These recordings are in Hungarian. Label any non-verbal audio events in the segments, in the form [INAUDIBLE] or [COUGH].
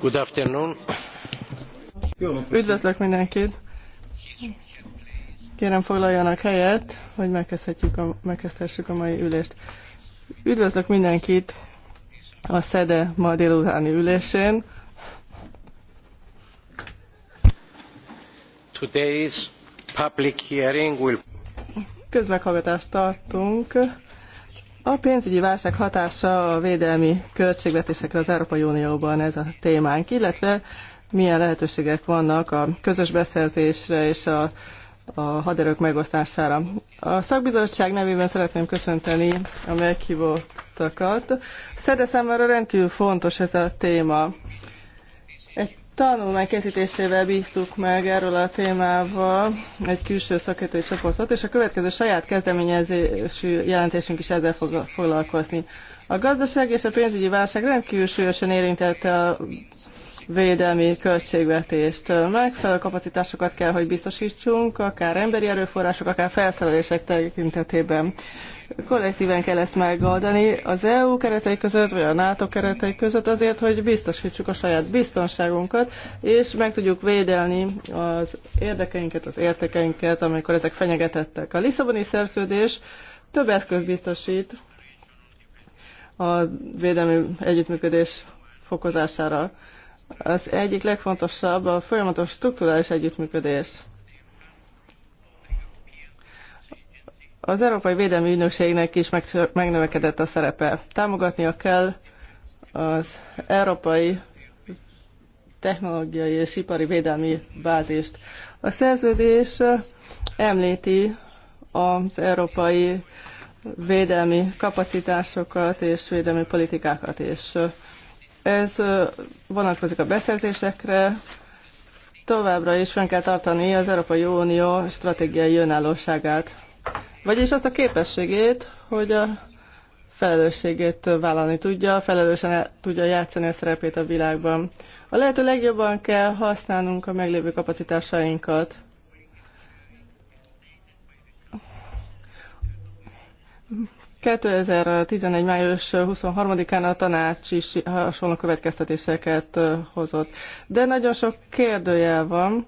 Good afternoon. Üdvözlök mindenkit! Kérem foglaljanak helyet, hogy megkezdhetjük a, megkezdhessük a mai ülést. Üdvözlök mindenkit a SZEDE ma délutáni ülésén. Today's public hearing will... Közmeghallgatást tartunk a pénzügyi válság hatása a védelmi költségvetésekre az Európai Unióban ez a témánk, illetve milyen lehetőségek vannak a közös beszerzésre és a, a haderők megosztására. A szakbizottság nevében szeretném köszönteni a meghívottakat. Szede számára rendkívül fontos ez a téma tanulmány készítésével bíztuk meg erről a témával egy külső szakértői csoportot, és a következő saját kezdeményezésű jelentésünk is ezzel fog foglalkozni. A gazdaság és a pénzügyi válság rendkívül súlyosan érintette a védelmi költségvetést. Megfelelő kapacitásokat kell, hogy biztosítsunk, akár emberi erőforrások, akár felszerelések tekintetében kollektíven kell ezt megoldani az EU keretei között, vagy a NATO keretei között azért, hogy biztosítsuk a saját biztonságunkat, és meg tudjuk védelni az érdekeinket, az értékeinket, amikor ezek fenyegetettek. A Lisszaboni szerződés több eszköz biztosít a védelmi együttműködés fokozására. Az egyik legfontosabb a folyamatos struktúrális együttműködés Az Európai Védelmi Ügynökségnek is megnövekedett a szerepe. Támogatnia kell az európai technológiai és ipari védelmi bázist. A szerződés említi az európai védelmi kapacitásokat és védelmi politikákat, és ez vonatkozik a beszerzésekre, továbbra is fenn kell tartani az Európai Unió stratégiai önállóságát. Vagyis azt a képességét, hogy a felelősségét vállalni tudja, felelősen tudja játszani a szerepét a világban. A lehető legjobban kell használnunk a meglévő kapacitásainkat. 2011. május 23-án a tanács is hasonló következtetéseket hozott. De nagyon sok kérdőjel van,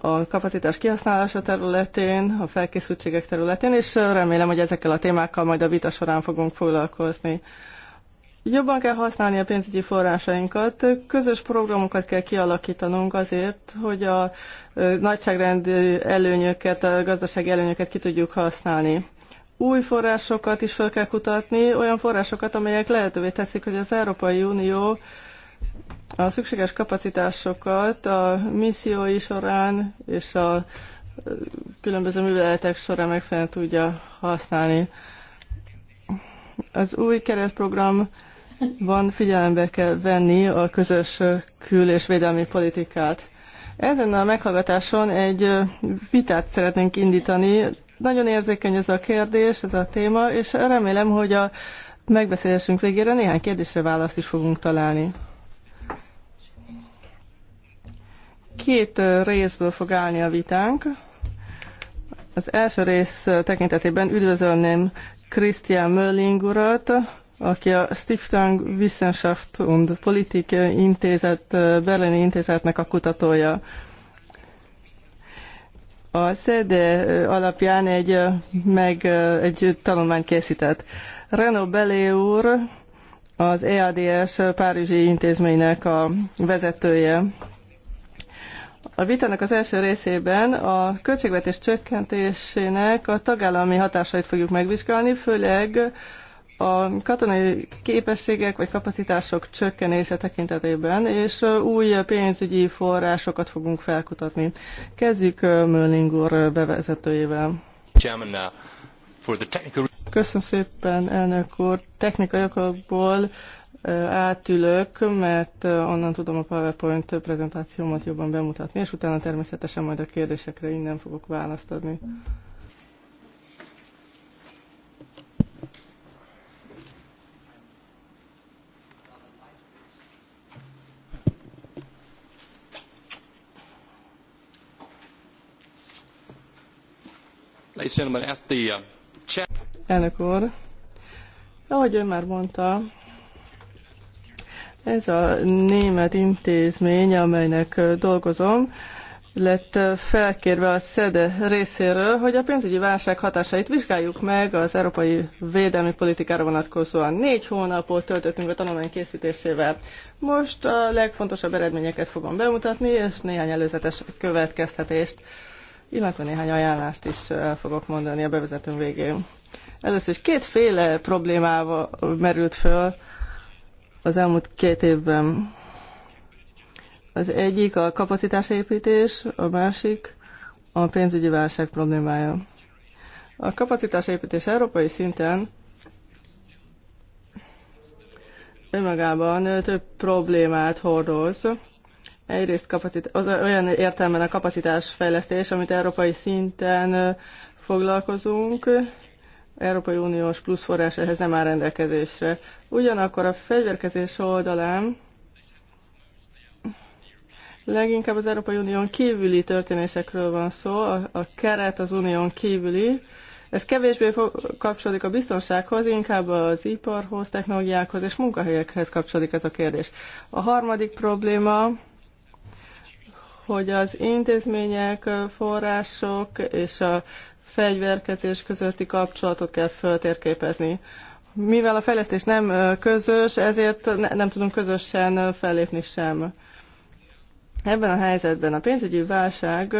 a kapacitás kihasználása területén, a felkészültségek területén, és remélem, hogy ezekkel a témákkal majd a vita során fogunk foglalkozni. Jobban kell használni a pénzügyi forrásainkat, közös programokat kell kialakítanunk azért, hogy a nagyságrendi előnyöket, a gazdasági előnyöket ki tudjuk használni. Új forrásokat is fel kell kutatni, olyan forrásokat, amelyek lehetővé teszik, hogy az Európai Unió a szükséges kapacitásokat a missziói során és a különböző műveletek során megfelelően tudja használni. Az új keretprogramban van figyelembe kell venni a közös kül- és védelmi politikát. Ezen a meghallgatáson egy vitát szeretnénk indítani. Nagyon érzékeny ez a kérdés, ez a téma, és remélem, hogy a megbeszélésünk végére néhány kérdésre választ is fogunk találni. Két részből fog állni a vitánk. Az első rész tekintetében üdvözölném Christian Mölling urat, aki a Stiftung Wissenschaft und Politik intézet, berlini intézetnek a kutatója. A SZEDE alapján egy, meg, egy tanulmány készített. Renaud Belé úr az EADS Párizsi intézménynek a vezetője. A vitának az első részében a költségvetés csökkentésének a tagállami hatásait fogjuk megvizsgálni, főleg a katonai képességek vagy kapacitások csökkenése tekintetében, és új pénzügyi forrásokat fogunk felkutatni. Kezdjük Mölling úr bevezetőjével. Uh, Köszönöm szépen, elnök úr. Technikai okokból átülök, mert onnan tudom a PowerPoint prezentációmat jobban bemutatni, és utána természetesen majd a kérdésekre innen fogok választ adni. Uh, Elnök úr, ahogy ön már mondta, ez a német intézmény, amelynek dolgozom, lett felkérve a SZEDE részéről, hogy a pénzügyi válság hatásait vizsgáljuk meg az európai védelmi politikára vonatkozóan. Négy hónapot töltöttünk a tanulmány készítésével. Most a legfontosabb eredményeket fogom bemutatni, és néhány előzetes következtetést, illetve néhány ajánlást is el fogok mondani a bevezetőn végén. Először is kétféle problémával merült föl az elmúlt két évben. Az egyik a kapacitásépítés, a másik a pénzügyi válság problémája. A kapacitásépítés európai szinten önmagában több problémát hordoz. Egyrészt kapacit- az olyan értelmen a kapacitásfejlesztés, amit európai szinten foglalkozunk, Európai Uniós forrás ehhez nem áll rendelkezésre. Ugyanakkor a fegyverkezés oldalán leginkább az Európai Unión kívüli történésekről van szó, a, a keret az Unión kívüli, ez kevésbé fog, kapcsolódik a biztonsághoz, inkább az iparhoz, technológiákhoz és munkahelyekhez kapcsolódik ez a kérdés. A harmadik probléma, hogy az intézmények, források és a fegyverkezés közötti kapcsolatot kell föltérképezni. Mivel a fejlesztés nem közös, ezért ne, nem tudunk közösen fellépni sem. Ebben a helyzetben a pénzügyi válság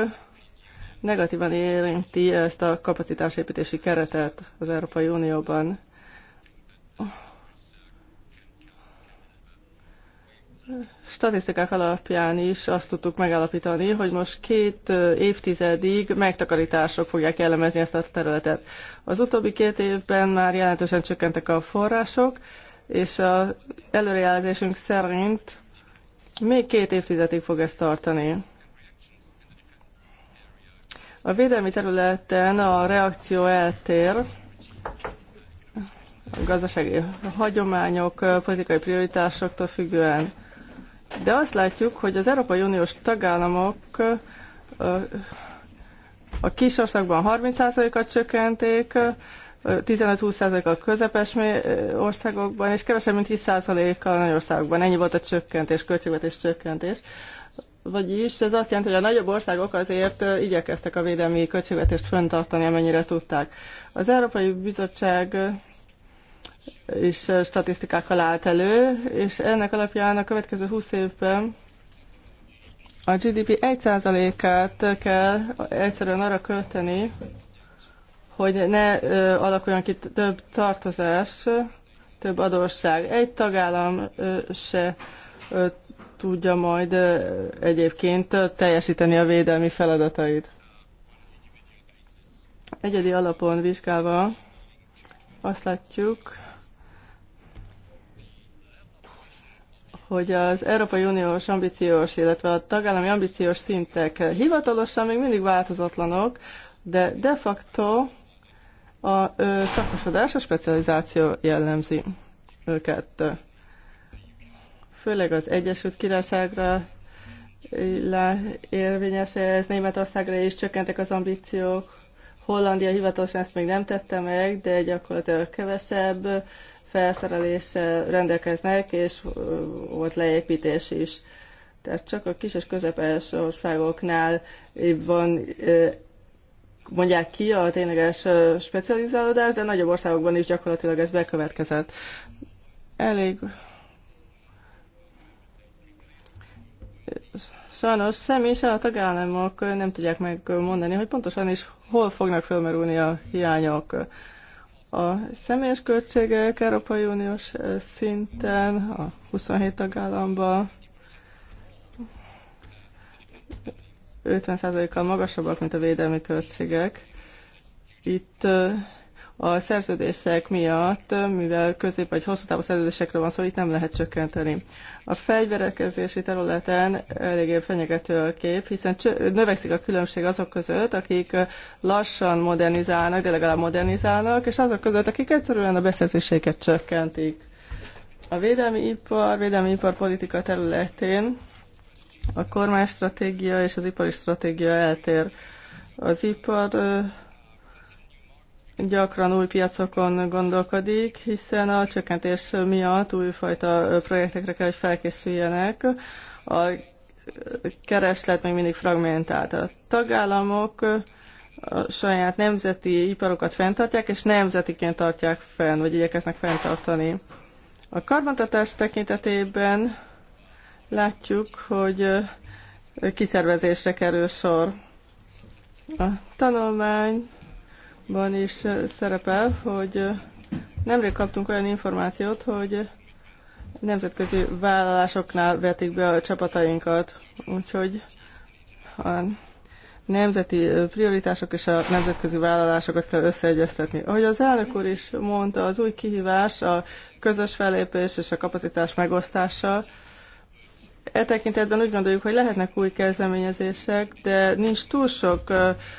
negatívan érinti ezt a kapacitásépítési keretet az Európai Unióban. statisztikák alapján is azt tudtuk megállapítani, hogy most két évtizedig megtakarítások fogják jellemezni ezt a területet. Az utóbbi két évben már jelentősen csökkentek a források, és az előrejelzésünk szerint még két évtizedig fog ezt tartani. A védelmi területen a reakció eltér, a gazdasági hagyományok, politikai prioritásoktól függően de azt látjuk, hogy az Európai Uniós tagállamok a kis országban 30%-at csökkenték, 15-20% a közepes országokban, és kevesebb, mint 10% a nagy országokban. Ennyi volt a csökkentés, költségvetés csökkentés. Vagyis ez azt jelenti, hogy a nagyobb országok azért igyekeztek a védelmi költségvetést föntartani, amennyire tudták. Az Európai Bizottság és statisztikákkal állt elő, és ennek alapján a következő 20 évben a GDP 1%-át kell egyszerűen arra költeni, hogy ne ö, alakuljon ki több tartozás, több adósság. Egy tagállam ö, se ö, tudja majd ö, egyébként ö, teljesíteni a védelmi feladatait. Egyedi alapon vizsgálva azt látjuk, hogy az Európai Uniós ambíciós, illetve a tagállami ambíciós szintek hivatalosan még mindig változatlanok, de de facto a ö, szakosodás, a specializáció jellemzi őket. Főleg az Egyesült Királyságra érvényes, ez Németországra is csökkentek az ambíciók, Hollandia hivatalosan ezt még nem tette meg, de gyakorlatilag kevesebb felszereléssel rendelkeznek, és volt leépítés is. Tehát csak a kis és közepes országoknál van mondják ki a tényleges specializálódás, de nagyobb országokban is gyakorlatilag ez bekövetkezett. Elég Sajnos semmi, se a tagállamok nem tudják megmondani, hogy pontosan is hol fognak felmerülni a hiányok. A személyes költségek Európai Uniós szinten, a 27 tagállamban 50%-kal magasabbak, mint a védelmi költségek. Itt a szerződések miatt, mivel közép- vagy hosszú távú szerződésekről van szó, itt nem lehet csökkenteni. A fegyverekezési területen eléggé fenyegető a kép, hiszen növekszik a különbség azok között, akik lassan modernizálnak, de legalább modernizálnak, és azok között, akik egyszerűen a beszerzéseiket csökkentik. A védelmi ipar, védelmi politika területén a kormány stratégia és az ipari stratégia eltér. Az ipar gyakran új piacokon gondolkodik, hiszen a csökkentés miatt újfajta projektekre kell, hogy felkészüljenek. A kereslet még mindig fragmentált. A tagállamok a saját nemzeti iparokat fenntartják, és nemzetiként tartják fenn, vagy igyekeznek fenntartani. A karbantatás tekintetében látjuk, hogy kiszervezésre kerül sor. A tanulmány ban is eh, szerepel, hogy eh, nemrég kaptunk olyan információt, hogy nemzetközi vállalásoknál vetik be a csapatainkat, úgyhogy a nemzeti eh, prioritások és a nemzetközi vállalásokat kell összeegyeztetni. Ahogy az elnök úr is mondta, az új kihívás a közös fellépés és a kapacitás megosztása, E tekintetben úgy gondoljuk, hogy lehetnek új kezdeményezések, de nincs túl sok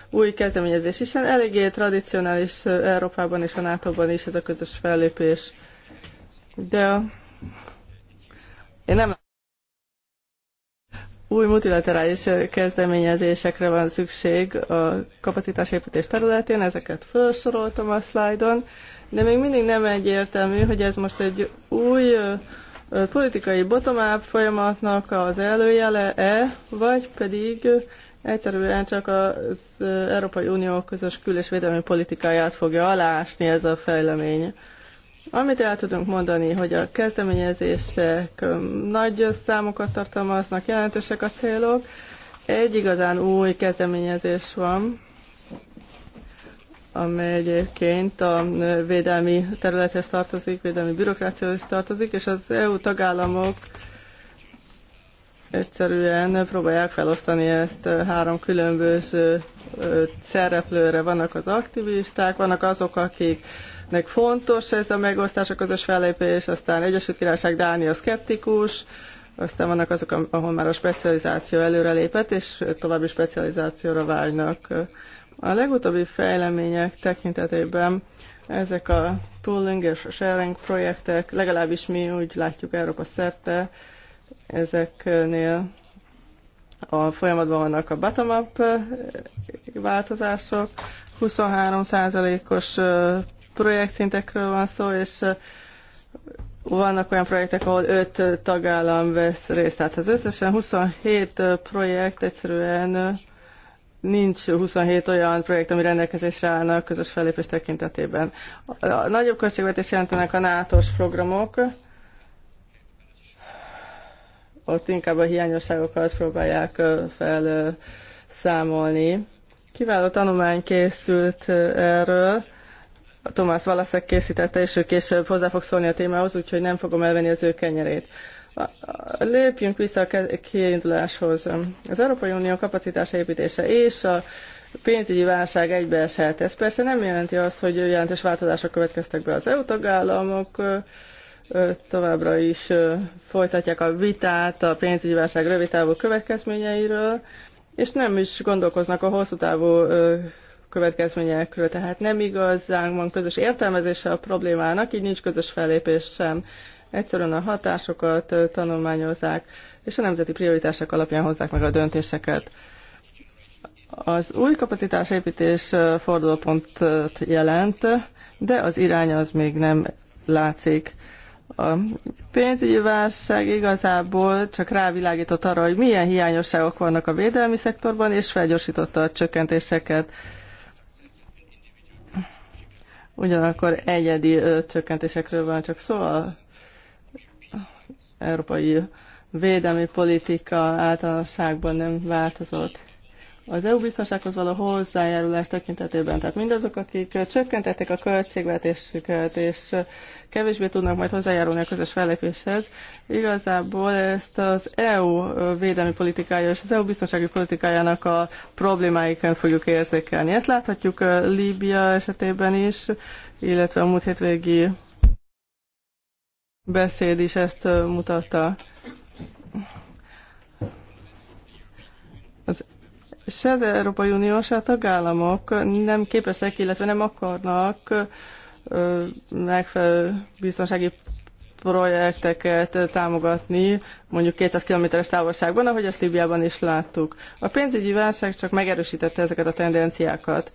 új kezdeményezés, hiszen eléggé tradicionális Európában és a NATO-ban is ez a közös fellépés. De én nem új multilaterális kezdeményezésekre van szükség a kapacitásépítés területén, ezeket felsoroltam a szlájdon, de még mindig nem egyértelmű, hogy ez most egy új politikai bottom folyamatnak az előjele-e, vagy pedig egyszerűen csak az Európai Unió közös kül- és védelmi politikáját fogja alásni ez a fejlemény. Amit el tudunk mondani, hogy a kezdeményezések nagy számokat tartalmaznak, jelentősek a célok. Egy igazán új kezdeményezés van, amely egyébként a védelmi területhez tartozik, védelmi bürokráciához tartozik, és az EU tagállamok egyszerűen próbálják felosztani ezt három különböző szereplőre. Vannak az aktivisták, vannak azok, akiknek fontos ez a megosztás, a közös fellépés, aztán Egyesült Királyság Dánia szkeptikus, aztán vannak azok, ahol már a specializáció előrelépett, és további specializációra vágynak. A legutóbbi fejlemények tekintetében ezek a pooling és sharing projektek, legalábbis mi úgy látjuk Európa szerte, ezeknél a folyamatban vannak a bottom-up eh, változások, 23%-os eh, projektszintekről van szó, és eh, vannak olyan projektek, ahol 5 tagállam vesz részt. Tehát az összesen 27 projekt egyszerűen nincs 27 olyan projekt, ami rendelkezésre állna a közös fellépés tekintetében. A nagyobb költségvetés jelentenek a nato programok, ott inkább a hiányosságokat próbálják felszámolni. Kiváló tanulmány készült erről, Tomás Valaszek készítette, és ő később hozzá fog szólni a témához, úgyhogy nem fogom elvenni az ő kenyerét. Lépjünk vissza a kiinduláshoz. Az Európai Unió kapacitásépítése és a pénzügyi válság egybeeshet. Ez persze nem jelenti azt, hogy jelentős változások következtek be az EU tagállamok, továbbra is folytatják a vitát a pénzügyi válság rövid távú következményeiről, és nem is gondolkoznak a hosszú távú következményekről. Tehát nem igazán van közös értelmezése a problémának, így nincs közös fellépés sem egyszerűen a hatásokat tanulmányozzák, és a nemzeti prioritások alapján hozzák meg a döntéseket. Az új kapacitásépítés fordulópontot jelent, de az irány az még nem látszik. A pénzügyi válság igazából csak rávilágított arra, hogy milyen hiányosságok vannak a védelmi szektorban, és felgyorsította a csökkentéseket. Ugyanakkor egyedi ö, csökkentésekről van csak szó a európai védelmi politika általánosságban nem változott. Az EU biztonsághoz való hozzájárulás tekintetében, tehát mindazok, akik csökkentették a költségvetésüket, és kevésbé tudnak majd hozzájárulni a közös fellépéshez, igazából ezt az EU védelmi politikája és az EU biztonsági politikájának a problémáikon fogjuk érzékelni. Ezt láthatjuk Líbia esetében is, illetve a múlt hétvégi beszéd is ezt mutatta. Az, se az Európai Unió, se a tagállamok nem képesek, illetve nem akarnak megfelelő biztonsági projekteket támogatni mondjuk 200 kilométeres távolságban, ahogy ezt Líbiában is láttuk. A pénzügyi válság csak megerősítette ezeket a tendenciákat.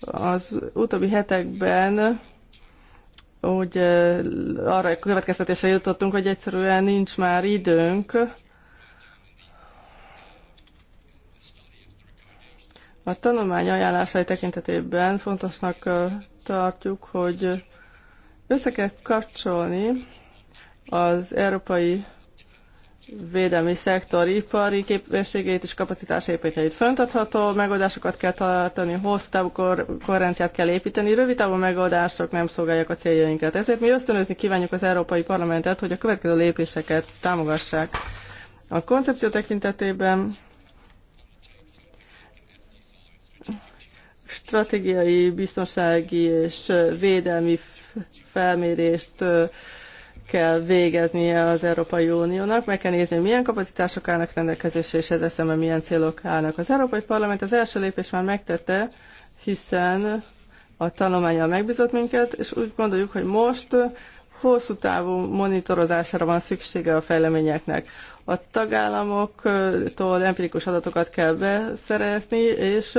Az utóbbi hetekben úgy arra a következtetésre jutottunk, hogy egyszerűen nincs már időnk A tanulmány ajánlásai tekintetében fontosnak tartjuk, hogy össze kell kapcsolni az európai védelmi szektor ipari képességeit és kapacitásépíteit fenntartható megoldásokat kell tartani, hosszú távú koherenciát kell építeni, rövid távú megoldások nem szolgálják a céljainkat. Ezért mi ösztönözni kívánjuk az Európai Parlamentet, hogy a következő lépéseket támogassák. A koncepció tekintetében stratégiai, biztonsági és védelmi felmérést kell végeznie az Európai Uniónak, meg kell nézni, hogy milyen kapacitások állnak rendelkezésre, és ezzel szemben milyen célok állnak. Az Európai Parlament az első lépés már megtette, hiszen a tanulmányjal megbízott minket, és úgy gondoljuk, hogy most hosszú távú monitorozására van szüksége a fejleményeknek. A tagállamoktól empirikus adatokat kell beszerezni, és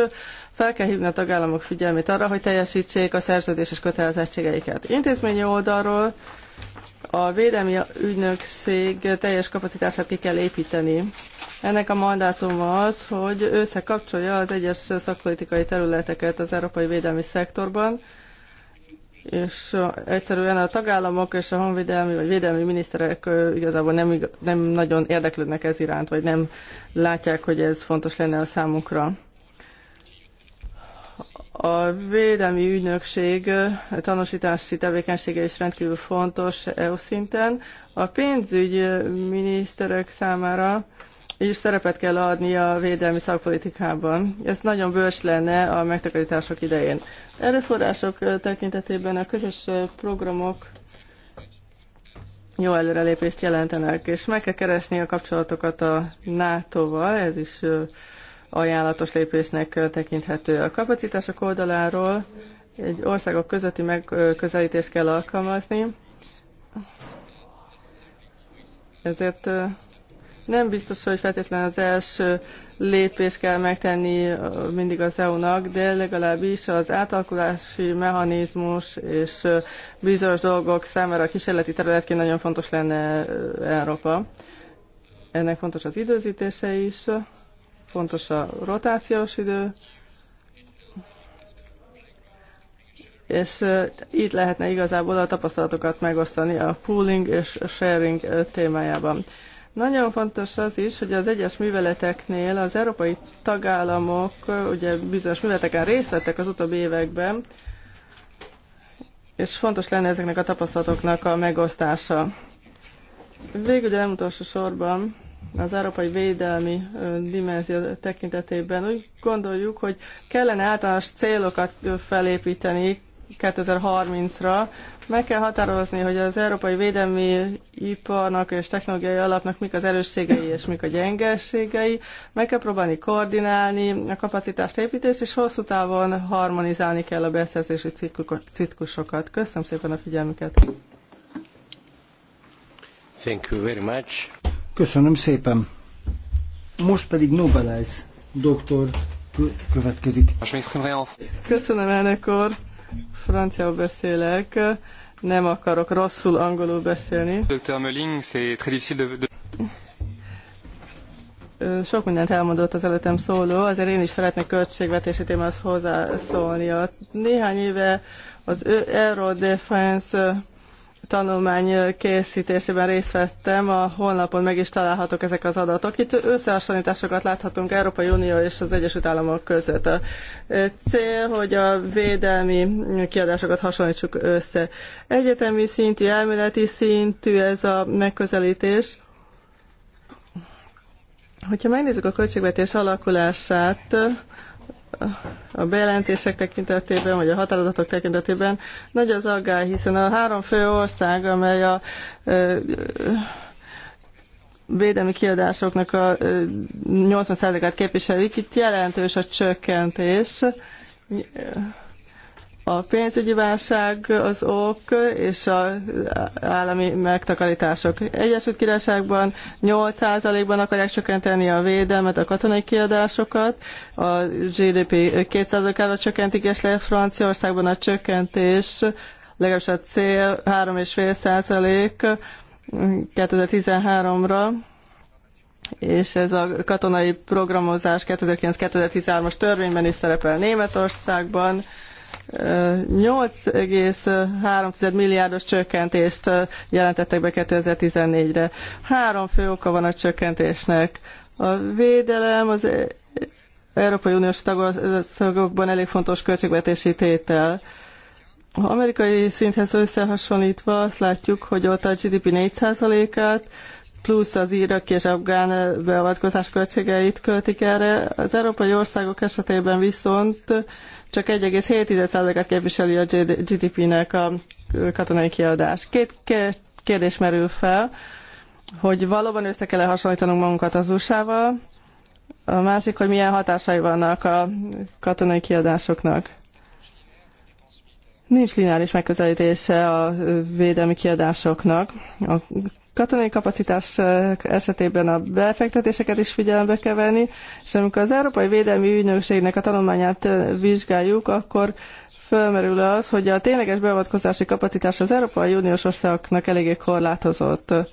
fel kell hívni a tagállamok figyelmét arra, hogy teljesítsék a szerződéses kötelezettségeiket. Intézményi oldalról a védelmi ügynökség teljes kapacitását ki kell építeni. Ennek a mandátuma az, hogy összekapcsolja az egyes szakpolitikai területeket az európai védelmi szektorban, és egyszerűen a tagállamok és a honvédelmi vagy védelmi miniszterek igazából nem, nem nagyon érdeklődnek ez iránt, vagy nem látják, hogy ez fontos lenne a számukra. A védelmi ügynökség tanúsítási tevékenysége is rendkívül fontos EU szinten. A pénzügy miniszterek számára is szerepet kell adni a védelmi szakpolitikában. Ez nagyon bős lenne a megtakarítások idején. Erőforrások tekintetében a közös programok jó előrelépést jelentenek, és meg kell keresni a kapcsolatokat a NATO-val, ez is ajánlatos lépésnek tekinthető. A kapacitások oldaláról egy országok közötti megközelítést kell alkalmazni, ezért nem biztos, hogy feltétlenül az első lépés kell megtenni mindig az EU-nak, de legalábbis az átalakulási mechanizmus és bizonyos dolgok számára a kísérleti területként nagyon fontos lenne Európa. Ennek fontos az időzítése is fontos a rotációs idő, és itt lehetne igazából a tapasztalatokat megosztani a pooling és sharing témájában. Nagyon fontos az is, hogy az egyes műveleteknél az európai tagállamok ugye bizonyos műveleteken részt vettek az utóbbi években, és fontos lenne ezeknek a tapasztalatoknak a megosztása. Végül, de nem utolsó sorban, az európai védelmi dimenzió tekintetében úgy gondoljuk, hogy kellene általános célokat felépíteni 2030-ra. Meg kell határozni, hogy az európai védelmi iparnak és technológiai alapnak mik az erősségei és mik a gyengességei. Meg kell próbálni koordinálni a kapacitást építést, és hosszú távon harmonizálni kell a beszerzési ciklusokat. Köszönöm szépen a figyelmüket! Thank you very much. Köszönöm szépen. Most pedig Nobelize doktor következik. Köszönöm, elnök úr. Franciául beszélek. Nem akarok rosszul angolul beszélni. Dr. Mölling, c'est très difficile de... Sok mindent elmondott az előttem szóló, azért én is szeretnék költségvetési témához hozzászólni. Néhány éve az Euro Defense tanulmány készítésében részt vettem, a honlapon meg is találhatók ezek az adatok. Itt összehasonlításokat láthatunk Európai Unió és az Egyesült Államok között. A cél, hogy a védelmi kiadásokat hasonlítsuk össze. Egyetemi szintű, elméleti szintű ez a megközelítés. Hogyha megnézzük a költségvetés alakulását, a bejelentések tekintetében, vagy a határozatok tekintetében nagy az aggály, hiszen a három fő ország, amely a védelmi kiadásoknak a 80%-át képviselik, itt jelentős a csökkentés. A pénzügyi válság az ok, és az állami megtakarítások. Egyesült Királyságban 8%-ban akarják csökkenteni a védelmet, a katonai kiadásokat, a GDP 2%-ára csökkentik, és le Franciaországban a csökkentés, legalábbis a cél 3,5% 2013-ra, és ez a katonai programozás 2009-2013-as törvényben is szerepel Németországban, 8,3 milliárdos csökkentést jelentettek be 2014-re. Három fő oka van a csökkentésnek. A védelem az Európai Uniós tagországokban elég fontos költségvetési tétel. Ha amerikai szinthez összehasonlítva azt látjuk, hogy ott a GDP 4%-át, plusz az iraki és afgán beavatkozás költségeit költik erre. Az európai országok esetében viszont csak 1,7%-át képviseli a GDP-nek a katonai kiadás. Két kérdés merül fel, hogy valóban össze kell -e hasonlítanunk magunkat az USA-val, a másik, hogy milyen hatásai vannak a katonai kiadásoknak. Nincs lineáris megközelítése a védelmi kiadásoknak. A katonai kapacitás esetében a befektetéseket is figyelembe kell venni, és amikor az Európai Védelmi Ügynökségnek a tanulmányát vizsgáljuk, akkor fölmerül az, hogy a tényleges beavatkozási kapacitás az Európai Uniós országoknak eléggé korlátozott. A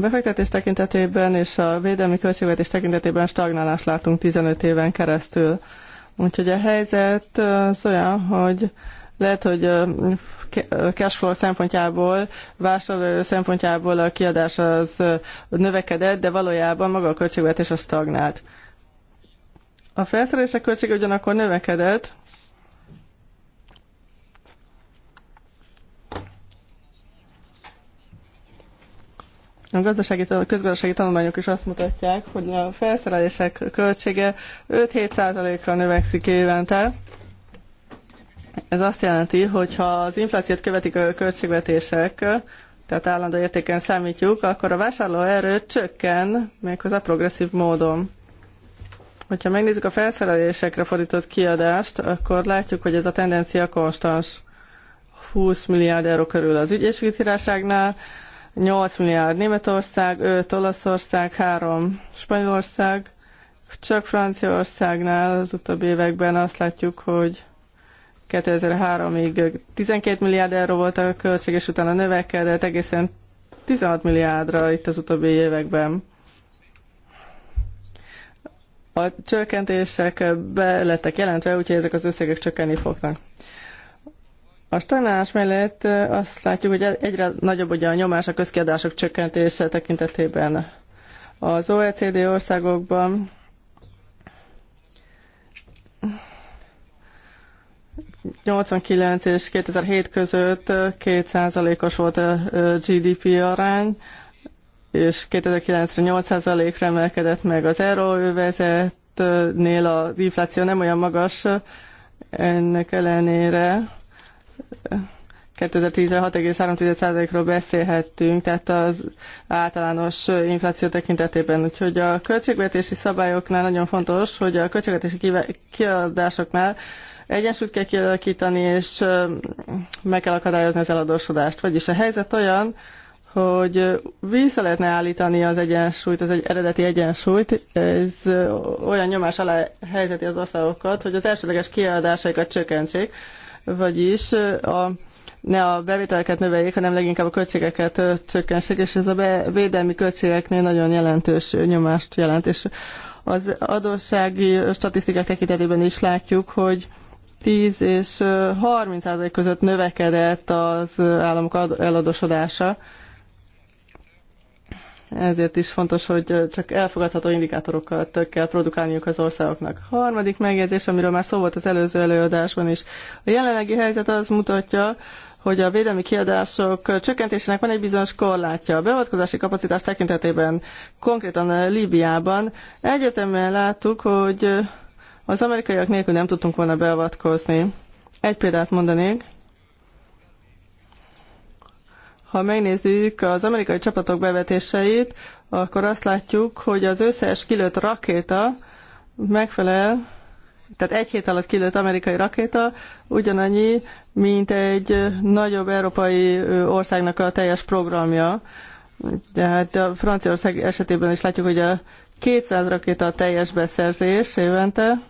befektetés tekintetében és a védelmi költségvetés tekintetében stagnálást látunk 15 éven keresztül. Úgyhogy a helyzet az olyan, hogy lehet, hogy cashflow szempontjából, vásárló szempontjából a kiadás az növekedett, de valójában maga a költségvetés az stagnált. A felszerelések költsége ugyanakkor növekedett, A gazdasági, a közgazdasági tanulmányok is azt mutatják, hogy a felszerelések költsége 5-7%-kal növekszik évente. Ez azt jelenti, hogy ha az inflációt követik a költségvetések, tehát állandó értéken számítjuk, akkor a vásárlóerő csökken méghozzá progresszív módon. Hogyha megnézzük a felszerelésekre fordított kiadást, akkor látjuk, hogy ez a tendencia konstans. 20 milliárd euró körül az ügyészségíráságnál, 8 milliárd Németország, 5 Olaszország, 3 Spanyolország, csak Franciaországnál az utóbbi években azt látjuk, hogy 2003-ig 12 milliárd euró volt a költség, és utána növekedett egészen 16 milliárdra itt az utóbbi években. A csökkentések be lettek jelentve, úgyhogy ezek az összegek csökkenni fognak. A stagnálás mellett azt látjuk, hogy e- egyre nagyobb ugye a nyomás a közkiadások csökkentése tekintetében. Az OECD országokban ...89 és 2007 között 2%-os volt a GDP arány, és 2009-re 8%-ra emelkedett meg az euróövezetnél, az infláció nem olyan magas ennek ellenére 2010-re 6,3%-ról beszélhettünk, tehát az általános infláció tekintetében. Úgyhogy a költségvetési szabályoknál nagyon fontos, hogy a költségvetési kiadásoknál egyensúlyt kell kialakítani, és meg kell akadályozni az eladósodást. Vagyis a helyzet olyan, hogy vissza lehetne állítani az egyensúlyt, az egy eredeti egyensúlyt, ez olyan nyomás alá helyzeti az országokat, hogy az elsődleges kiadásaikat csökkentsék, vagyis a ne a bevételeket növeljék, hanem leginkább a költségeket csökkentsék, és ez a be, védelmi költségeknél nagyon jelentős nyomást jelent. És az adóssági statisztikák tekintetében is látjuk, hogy 10 és 30 között növekedett az államok eladósodása, ezért is fontos, hogy csak elfogadható indikátorokat kell produkálniuk az országoknak. Harmadik megjegyzés, amiről már szó volt az előző előadásban is. A jelenlegi helyzet az mutatja, hogy a védelmi kiadások csökkentésének van egy bizonyos korlátja. A beavatkozási kapacitás tekintetében, konkrétan Líbiában egyetemben láttuk, hogy az amerikaiak nélkül nem tudtunk volna beavatkozni. Egy példát mondanék. Ha megnézzük az amerikai csapatok bevetéseit, akkor azt látjuk, hogy az összes kilőtt rakéta megfelel, tehát egy hét alatt kilőtt amerikai rakéta ugyanannyi, mint egy nagyobb európai országnak a teljes programja. Tehát a Franciaország esetében is látjuk, hogy a 200 rakéta a teljes beszerzés évente,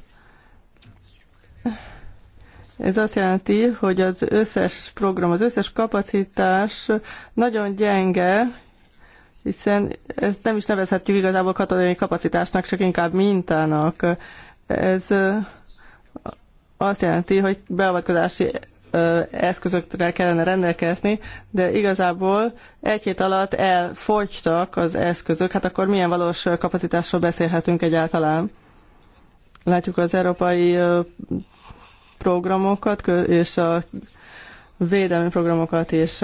ez azt jelenti, hogy az összes program, az összes kapacitás nagyon gyenge, hiszen ezt nem is nevezhetjük igazából katonai kapacitásnak, csak inkább mintának. Ez azt jelenti, hogy beavatkozási eszközökre kellene rendelkezni, de igazából egy hét alatt elfogytak az eszközök, hát akkor milyen valós kapacitásról beszélhetünk egyáltalán? Látjuk az európai programokat és a védelmi programokat is.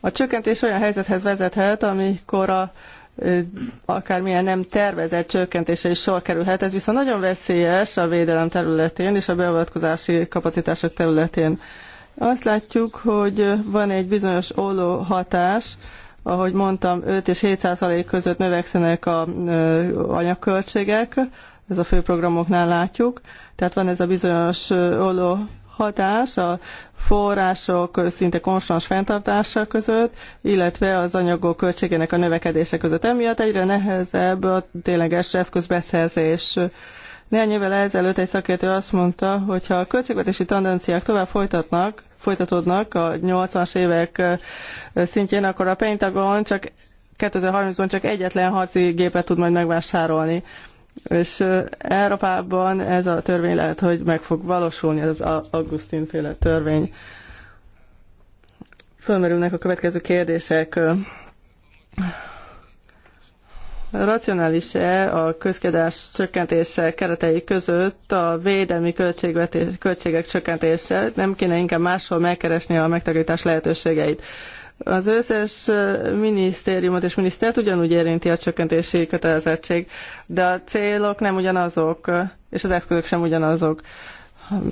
A csökkentés olyan helyzethez vezethet, amikor a akármilyen nem tervezett csökkentése is sor kerülhet. Ez viszont nagyon veszélyes a védelem területén és a beavatkozási kapacitások területén. Azt látjuk, hogy van egy bizonyos olló hatás, ahogy mondtam, 5 és 7 százalék között növekszenek a anyagköltségek, ez a főprogramoknál látjuk, tehát van ez a bizonyos oló hatás a források szinte konstans fenntartása között, illetve az anyagok költségének a növekedése között. Emiatt egyre nehezebb a tényleges eszközbeszerzés. Néhány évvel ezelőtt egy szakértő azt mondta, hogy ha a költségvetési tendenciák tovább folytatnak, folytatódnak a 80-as évek szintjén, akkor a Pentagon csak 2030-ban csak egyetlen harci gépet tud majd megvásárolni. És Európában ez a törvény lehet, hogy meg fog valósulni, ez az Augustin féle törvény. Fölmerülnek a következő kérdések. Racionális-e a közkedás csökkentése keretei között a védelmi költségek csökkentése? Nem kéne inkább máshol megkeresni a megtakarítás lehetőségeit. Az összes minisztériumot és minisztert ugyanúgy érinti a csökkentési kötelezettség, de a célok nem ugyanazok, és az eszközök sem ugyanazok.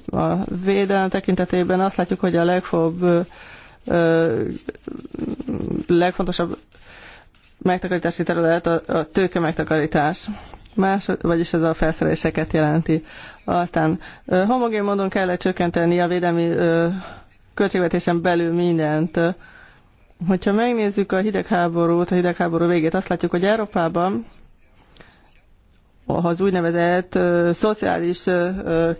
A védelem tekintetében azt látjuk, hogy a legfőbb, legfontosabb megtakarítási terület a, a tőke megtakarítás. Más, vagyis ez a felszereléseket jelenti. Aztán homogén módon kell csökkenteni a védelmi költségvetésen belül mindent. Hogyha megnézzük a hidegháborút, a hidegháború végét, azt látjuk, hogy Európában az úgynevezett ö, szociális ö,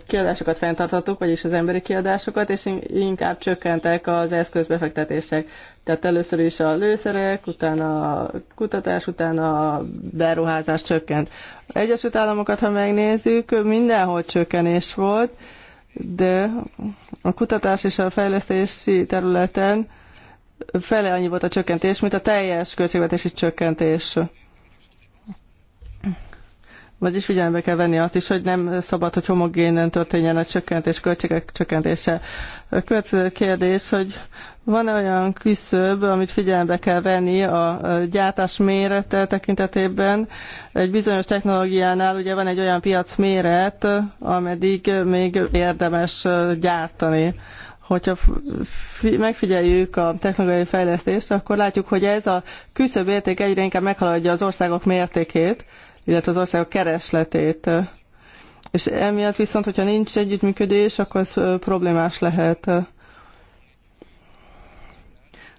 kiadásokat fenntartottuk, vagyis az emberi kiadásokat, és inkább csökkentek az eszközbefektetések. Tehát először is a lőszerek, utána a kutatás, utána a beruházás csökkent. Egyesült Államokat, ha megnézzük, mindenhol csökkenés volt, de a kutatás és a fejlesztési területen fele annyi volt a csökkentés, mint a teljes költségvetési csökkentés. Vagyis figyelembe kell venni azt is, hogy nem szabad, hogy homogénen történjen a csökkentés, költségek csökkentése. A következő kérdés, hogy van -e olyan küszöb, amit figyelembe kell venni a gyártás mérete tekintetében? Egy bizonyos technológiánál ugye van egy olyan piac méret, ameddig még érdemes gyártani hogyha megfigyeljük a technológiai fejlesztést, akkor látjuk, hogy ez a küszöbb érték egyre inkább meghaladja az országok mértékét, illetve az országok keresletét. És emiatt viszont, hogyha nincs együttműködés, akkor ez problémás lehet.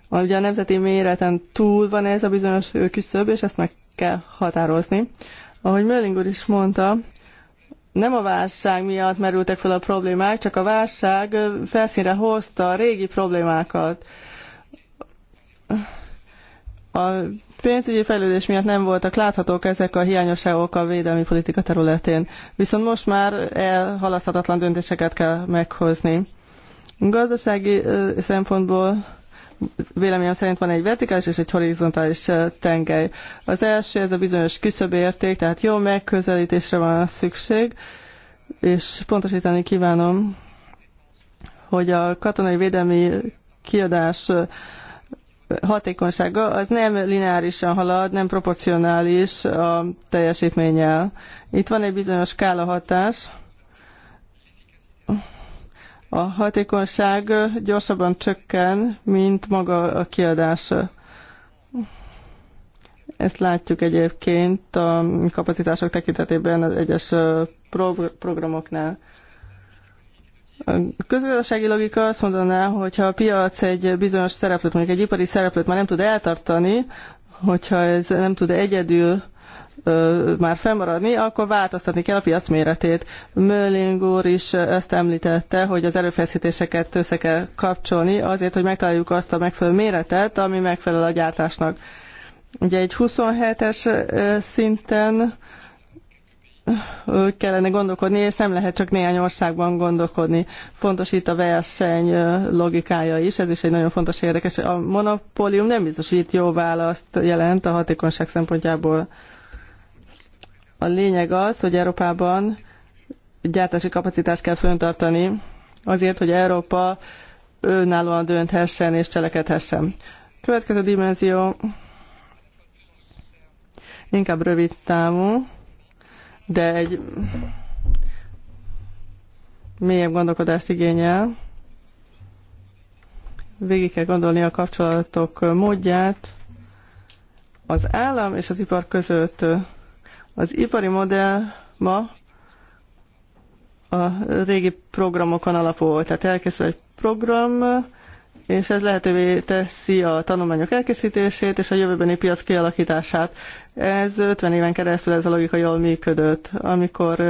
Ugye a nemzeti méreten túl van ez a bizonyos küszöb, és ezt meg kell határozni. Ahogy Mölling úr is mondta, nem a válság miatt merültek fel a problémák, csak a válság felszínre hozta a régi problémákat. A pénzügyi fejlődés miatt nem voltak láthatók ezek a hiányosságok a védelmi politika területén. Viszont most már elhalaszthatatlan döntéseket kell meghozni. Gazdasági szempontból Véleményem szerint van egy vertikális és egy horizontális tengely. Az első, ez a bizonyos küszöbérték, tehát jó megközelítésre van szükség, és pontosítani kívánom, hogy a katonai védelmi kiadás hatékonysága az nem lineárisan halad, nem proporcionális a teljesítménnyel. Itt van egy bizonyos skálahatás, a hatékonyság gyorsabban csökken, mint maga a kiadás. Ezt látjuk egyébként a kapacitások tekintetében az egyes pro- programoknál. A közgazdasági logika azt mondaná, hogy ha a piac egy bizonyos szereplőt, mondjuk egy ipari szereplőt már nem tud eltartani, hogyha ez nem tud egyedül már fennmaradni, akkor változtatni kell a piac méretét. Mölling úr is ezt említette, hogy az erőfeszítéseket össze kell kapcsolni azért, hogy megtaláljuk azt a megfelelő méretet, ami megfelel a gyártásnak. Ugye egy 27-es szinten kellene gondolkodni, és nem lehet csak néhány országban gondolkodni. Fontos itt a verseny logikája is, ez is egy nagyon fontos érdekes. A monopólium nem biztos, jó választ jelent a hatékonyság szempontjából. A lényeg az, hogy Európában gyártási kapacitást kell föntartani azért, hogy Európa önállóan dönthessen és cselekedhessen. Következő dimenzió inkább rövid távú, de egy mélyebb gondolkodást igényel. Végig kell gondolni a kapcsolatok módját az állam és az ipar között az ipari modell ma a régi programokon alapul, tehát elkészül egy program, és ez lehetővé teszi a tanulmányok elkészítését és a jövőbeni piac kialakítását. Ez 50 éven keresztül ez a logika jól működött. Amikor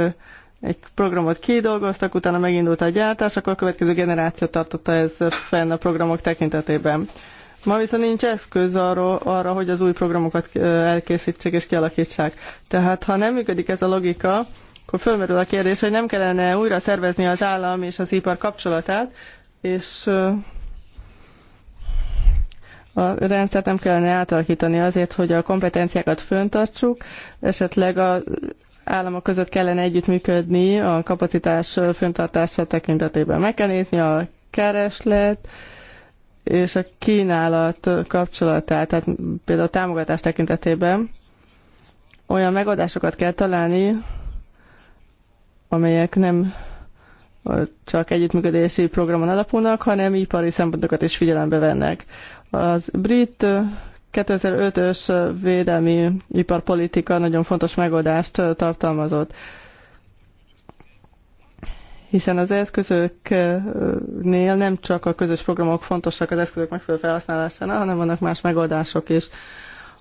egy programot kidolgoztak, utána megindult a gyártás, akkor a következő generáció tartotta ez fenn a programok tekintetében. Ma viszont nincs eszköz arra, arra, hogy az új programokat elkészítsék és kialakítsák. Tehát ha nem működik ez a logika, akkor fölmerül a kérdés, hogy nem kellene újra szervezni az állam és az ipar kapcsolatát, és a rendszert nem kellene átalakítani azért, hogy a kompetenciákat föntartsuk, esetleg az államok között kellene együttműködni a kapacitás föntartása tekintetében. Meg kell nézni a kereslet, és a kínálat kapcsolatát, tehát például a támogatás tekintetében olyan megoldásokat kell találni, amelyek nem csak együttműködési programon alapulnak, hanem ipari szempontokat is figyelembe vennek. Az brit 2005-ös védelmi iparpolitika nagyon fontos megoldást tartalmazott hiszen az eszközöknél nem csak a közös programok fontosak az eszközök megfelelő felhasználásánál, hanem vannak más megoldások is.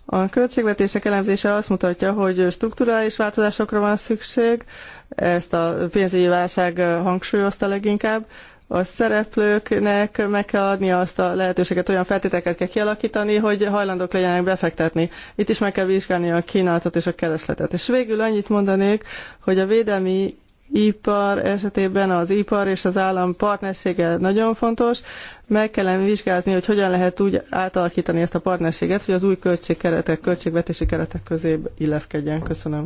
A költségvetések elemzése azt mutatja, hogy strukturális változásokra van szükség, ezt a pénzügyi válság hangsúlyozta leginkább, a szereplőknek meg kell adni azt a lehetőséget, olyan feltételeket kell kialakítani, hogy hajlandók legyenek befektetni. Itt is meg kell vizsgálni a kínálatot és a keresletet. És végül annyit mondanék, hogy a védelmi ipar esetében az ipar és az állam partnersége nagyon fontos. Meg kellene vizsgálni, hogy hogyan lehet úgy átalakítani ezt a partnerséget, hogy az új költségkeretek, költségvetési keretek közé illeszkedjen. Köszönöm.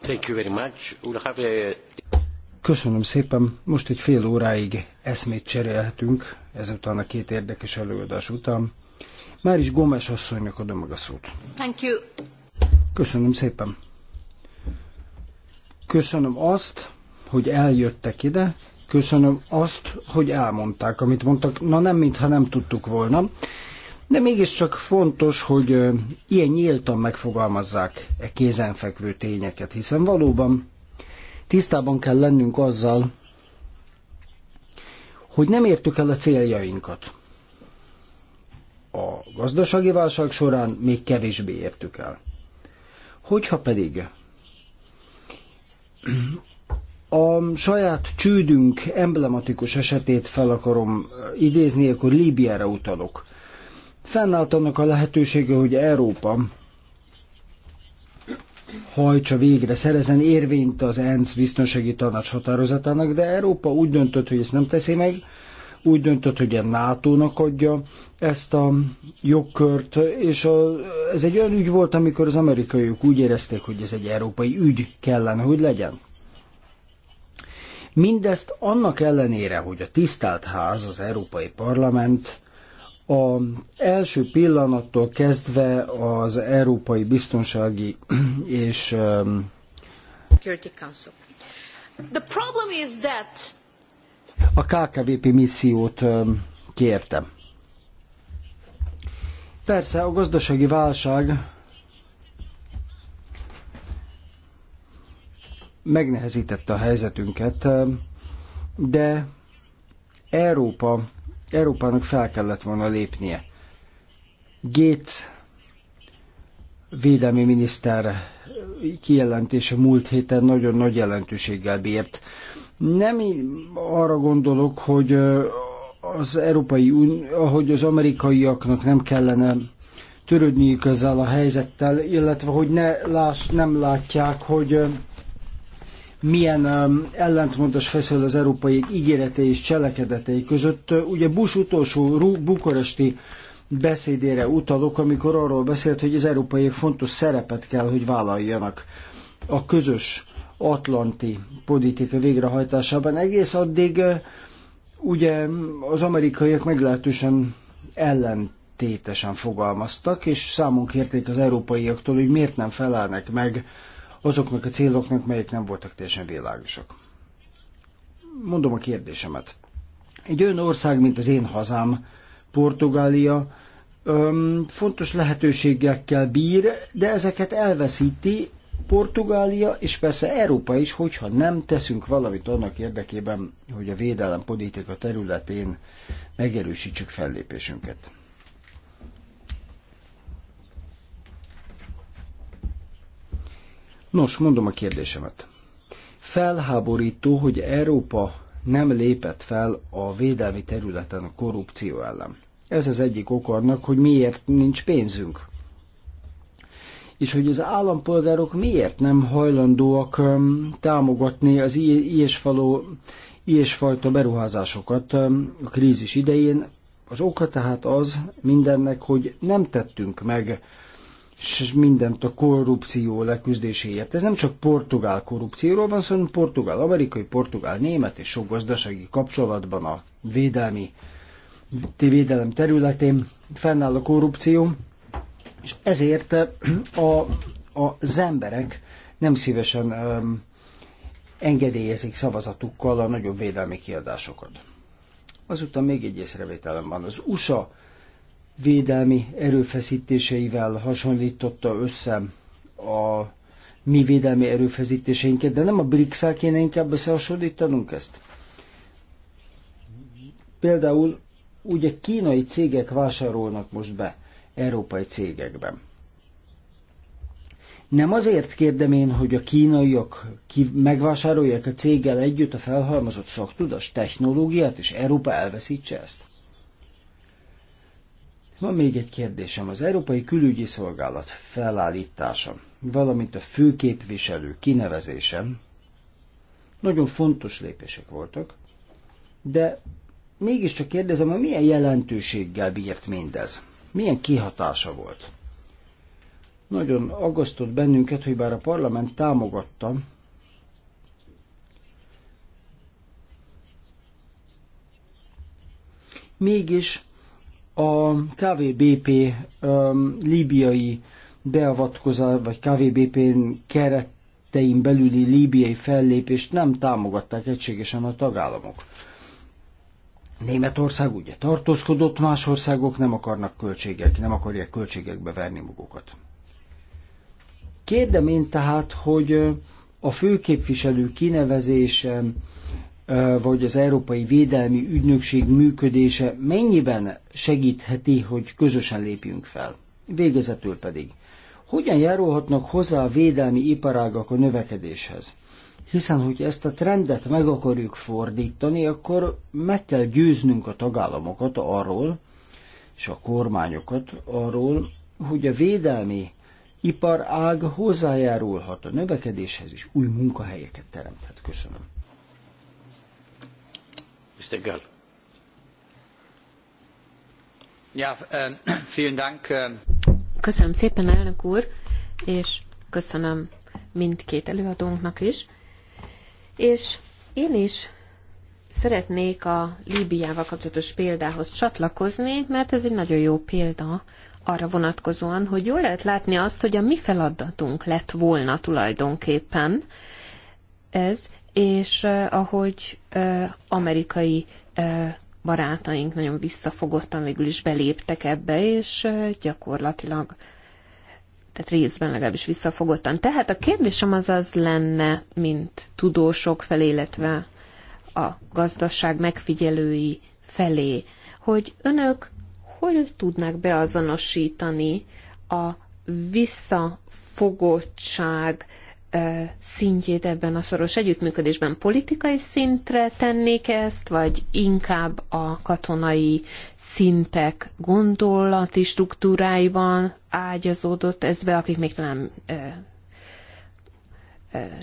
Thank you very much. We'll have a... Köszönöm szépen. Most egy fél óráig eszmét cserélhetünk, ezután a két érdekes előadás után. Már is Gomes asszonynak adom meg a szót. Thank you. Köszönöm szépen. Köszönöm azt, hogy eljöttek ide, köszönöm azt, hogy elmondták, amit mondtak. Na nem, mintha nem tudtuk volna. De mégiscsak fontos, hogy ilyen nyíltan megfogalmazzák e kézenfekvő tényeket, hiszen valóban tisztában kell lennünk azzal, hogy nem értük el a céljainkat. A gazdasági válság során még kevésbé értük el. Hogyha pedig a saját csődünk emblematikus esetét fel akarom idézni, akkor Líbiára utalok. Fennállt annak a lehetősége, hogy Európa hajtsa végre, szerezen érvényt az ENSZ biztonsági tanács határozatának, de Európa úgy döntött, hogy ezt nem teszi meg, úgy döntött, hogy a NATO-nak adja ezt a jogkört, és a, ez egy olyan ügy volt, amikor az amerikaiak úgy érezték, hogy ez egy európai ügy kellene, hogy legyen. Mindezt annak ellenére, hogy a tisztelt ház, az Európai Parlament a első pillanattól kezdve az Európai Biztonsági [CLEARS THROAT] és um, The problem is that a KKVP missziót kértem. Persze a gazdasági válság megnehezítette a helyzetünket, de Európa, Európának fel kellett volna lépnie. Gates védelmi miniszter kijelentése múlt héten nagyon nagy jelentőséggel bírt. Nem arra gondolok, hogy az európai, ahogy az amerikaiaknak nem kellene törődniük ezzel a helyzettel, illetve hogy ne láss, nem látják, hogy milyen ellentmondas feszül az európai ígérete és cselekedetei között. Ugye Bush utolsó bukaresti beszédére utalok, amikor arról beszélt, hogy az európaiak fontos szerepet kell, hogy vállaljanak a közös atlanti politika végrehajtásában. Egész addig ugye az amerikaiak meglehetősen ellentétesen fogalmaztak, és számunk kérték az európaiaktól, hogy miért nem felelnek meg azoknak a céloknak, melyek nem voltak teljesen világosak. Mondom a kérdésemet. Egy olyan ország, mint az én hazám, Portugália, fontos lehetőségekkel bír, de ezeket elveszíti, Portugália, és persze Európa is, hogyha nem teszünk valamit annak érdekében, hogy a védelem politika területén megerősítsük fellépésünket. Nos, mondom a kérdésemet. Felháborító, hogy Európa nem lépett fel a védelmi területen a korrupció ellen. Ez az egyik ok annak, hogy miért nincs pénzünk és hogy az állampolgárok miért nem hajlandóak támogatni az ilyesfaló, ilyesfajta beruházásokat a krízis idején. Az oka tehát az mindennek, hogy nem tettünk meg és mindent a korrupció leküzdéséért. Ez nem csak portugál korrupcióról van szóval hanem portugál, amerikai, portugál, német és sok gazdasági kapcsolatban a védelmi védelem területén fennáll a korrupció, és ezért a, az emberek nem szívesen um, engedélyezik szavazatukkal a nagyobb védelmi kiadásokat. Azután még egy észrevételem van. Az USA védelmi erőfeszítéseivel hasonlította össze a mi védelmi erőfeszítéseinket, de nem a BRICS-el kéne inkább összehasonlítanunk ezt? Például ugye kínai cégek vásárolnak most be európai cégekben. Nem azért kérdem én, hogy a kínaiak ki megvásárolják a céggel együtt a felhalmozott szaktudas technológiát, és Európa elveszítse ezt? Van még egy kérdésem. Az Európai Külügyi Szolgálat felállítása, valamint a főképviselő kinevezése nagyon fontos lépések voltak, de mégiscsak kérdezem, hogy milyen jelentőséggel bírt mindez? milyen kihatása volt. Nagyon aggasztott bennünket, hogy bár a parlament támogatta, mégis a KVBP um, líbiai beavatkozás, vagy KVBP-n keretein belüli líbiai fellépést nem támogatták egységesen a tagállamok. Németország ugye tartózkodott, más országok nem akarnak költségek, nem akarják költségekbe verni magukat. Kérdem én tehát, hogy a főképviselő kinevezése, vagy az Európai Védelmi Ügynökség működése mennyiben segítheti, hogy közösen lépjünk fel. Végezetül pedig, hogyan járulhatnak hozzá a védelmi iparágak a növekedéshez? hiszen hogy ezt a trendet meg akarjuk fordítani, akkor meg kell győznünk a tagállamokat arról, és a kormányokat arról, hogy a védelmi iparág hozzájárulhat a növekedéshez, és új munkahelyeket teremthet. Köszönöm. Mr. Gall. Ja, [CLEARS THROAT] vielen Dank. Köszönöm szépen, elnök úr, és köszönöm mindkét előadónknak is. És én is szeretnék a Líbiával kapcsolatos példához csatlakozni, mert ez egy nagyon jó példa arra vonatkozóan, hogy jól lehet látni azt, hogy a mi feladatunk lett volna tulajdonképpen ez, és eh, ahogy eh, amerikai eh, barátaink nagyon visszafogottan végül is beléptek ebbe, és eh, gyakorlatilag tehát részben legalábbis visszafogottan. Tehát a kérdésem az az lenne, mint tudósok felé, illetve a gazdaság megfigyelői felé, hogy önök hogy tudnák beazonosítani a visszafogottság szintjét ebben a szoros együttműködésben politikai szintre tennék ezt, vagy inkább a katonai szintek gondolati struktúráiban ágyazódott ez be, akik még talán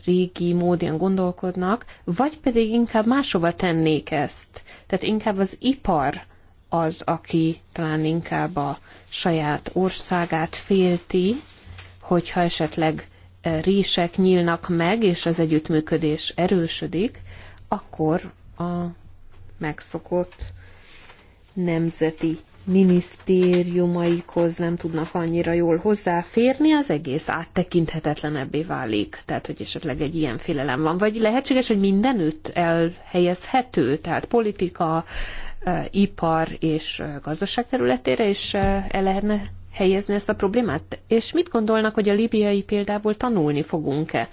régi módon gondolkodnak, vagy pedig inkább máshova tennék ezt. Tehát inkább az ipar az, aki talán inkább a saját országát félti, hogyha esetleg rések nyílnak meg, és az együttműködés erősödik, akkor a megszokott nemzeti minisztériumaikhoz nem tudnak annyira jól hozzáférni, az egész áttekinthetetlenebbé válik. Tehát, hogy esetleg egy ilyen félelem van. Vagy lehetséges, hogy mindenütt elhelyezhető, tehát politika, eh, ipar és eh, gazdaság területére is eh, el lehetne helyezni ezt a problémát? És mit gondolnak, hogy a libiai példából tanulni fogunk-e?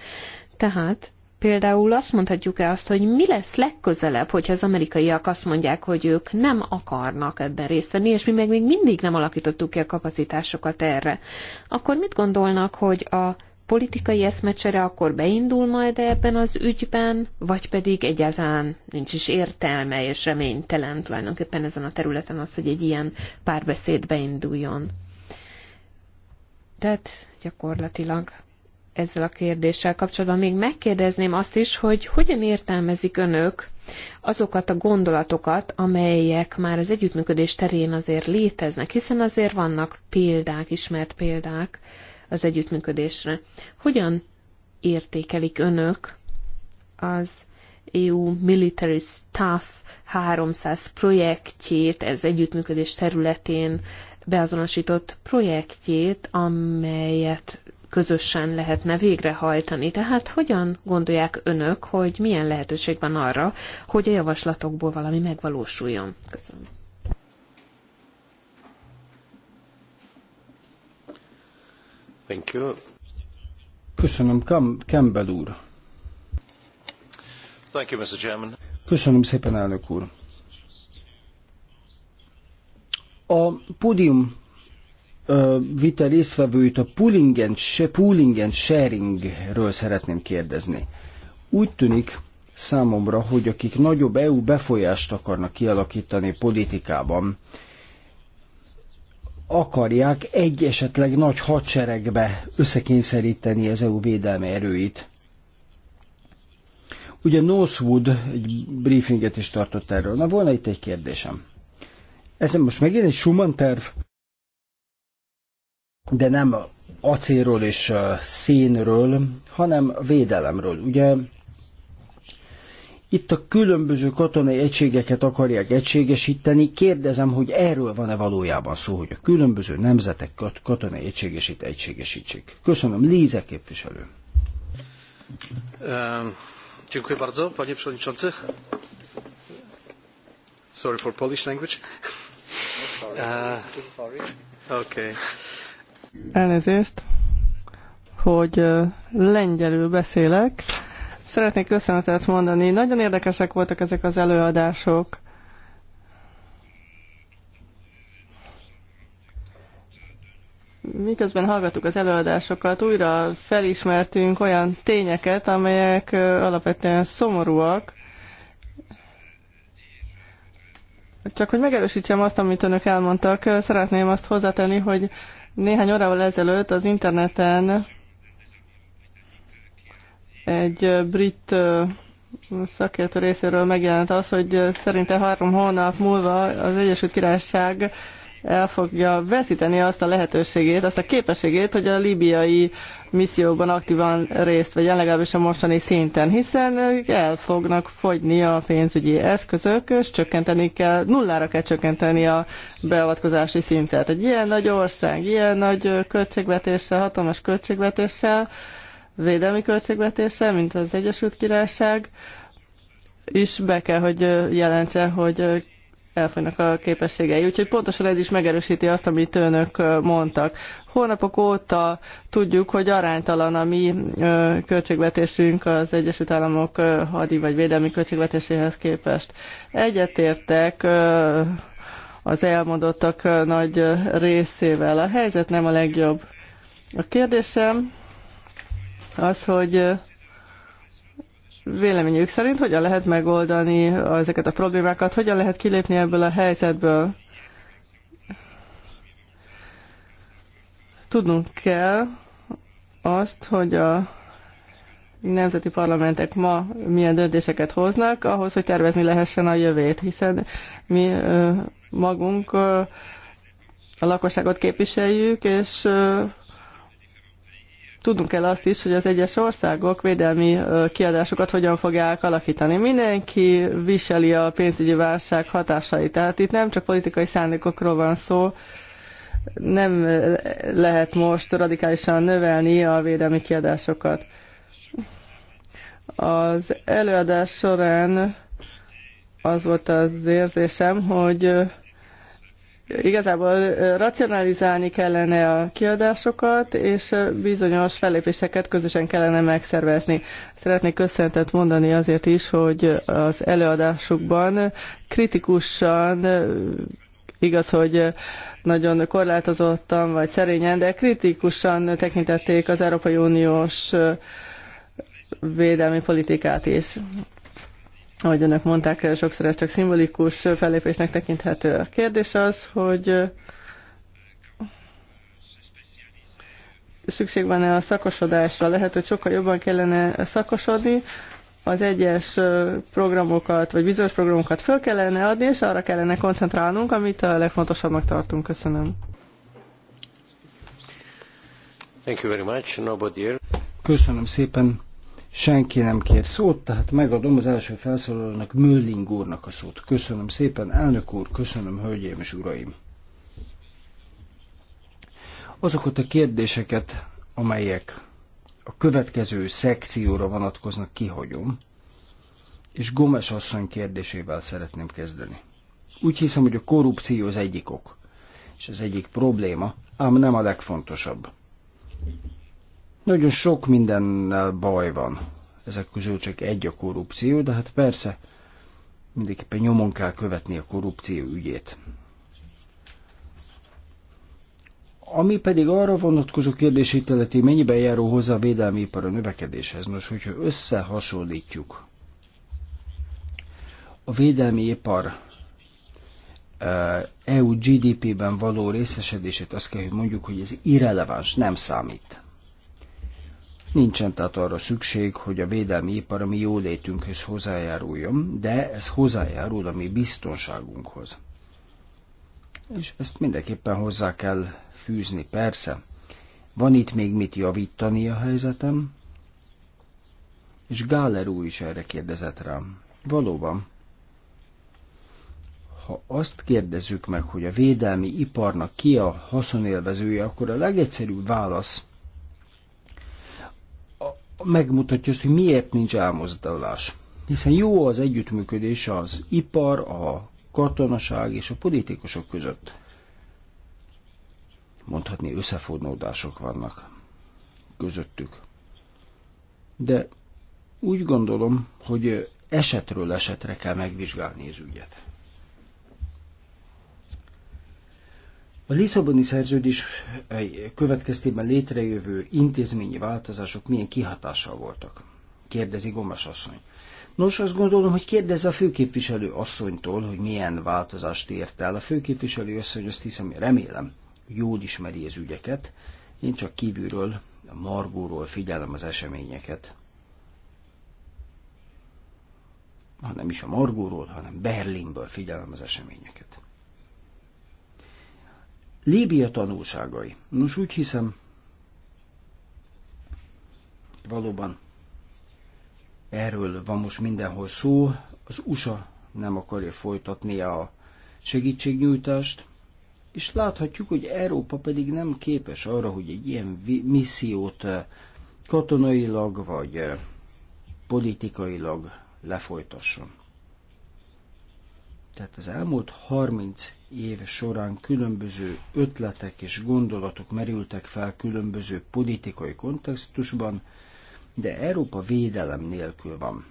Tehát például azt mondhatjuk-e azt, hogy mi lesz legközelebb, hogyha az amerikaiak azt mondják, hogy ők nem akarnak ebben részt venni, és mi meg még mindig nem alakítottuk ki a kapacitásokat erre, akkor mit gondolnak, hogy a politikai eszmecsere akkor beindul majd ebben az ügyben, vagy pedig egyáltalán nincs is értelme és reménytelen tulajdonképpen ezen a területen az, hogy egy ilyen párbeszéd beinduljon? Tehát gyakorlatilag ezzel a kérdéssel kapcsolatban még megkérdezném azt is, hogy hogyan értelmezik önök azokat a gondolatokat, amelyek már az együttműködés terén azért léteznek, hiszen azért vannak példák, ismert példák az együttműködésre. Hogyan értékelik önök az EU Military Staff 300 projektjét, ez együttműködés területén beazonosított projektjét, amelyet közösen lehetne végrehajtani. Tehát hogyan gondolják önök, hogy milyen lehetőség van arra, hogy a javaslatokból valami megvalósuljon? Köszönöm. Thank you. Köszönöm, Cam- Campbell úr. Thank you, Mr. Chairman. Köszönöm szépen, elnök úr. A pódium vita résztvevőit a pooling and, pooling and sharingről szeretném kérdezni. Úgy tűnik számomra, hogy akik nagyobb EU befolyást akarnak kialakítani politikában, akarják egy esetleg nagy hadseregbe összekényszeríteni az EU védelmi erőit. Ugye Northwood egy briefinget is tartott erről. Na volna itt egy kérdésem. Ez most megint egy Schumann terv, de nem acélról és szénről, hanem védelemről. Ugye itt a különböző katonai egységeket akarják egységesíteni. Kérdezem, hogy erről van-e valójában szó, hogy a különböző nemzetek katonai egységesít egységesítsék. Köszönöm, Líze képviselő. Dziękuję bardzo, panie przewodniczący. Sorry for Polish language. Ah. okay. Elnézést, hogy lengyelül beszélek. Szeretnék köszönetet mondani. Nagyon érdekesek voltak ezek az előadások. miközben hallgattuk az előadásokat, újra felismertünk olyan tényeket, amelyek alapvetően szomorúak, Csak hogy megerősítsem azt, amit önök elmondtak, szeretném azt hozzátenni, hogy néhány órával ezelőtt az interneten egy brit szakértő részéről megjelent az, hogy szerinte három hónap múlva az Egyesült Királyság el fogja veszíteni azt a lehetőségét, azt a képességét, hogy a libiai misszióban aktívan részt vegyen, legalábbis a mostani szinten, hiszen el fognak fogyni a pénzügyi eszközök, és csökkenteni kell, nullára kell csökkenteni a beavatkozási szintet. Egy ilyen nagy ország, ilyen nagy költségvetéssel, hatalmas költségvetéssel, védelmi költségvetéssel, mint az Egyesült Királyság, is be kell, hogy jelentse, hogy elfogynak a képességei. Úgyhogy pontosan ez is megerősíti azt, amit önök mondtak. Hónapok óta tudjuk, hogy aránytalan a mi költségvetésünk az Egyesült Államok hadi vagy védelmi költségvetéséhez képest. Egyetértek az elmondottak nagy részével. A helyzet nem a legjobb. A kérdésem az, hogy véleményük szerint hogyan lehet megoldani ezeket a problémákat, hogyan lehet kilépni ebből a helyzetből. Tudnunk kell azt, hogy a nemzeti parlamentek ma milyen döntéseket hoznak, ahhoz, hogy tervezni lehessen a jövét, hiszen mi magunk a lakosságot képviseljük, és Tudnunk kell azt is, hogy az egyes országok védelmi kiadásokat hogyan fogják alakítani. Mindenki viseli a pénzügyi válság hatásait, tehát itt nem csak politikai szándékokról van szó, nem lehet most radikálisan növelni a védelmi kiadásokat. Az előadás során az volt az érzésem, hogy Igazából racionalizálni kellene a kiadásokat, és bizonyos fellépéseket közösen kellene megszervezni. Szeretnék köszöntet mondani azért is, hogy az előadásukban kritikusan igaz, hogy nagyon korlátozottan vagy szerényen, de kritikusan tekintették az Európai Uniós védelmi politikát is ahogy önök mondták, sokszor ez csak szimbolikus fellépésnek tekinthető. A kérdés az, hogy szükség van-e a szakosodásra? Lehet, hogy sokkal jobban kellene szakosodni, az egyes programokat, vagy bizonyos programokat föl kellene adni, és arra kellene koncentrálnunk, amit a legfontosabbnak tartunk. Köszönöm. Thank you very much. Köszönöm szépen. Senki nem kér szót, tehát megadom az első felszólalónak, Mölling úrnak a szót. Köszönöm szépen, elnök úr, köszönöm, hölgyeim és uraim. Azokat a kérdéseket, amelyek a következő szekcióra vonatkoznak, kihagyom, és Gomes asszony kérdésével szeretném kezdeni. Úgy hiszem, hogy a korrupció az egyik ok, és az egyik probléma, ám nem a legfontosabb. Nagyon sok mindennel baj van. Ezek közül csak egy a korrupció, de hát persze mindenképpen nyomon kell követni a korrupció ügyét. Ami pedig arra vonatkozó kérdés hiteleti, mennyiben járó hozzá a védelmi ipar a növekedéshez. Nos, hogyha összehasonlítjuk a védelmi ipar eh, EU GDP-ben való részesedését, azt kell, hogy mondjuk, hogy ez irreleváns, nem számít. Nincsen tehát arra szükség, hogy a védelmi ipar a mi jólétünkhöz hozzájáruljon, de ez hozzájárul a mi biztonságunkhoz. És ezt mindenképpen hozzá kell fűzni, persze. Van itt még mit javítani a helyzetem, és Gáler úr is erre kérdezett rám. Valóban. Ha azt kérdezzük meg, hogy a védelmi iparnak ki a haszonélvezője, akkor a legegyszerűbb válasz megmutatja azt, hogy miért nincs elmozdulás. Hiszen jó az együttműködés az ipar, a katonaság és a politikusok között. Mondhatni összefonódások vannak közöttük. De úgy gondolom, hogy esetről esetre kell megvizsgálni az ügyet. A Lisszaboni szerződés eh, következtében létrejövő intézményi változások milyen kihatással voltak? Kérdezi Gomes asszony. Nos, azt gondolom, hogy kérdezze a főképviselő asszonytól, hogy milyen változást ért el. A főképviselő asszony azt hiszem, remélem, jól ismeri az ügyeket. Én csak kívülről, a margóról figyelem az eseményeket. Hanem is a margóról, hanem Berlinből figyelem az eseményeket. Líbia tanulságai. Nos, úgy hiszem, valóban erről van most mindenhol szó. Az USA nem akarja folytatni a segítségnyújtást, és láthatjuk, hogy Európa pedig nem képes arra, hogy egy ilyen missziót eh, katonailag vagy eh, politikailag lefolytasson. Tehát az elmúlt 30 év során különböző ötletek és gondolatok merültek fel különböző politikai kontextusban, de Európa védelem nélkül van.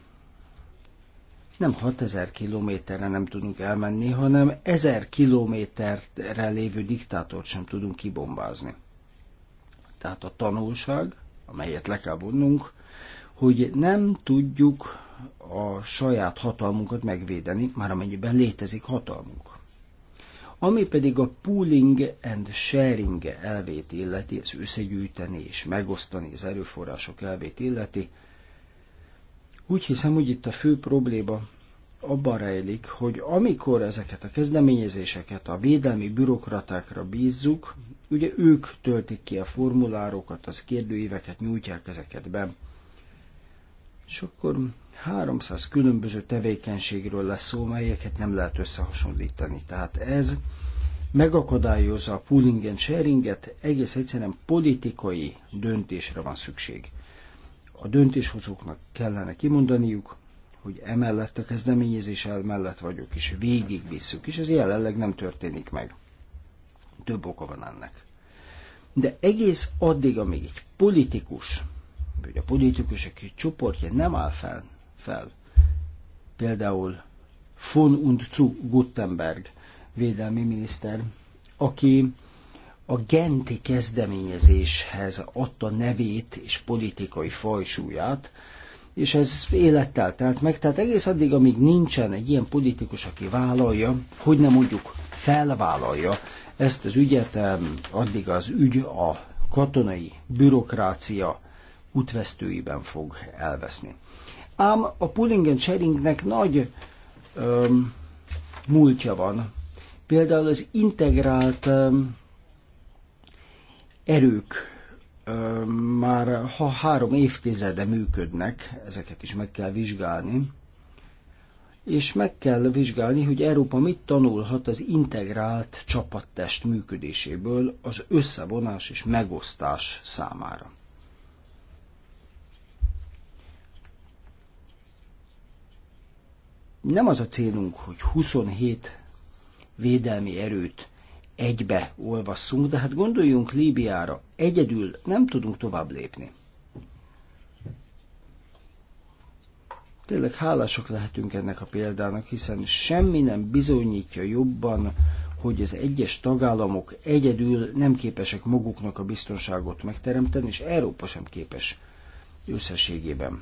Nem 6000 kilométerre nem tudunk elmenni, hanem 1000 kilométerre lévő diktátort sem tudunk kibombázni. Tehát a tanulság, amelyet le kell vonnunk, hogy nem tudjuk a saját hatalmunkat megvédeni, már amennyiben létezik hatalmunk. Ami pedig a pooling and sharing elvét illeti, az összegyűjteni és megosztani az erőforrások elvét illeti, úgy hiszem, hogy itt a fő probléma abban rejlik, hogy amikor ezeket a kezdeményezéseket a védelmi bürokratákra bízzuk, ugye ők töltik ki a formulárokat, az kérdőíveket, nyújtják ezeket be. És akkor 300 különböző tevékenységről lesz szó, melyeket nem lehet összehasonlítani. Tehát ez megakadályozza a pooling and sharinget, egész egyszerűen politikai döntésre van szükség. A döntéshozóknak kellene kimondaniuk, hogy emellett a kezdeményezés mellett vagyok, és végigvisszük, és ez jelenleg nem történik meg. Több oka van ennek. De egész addig, amíg egy politikus, vagy a politikusok egy csoportja nem áll fel, fel. Például von und zu Gutenberg védelmi miniszter, aki a genti kezdeményezéshez adta nevét és politikai fajsúlyát, és ez élettel telt meg, tehát egész addig, amíg nincsen egy ilyen politikus, aki vállalja, hogy nem mondjuk felvállalja ezt az ügyet, addig az ügy a katonai bürokrácia útvesztőiben fog elveszni. Ám a Pulling and sharingnek nagy öm, múltja van. Például az integrált öm, erők öm, már ha három évtizede működnek, ezeket is meg kell vizsgálni, és meg kell vizsgálni, hogy Európa mit tanulhat az integrált csapattest működéséből az összevonás és megosztás számára. nem az a célunk, hogy 27 védelmi erőt egybe olvasszunk, de hát gondoljunk Líbiára, egyedül nem tudunk tovább lépni. Tényleg hálásak lehetünk ennek a példának, hiszen semmi nem bizonyítja jobban, hogy az egyes tagállamok egyedül nem képesek maguknak a biztonságot megteremteni, és Európa sem képes összességében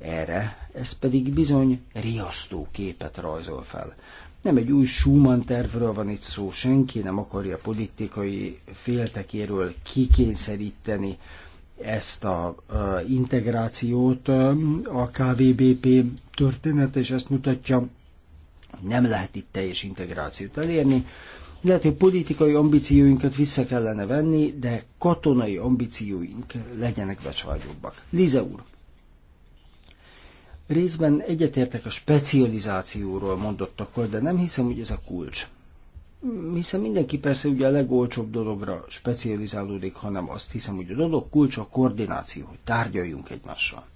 erre, ez pedig bizony riasztó képet rajzol fel. Nem egy új Schumann tervről van itt szó, senki nem akarja politikai féltekéről kikényszeríteni ezt a integrációt, a KVBP története és ezt mutatja, nem lehet itt teljes integrációt elérni. Lehet, hogy politikai ambícióinkat vissza kellene venni, de katonai ambícióink legyenek becsvágyóbbak. Lize úr! Részben egyetértek a specializációról mondottakkal, de nem hiszem, hogy ez a kulcs. Hiszen mindenki persze ugye a legolcsóbb dologra specializálódik, hanem azt hiszem, hogy a dolog kulcsa a koordináció, hogy tárgyaljunk egymással.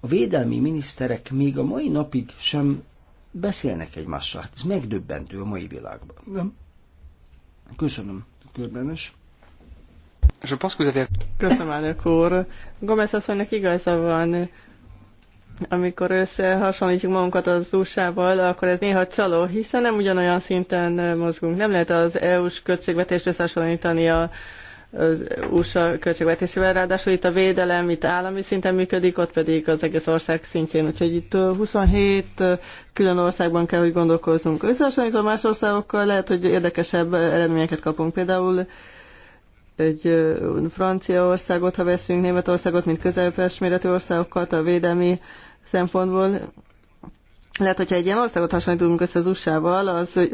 A védelmi miniszterek még a mai napig sem beszélnek egymással. Hát ez megdöbbentő a mai világban. Nem? Köszönöm, körbenes. Köszönöm, elnök úr. Gomez asszonynak igaza van amikor összehasonlítjuk magunkat az USA-val, akkor ez néha csaló, hiszen nem ugyanolyan szinten mozgunk. Nem lehet az EU-s költségvetést összehasonlítani a az USA költségvetésével, ráadásul itt a védelem, itt állami szinten működik, ott pedig az egész ország szintjén. Úgyhogy itt 27 külön országban kell, hogy gondolkozzunk. Összehasonlítva más országokkal lehet, hogy érdekesebb eredményeket kapunk. Például egy francia országot, ha veszünk Németországot, mint közepes méretű országokat, a védelmi szempontból lehet, hogyha egy ilyen országot hasonlítunk össze az USA-val, az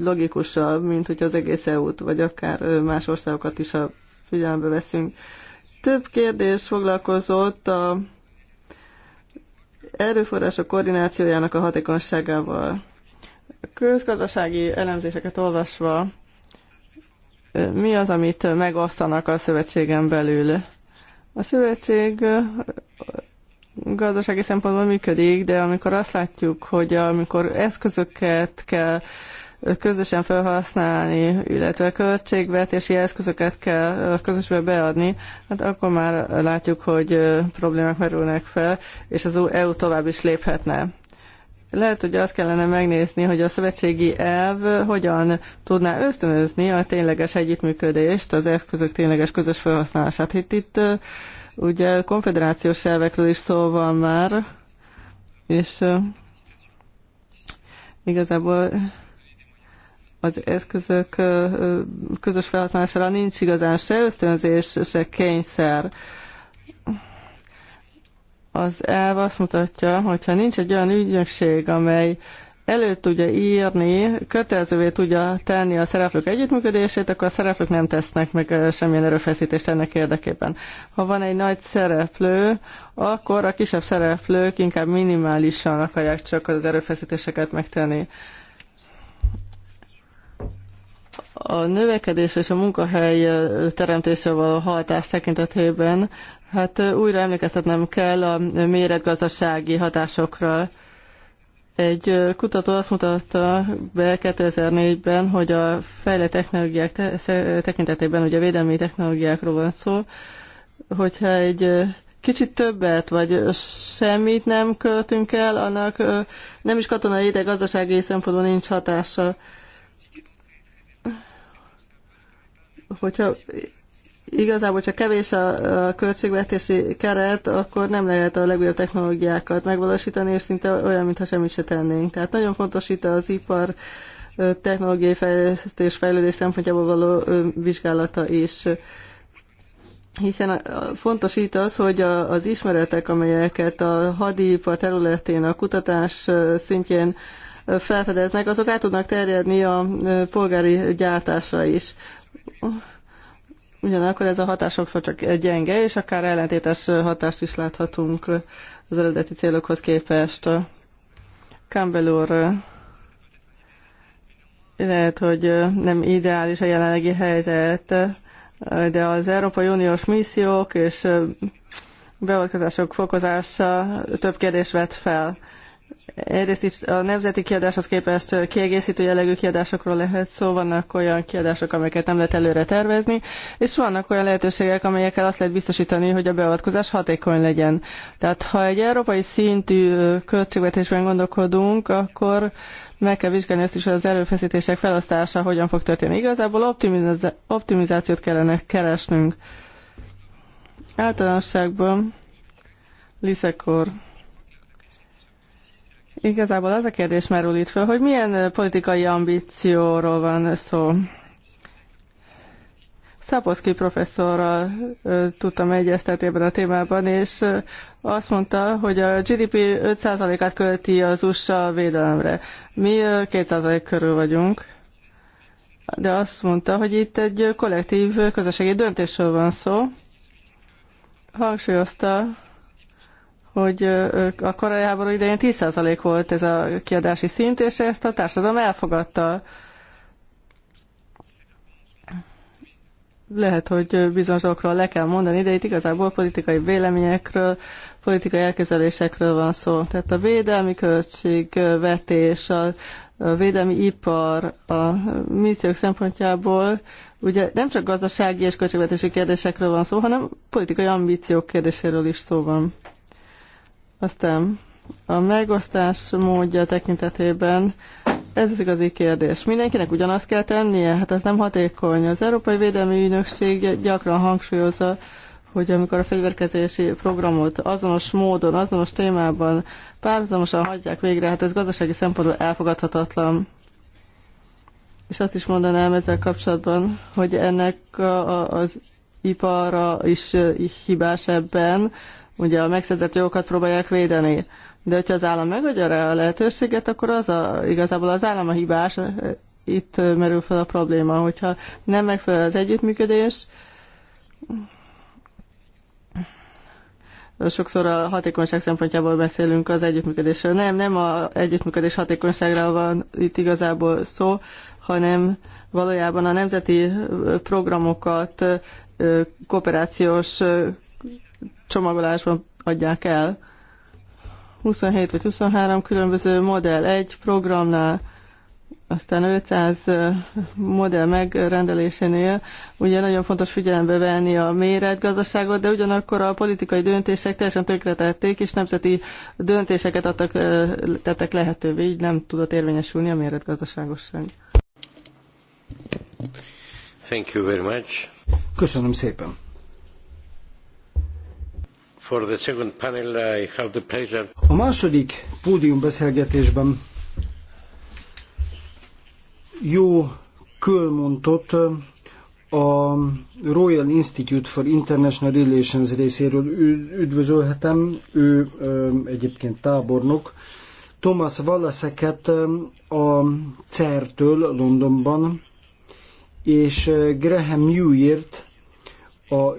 logikusabb, mint hogy az egész EU-t, vagy akár más országokat is, ha figyelembe veszünk. Több kérdés foglalkozott a erőforrások koordinációjának a hatékonyságával. A közgazdasági elemzéseket olvasva, mi az, amit megosztanak a szövetségen belül? A szövetség gazdasági szempontból működik, de amikor azt látjuk, hogy amikor eszközöket kell közösen felhasználni, illetve költségvetési eszközöket kell közösbe beadni, hát akkor már látjuk, hogy problémák merülnek fel, és az EU tovább is léphetne. Lehet, hogy azt kellene megnézni, hogy a szövetségi elv hogyan tudná ösztönözni a tényleges együttműködést, az eszközök tényleges közös felhasználását. Itt, itt Ugye konfederációs elvekről is szó van már, és igazából az eszközök közös felhasználására nincs igazán se ösztönzés, se kényszer. Az elv azt mutatja, hogyha nincs egy olyan ügynökség, amely elő tudja írni, kötelezővé tudja tenni a szereplők együttműködését, akkor a szereplők nem tesznek meg semmilyen erőfeszítést ennek érdekében. Ha van egy nagy szereplő, akkor a kisebb szereplők inkább minimálisan akarják csak az erőfeszítéseket megtenni. A növekedés és a munkahely teremtésre való hatás tekintetében hát újra emlékeztetnem kell a méretgazdasági hatásokra egy kutató azt mutatta be 2004-ben, hogy a fejlett technológiák te- tekintetében, ugye a védelmi technológiákról van szó, hogyha egy kicsit többet, vagy semmit nem költünk el, annak nem is katonai, de gazdasági szempontból nincs hatása. Hogyha igazából csak kevés a, a költségvetési keret, akkor nem lehet a legújabb technológiákat megvalósítani, és szinte olyan, mintha semmit se tennénk. Tehát nagyon fontos itt az ipar technológiai fejlesztés, fejlődés szempontjából való vizsgálata is. Hiszen fontos itt az, hogy az ismeretek, amelyeket a hadipar területén, a kutatás szintjén felfedeznek, azok át tudnak terjedni a polgári gyártásra is Ugyanakkor ez a hatás sokszor csak gyenge, és akár ellentétes hatást is láthatunk az eredeti célokhoz képest. Campbell úr, lehet, hogy nem ideális a jelenlegi helyzet, de az Európai Uniós missziók és beavatkozások fokozása több kérdést vet fel. Egyrészt itt a nemzeti kiadáshoz képest kiegészítő jellegű kiadásokról lehet szó, vannak olyan kiadások, amelyeket nem lehet előre tervezni, és vannak olyan lehetőségek, amelyekkel azt lehet biztosítani, hogy a beavatkozás hatékony legyen. Tehát ha egy európai szintű költségvetésben gondolkodunk, akkor meg kell vizsgálni azt is, hogy az erőfeszítések felosztása hogyan fog történni. Igazából optimiz- optimizációt kellene keresnünk. Általánosságban Lisekor. Igazából az a kérdés merül itt föl, hogy milyen politikai ambícióról van szó. Szaposzki professzorral tudtam egyeztetni ebben a témában, és azt mondta, hogy a GDP 5%-át költi az USA védelemre. Mi 2% körül vagyunk, de azt mondta, hogy itt egy kollektív közösségi döntésről van szó. Hangsúlyozta, hogy a korai háború idején 10% volt ez a kiadási szint, és ezt a társadalom elfogadta. Lehet, hogy bizonyos dolgokról le kell mondani, de itt igazából politikai véleményekről, politikai elképzelésekről van szó. Tehát a védelmi költségvetés, a védelmi ipar, a missziók szempontjából ugye nem csak gazdasági és költségvetési kérdésekről van szó, hanem politikai ambíciók kérdéséről is szó van. Aztán a megosztás módja tekintetében ez az igazi kérdés. Mindenkinek ugyanazt kell tennie? Hát ez nem hatékony. Az Európai Védelmi Ügynökség gyakran hangsúlyozza, hogy amikor a fegyverkezési programot azonos módon, azonos témában párhuzamosan hagyják végre, hát ez gazdasági szempontból elfogadhatatlan. És azt is mondanám ezzel kapcsolatban, hogy ennek az ipara is eh, hibás ebben, ugye a megszerzett jogokat próbálják védeni. De hogyha az állam megadja rá a lehetőséget, akkor az a, igazából az állam a hibás, eh, itt merül fel a probléma, hogyha nem megfelel az együttműködés, sokszor a hatékonyság szempontjából beszélünk az együttműködésről. Nem, nem az együttműködés hatékonyságra van itt igazából szó, hanem valójában a nemzeti programokat, eh, kooperációs eh, csomagolásban adják el. 27 vagy 23 különböző modell egy programnál, aztán 500 modell megrendelésénél ugye nagyon fontos figyelembe venni a méretgazdaságot, de ugyanakkor a politikai döntések teljesen tönkretették, és nemzeti döntéseket adtak, tettek lehetővé, így nem tudott érvényesülni a méretgazdaságosság. Thank you very much. Köszönöm szépen. For the second panel, I have the pleasure. A második pódiumbeszélgetésben jó Kölmontot a Royal Institute for International Relations részéről üdvözölhetem, ő egyébként tábornok, Thomas Wallaceket a CER-től Londonban, és Graham Muir-t, a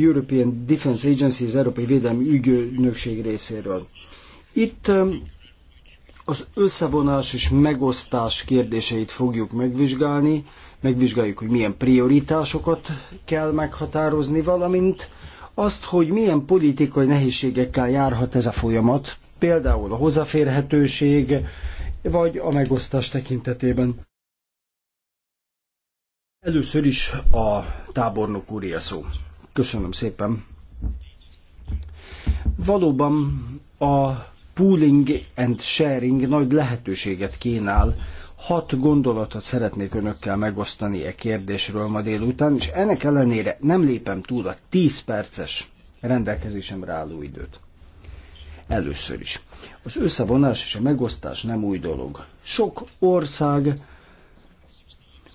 European Defense Agency, az Európai Védelmi Ügynökség részéről. Itt um, az összevonás és megosztás kérdéseit fogjuk megvizsgálni, megvizsgáljuk, hogy milyen prioritásokat kell meghatározni, valamint azt, hogy milyen politikai nehézségekkel járhat ez a folyamat, például a hozzáférhetőség, vagy a megosztás tekintetében. Először is a tábornok úr szó. Köszönöm szépen. Valóban a pooling and sharing nagy lehetőséget kínál. Hat gondolatot szeretnék önökkel megosztani e kérdésről ma délután, és ennek ellenére nem lépem túl a 10 perces rendelkezésemre álló időt. Először is. Az összevonás és a megosztás nem új dolog. Sok ország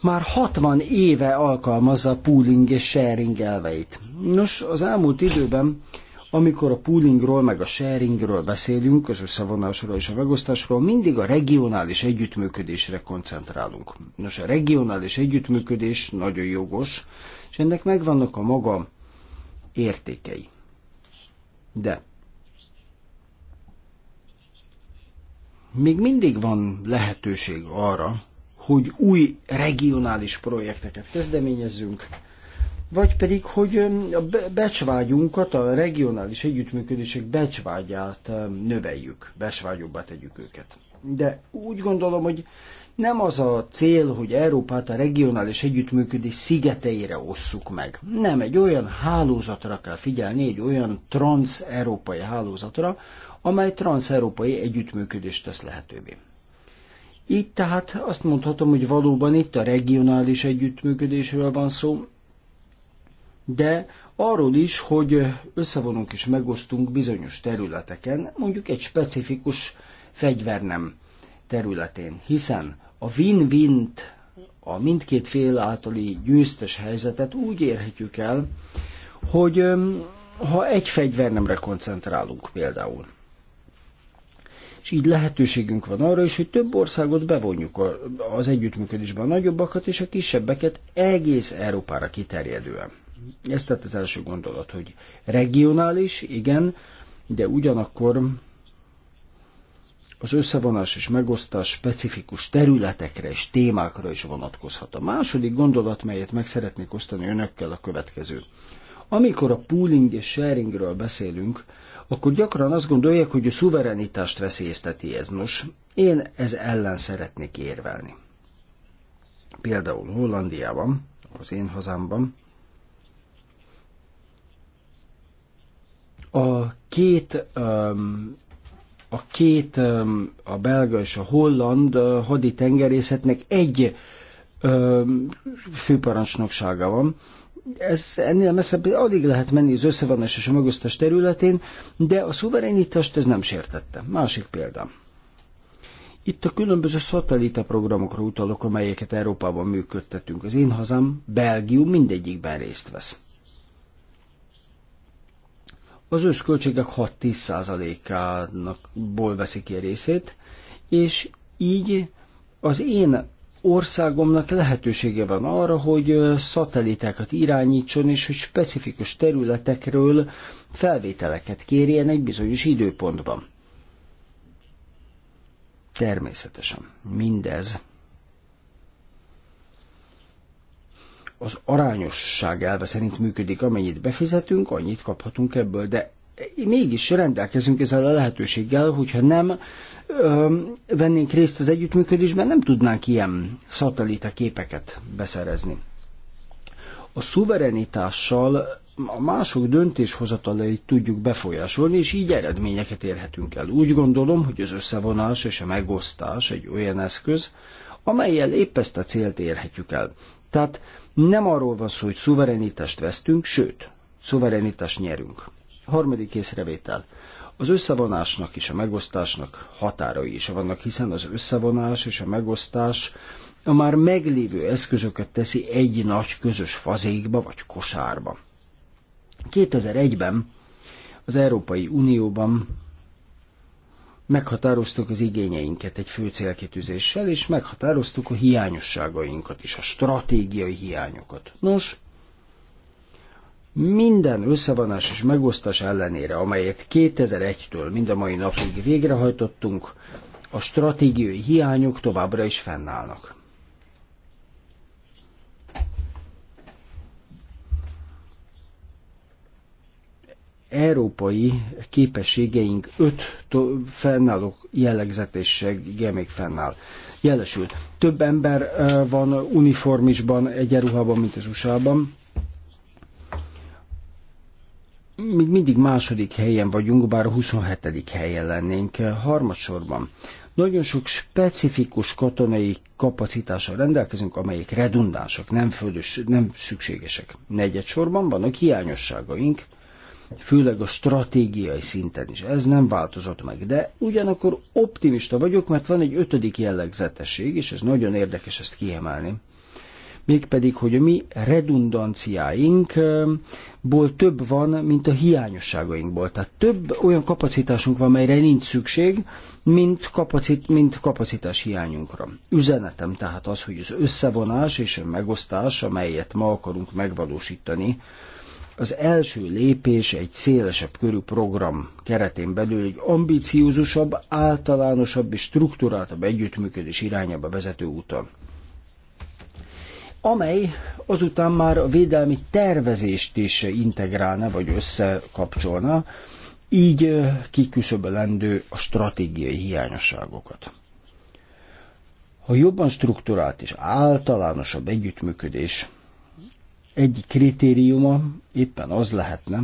már 60 éve alkalmazza a pooling és sharing elveit. Nos, az elmúlt időben, amikor a poolingról meg a sharingről beszélünk, az összevonásról és a megosztásról, mindig a regionális együttműködésre koncentrálunk. Nos, a regionális együttműködés nagyon jogos, és ennek megvannak a maga értékei. De még mindig van lehetőség arra, hogy új regionális projekteket kezdeményezzünk, vagy pedig, hogy a becsvágyunkat, a regionális együttműködések becsvágyát növeljük, becsvágyobbá tegyük őket. De úgy gondolom, hogy nem az a cél, hogy Európát a regionális együttműködés szigeteire osszuk meg. Nem, egy olyan hálózatra kell figyelni, egy olyan transz-európai hálózatra, amely transz-európai együttműködést tesz lehetővé. Itt tehát azt mondhatom, hogy valóban itt a regionális együttműködésről van szó, de arról is, hogy összevonunk és megosztunk bizonyos területeken, mondjuk egy specifikus fegyvernem területén, hiszen a win win a mindkét fél általi győztes helyzetet úgy érhetjük el, hogy ha egy fegyvernemre koncentrálunk például, és így lehetőségünk van arra is, hogy több országot bevonjuk az együttműködésben a nagyobbakat és a kisebbeket egész Európára kiterjedően. Ez tehát az első gondolat, hogy regionális, igen, de ugyanakkor az összevonás és megosztás specifikus területekre és témákra is vonatkozhat. A második gondolat, melyet meg szeretnék osztani önökkel a következő. Amikor a pooling és sharingről beszélünk, akkor gyakran azt gondolják, hogy a szuverenitást veszélyezteti ez. Nos, én ez ellen szeretnék érvelni. Például Hollandiában, az én hazámban, a két um, a két, um, a belga és a holland uh, haditengerészetnek egy um, főparancsnoksága van, ez ennél messzebb alig lehet menni az összevonás és a megosztás területén, de a szuverenitást ez nem sértette. Másik példa. Itt a különböző szatellita programokra utalok, amelyeket Európában működtetünk. Az én hazám, Belgium mindegyikben részt vesz. Az összköltségek 6-10%-ának ból veszik ki részét, és így az én országomnak lehetősége van arra, hogy szatellitákat irányítson, és hogy specifikus területekről felvételeket kérjen egy bizonyos időpontban. Természetesen mindez az arányosság elve szerint működik, amennyit befizetünk, annyit kaphatunk ebből, de mégis rendelkezünk ezzel a lehetőséggel, hogyha nem ö, vennénk részt az együttműködésben, nem tudnánk ilyen szatelita képeket beszerezni. A szuverenitással a mások döntéshozatalait tudjuk befolyásolni, és így eredményeket érhetünk el. Úgy gondolom, hogy az összevonás és a megosztás egy olyan eszköz, amelyel épp ezt a célt érhetjük el. Tehát nem arról van szó, hogy szuverenitást vesztünk, sőt, szuverenitást nyerünk. Harmadik észrevétel. Az összevonásnak és a megosztásnak határai is vannak, hiszen az összevonás és a megosztás a már meglévő eszközöket teszi egy nagy közös fazékba vagy kosárba. 2001-ben az Európai Unióban meghatároztuk az igényeinket egy fő célkitűzéssel, és meghatároztuk a hiányosságainkat is, a stratégiai hiányokat. Nos, minden összevonás és megosztás ellenére, amelyet 2001-től mind a mai napig végrehajtottunk, a stratégiai hiányok továbbra is fennállnak. Európai képességeink öt fennálló jellegzetessége még fennáll. Jelesült, Több ember eh, van uniformisban, egyenruhában, mint az USA-ban még mindig második helyen vagyunk, bár a 27. helyen lennénk eh, harmadsorban. Nagyon sok specifikus katonai kapacitással rendelkezünk, amelyek redundánsak, nem, földös, nem szükségesek. sorban vannak hiányosságaink, főleg a stratégiai szinten is. Ez nem változott meg, de ugyanakkor optimista vagyok, mert van egy ötödik jellegzetesség, és ez nagyon érdekes ezt kiemelni mégpedig, hogy a mi redundanciáinkból több van, mint a hiányosságainkból. Tehát több olyan kapacitásunk van, melyre nincs szükség, mint, kapacit, mint kapacitás hiányunkra. Üzenetem tehát az, hogy az összevonás és a megosztás, amelyet ma akarunk megvalósítani, az első lépés egy szélesebb körű program keretén belül egy ambiciózusabb, általánosabb és struktúráltabb együttműködés irányába vezető úton amely azután már a védelmi tervezést is integrálna, vagy összekapcsolna, így kiküszöbölendő a stratégiai hiányosságokat. A jobban strukturált és általánosabb együttműködés egy kritériuma éppen az lehetne,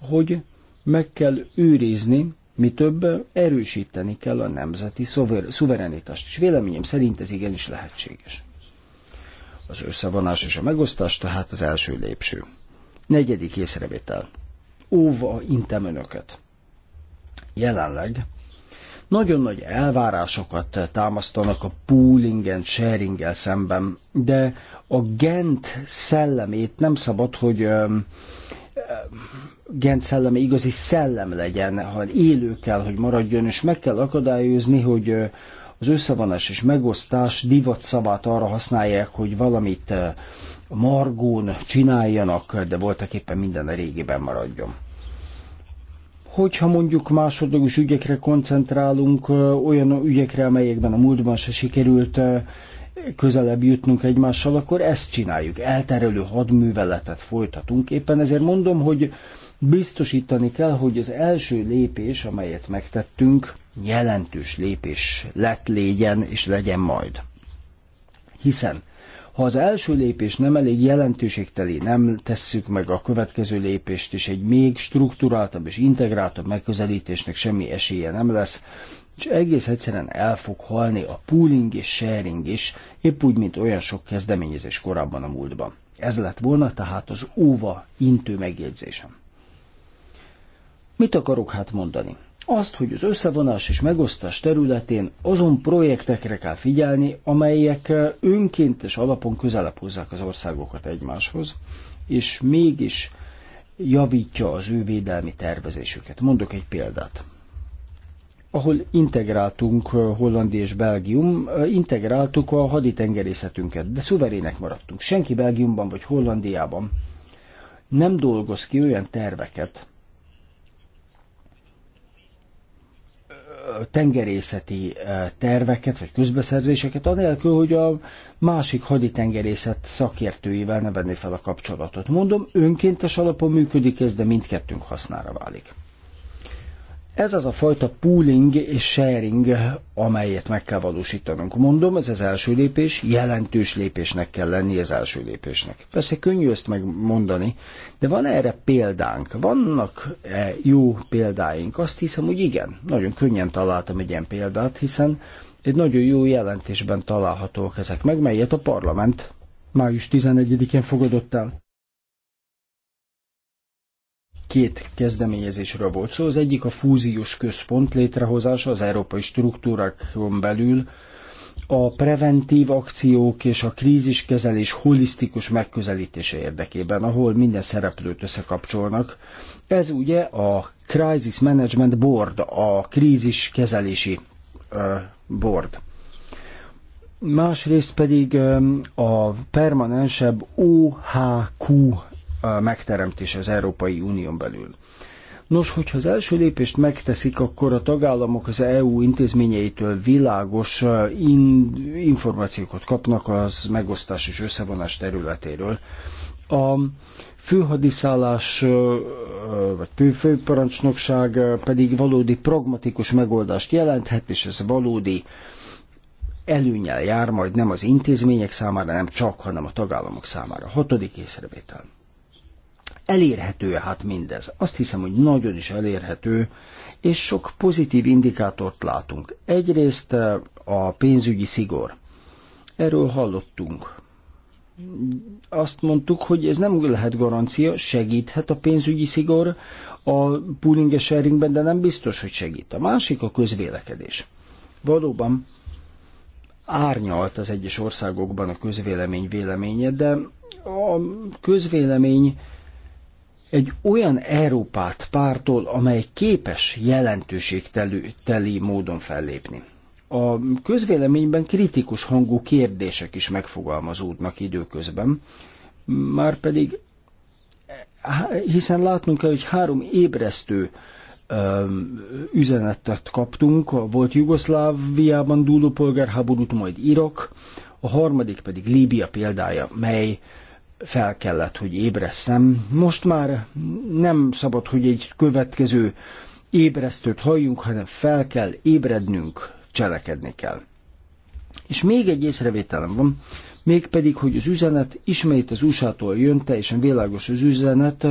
hogy meg kell őrizni, mi több, erősíteni kell a nemzeti szuverenitást, és véleményem szerint ez igenis lehetséges az összevonás és a megosztás, tehát az első lépcső. Negyedik észrevétel. Óva intem önöket. Jelenleg nagyon nagy elvárásokat támasztanak a pooling and sharing szemben, de a Gent szellemét nem szabad, hogy Gent szelleme igazi szellem legyen, ha élő kell, hogy maradjon, és meg kell akadályozni, hogy az összevonás és megosztás divat szavát arra használják, hogy valamit eh, margón csináljanak, de voltak éppen minden a régiben maradjon hogyha mondjuk másodlagos ügyekre koncentrálunk, eh, olyan ügyekre, amelyekben a múltban se sikerült eh, közelebb jutnunk egymással, akkor ezt csináljuk. Elterelő hadműveletet folytatunk. Éppen ezért mondom, hogy Biztosítani kell, hogy az első lépés, amelyet megtettünk, jelentős lépés lett légyen és legyen majd. Hiszen ha az első lépés nem elég jelentőségteli, nem tesszük meg a következő lépést, és egy még struktúráltabb és integráltabb megközelítésnek semmi esélye nem lesz, és egész egyszerűen el fog halni a pooling és sharing is, épp úgy, mint olyan sok kezdeményezés korábban a múltban. Ez lett volna tehát az óva intő megjegyzésem. Mit akarok hát mondani? Azt, hogy az összevonás és megosztás területén azon projektekre kell figyelni, amelyek önkéntes alapon közelebb hozzák az országokat egymáshoz, és mégis javítja az ő védelmi tervezésüket. Mondok egy példát. Ahol integráltunk Hollandia és Belgium, integráltuk a haditengerészetünket, de szuverének maradtunk. Senki Belgiumban vagy Hollandiában nem dolgoz ki olyan terveket, tengerészeti eh, terveket, vagy közbeszerzéseket, anélkül, hogy a másik haditengerészet szakértőivel ne venné fel a kapcsolatot. Mondom, önkéntes alapon működik ez, de mindkettőnk hasznára válik. Ez az a fajta pooling és sharing, amelyet meg kell valósítanunk. Mondom, ez az első lépés, jelentős lépésnek kell lenni az első lépésnek. Persze könnyű ezt megmondani, de van erre példánk? Vannak -e jó példáink? Azt hiszem, hogy igen. Nagyon könnyen találtam egy ilyen példát, hiszen egy nagyon jó jelentésben találhatók ezek meg, melyet a parlament május 11-én fogadott el két kezdeményezésről volt szó. Az egyik a fúziós központ létrehozása az európai struktúrákon belül, a preventív akciók és a kríziskezelés holisztikus megközelítése érdekében, ahol minden szereplőt összekapcsolnak. Ez ugye a Crisis Management Board, a kríziskezelési board. Másrészt pedig a permanensebb OHQ megteremtése az Európai Unión belül. Nos, hogyha az első lépést megteszik, akkor a tagállamok az EU intézményeitől világos uh, in- információkat kapnak az megosztás és összevonás területéről. A főhadiszállás uh, uh, vagy főparancsnokság pedig valódi pragmatikus megoldást jelenthet, és ez valódi előnyel jár majd nem az intézmények számára, nem csak, hanem a tagállamok számára. Hatodik észrevétel elérhető hát mindez? Azt hiszem, hogy nagyon is elérhető, és sok pozitív indikátort látunk. Egyrészt eh, a pénzügyi szigor. Erről hallottunk. Azt mondtuk, hogy ez nem lehet garancia, segíthet a pénzügyi szigor a pooling és sharingben, de nem biztos, hogy segít. A másik a közvélekedés. Valóban árnyalt az egyes országokban a közvélemény véleménye, de a közvélemény egy olyan Európát pártól, amely képes jelentőségteli módon fellépni. A közvéleményben kritikus hangú kérdések is megfogalmazódnak időközben, már pedig hiszen látnunk kell, hogy három ébresztő üzenetet kaptunk, volt Jugoszláviában dúló polgárháborút, majd Irak, a harmadik pedig Líbia példája, mely fel kellett, hogy ébresszem. Most már nem szabad, hogy egy következő ébresztőt halljunk, hanem fel kell ébrednünk, cselekedni kell. És még egy észrevételem van, mégpedig, hogy az üzenet ismét az USA-tól jön, teljesen világos az üzenet,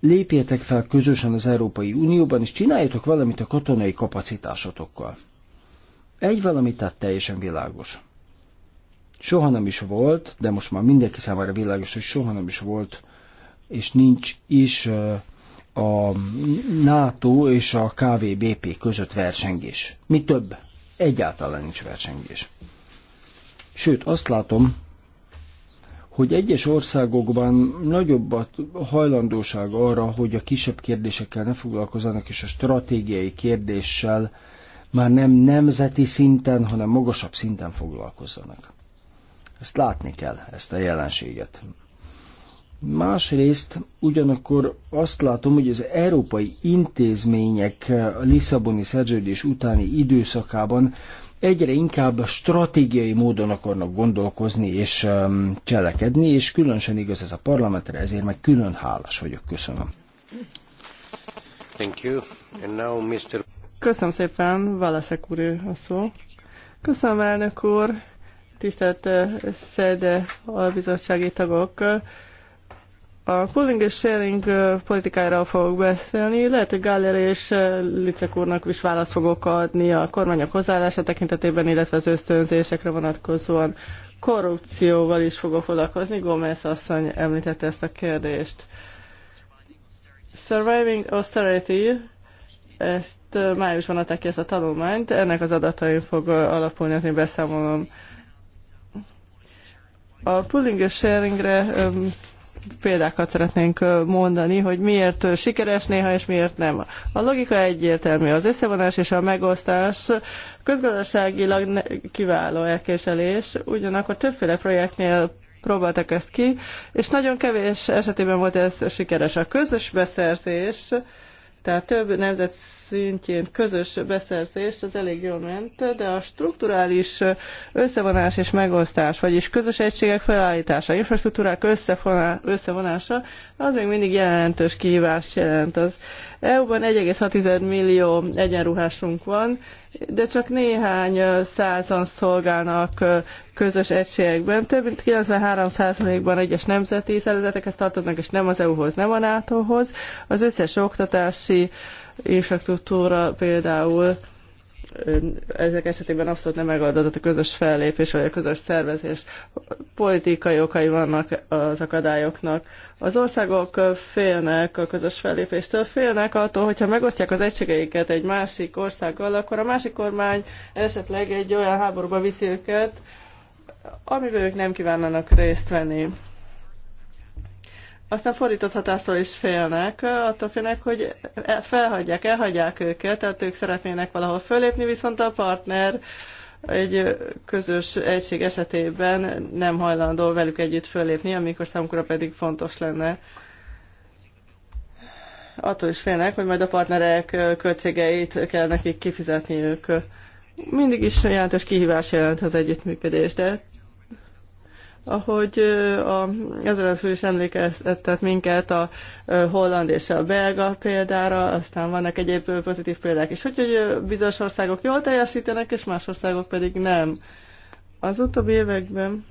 lépjetek fel közösen az Európai Unióban, és csináljatok valamit a katonai kapacitásatokkal. Egy valami tehát teljesen világos. Soha nem is volt, de most már mindenki számára világos, hogy soha nem is volt, és nincs is a NATO és a KVBP között versengés. Mi több, egyáltalán nincs versengés. Sőt, azt látom, hogy egyes országokban nagyobb a hajlandóság arra, hogy a kisebb kérdésekkel ne foglalkozzanak, és a stratégiai kérdéssel már nem nemzeti szinten, hanem magasabb szinten foglalkozzanak. Ezt látni kell, ezt a jelenséget. Másrészt ugyanakkor azt látom, hogy az európai intézmények a Lisszaboni szerződés utáni időszakában egyre inkább stratégiai módon akarnak gondolkozni és um, cselekedni, és különösen igaz ez a parlamentre, ezért meg külön hálás vagyok. Köszönöm. Thank you. And now Mr. Köszönöm szépen, Valaszek úr a szó. Köszönöm, elnök úr tisztelt eh, SZEDE albizottsági tagok! A pooling és sharing eh, politikáról fogok beszélni. Lehet, hogy Gáller és eh, Licek úrnak is választ fogok adni a kormányok hozzáállása tekintetében, illetve az ösztönzésekre vonatkozóan korrupcióval is fogok foglalkozni. Gomez asszony említette ezt a kérdést. Surviving Austerity, ezt májusban adták ki ezt a tanulmányt, ennek az adatain fog alapulni az én beszámolom. A pulling és sharingre példákat szeretnénk mondani, hogy miért sikeres néha, és miért nem. A logika egyértelmű, az összevonás és a megosztás közgazdaságilag kiváló elkéselés, ugyanakkor többféle projektnél próbáltak ezt ki, és nagyon kevés esetében volt ez sikeres. A közös beszerzés tehát több nemzet szintjén közös beszerzés, az elég jól ment, de a strukturális összevonás és megosztás, vagyis közös egységek felállítása, infrastruktúrák összevonása, az még mindig jelentős kihívást jelent. Az EU-ban 1,6 millió egyenruhásunk van, de csak néhány százan szolgálnak közös egységekben. Több mint 93%-ban egyes nemzeti szervezetekhez tartoznak, és nem az EU-hoz, nem a NATO-hoz. Az összes oktatási infrastruktúra például ezek esetében abszolút nem megoldódott a közös fellépés, vagy a közös szervezés. Politikai okai vannak az akadályoknak. Az országok félnek a közös fellépéstől, félnek attól, hogyha megosztják az egységeiket egy másik országgal, akkor a másik kormány esetleg egy olyan háborúba viszi őket, amiből ők nem kívánnak részt venni. Aztán fordított hatástól is félnek, attól félnek, hogy e, felhagyják, elhagyják őket, tehát ők szeretnének valahol fölépni, viszont a partner egy közös egység esetében nem hajlandó velük együtt fölépni, amikor számukra pedig fontos lenne. Attól is félnek, hogy majd a partnerek költségeit kell nekik ők. Mindig is jelentős kihívás jelent az együttműködés, de ahogy a, ezelőtt is emlékeztetett minket a holland és a belga példára, aztán vannak egyéb pozitív példák is, hogy, hogy bizonyos országok jól teljesítenek, és más országok pedig nem. Az utóbbi években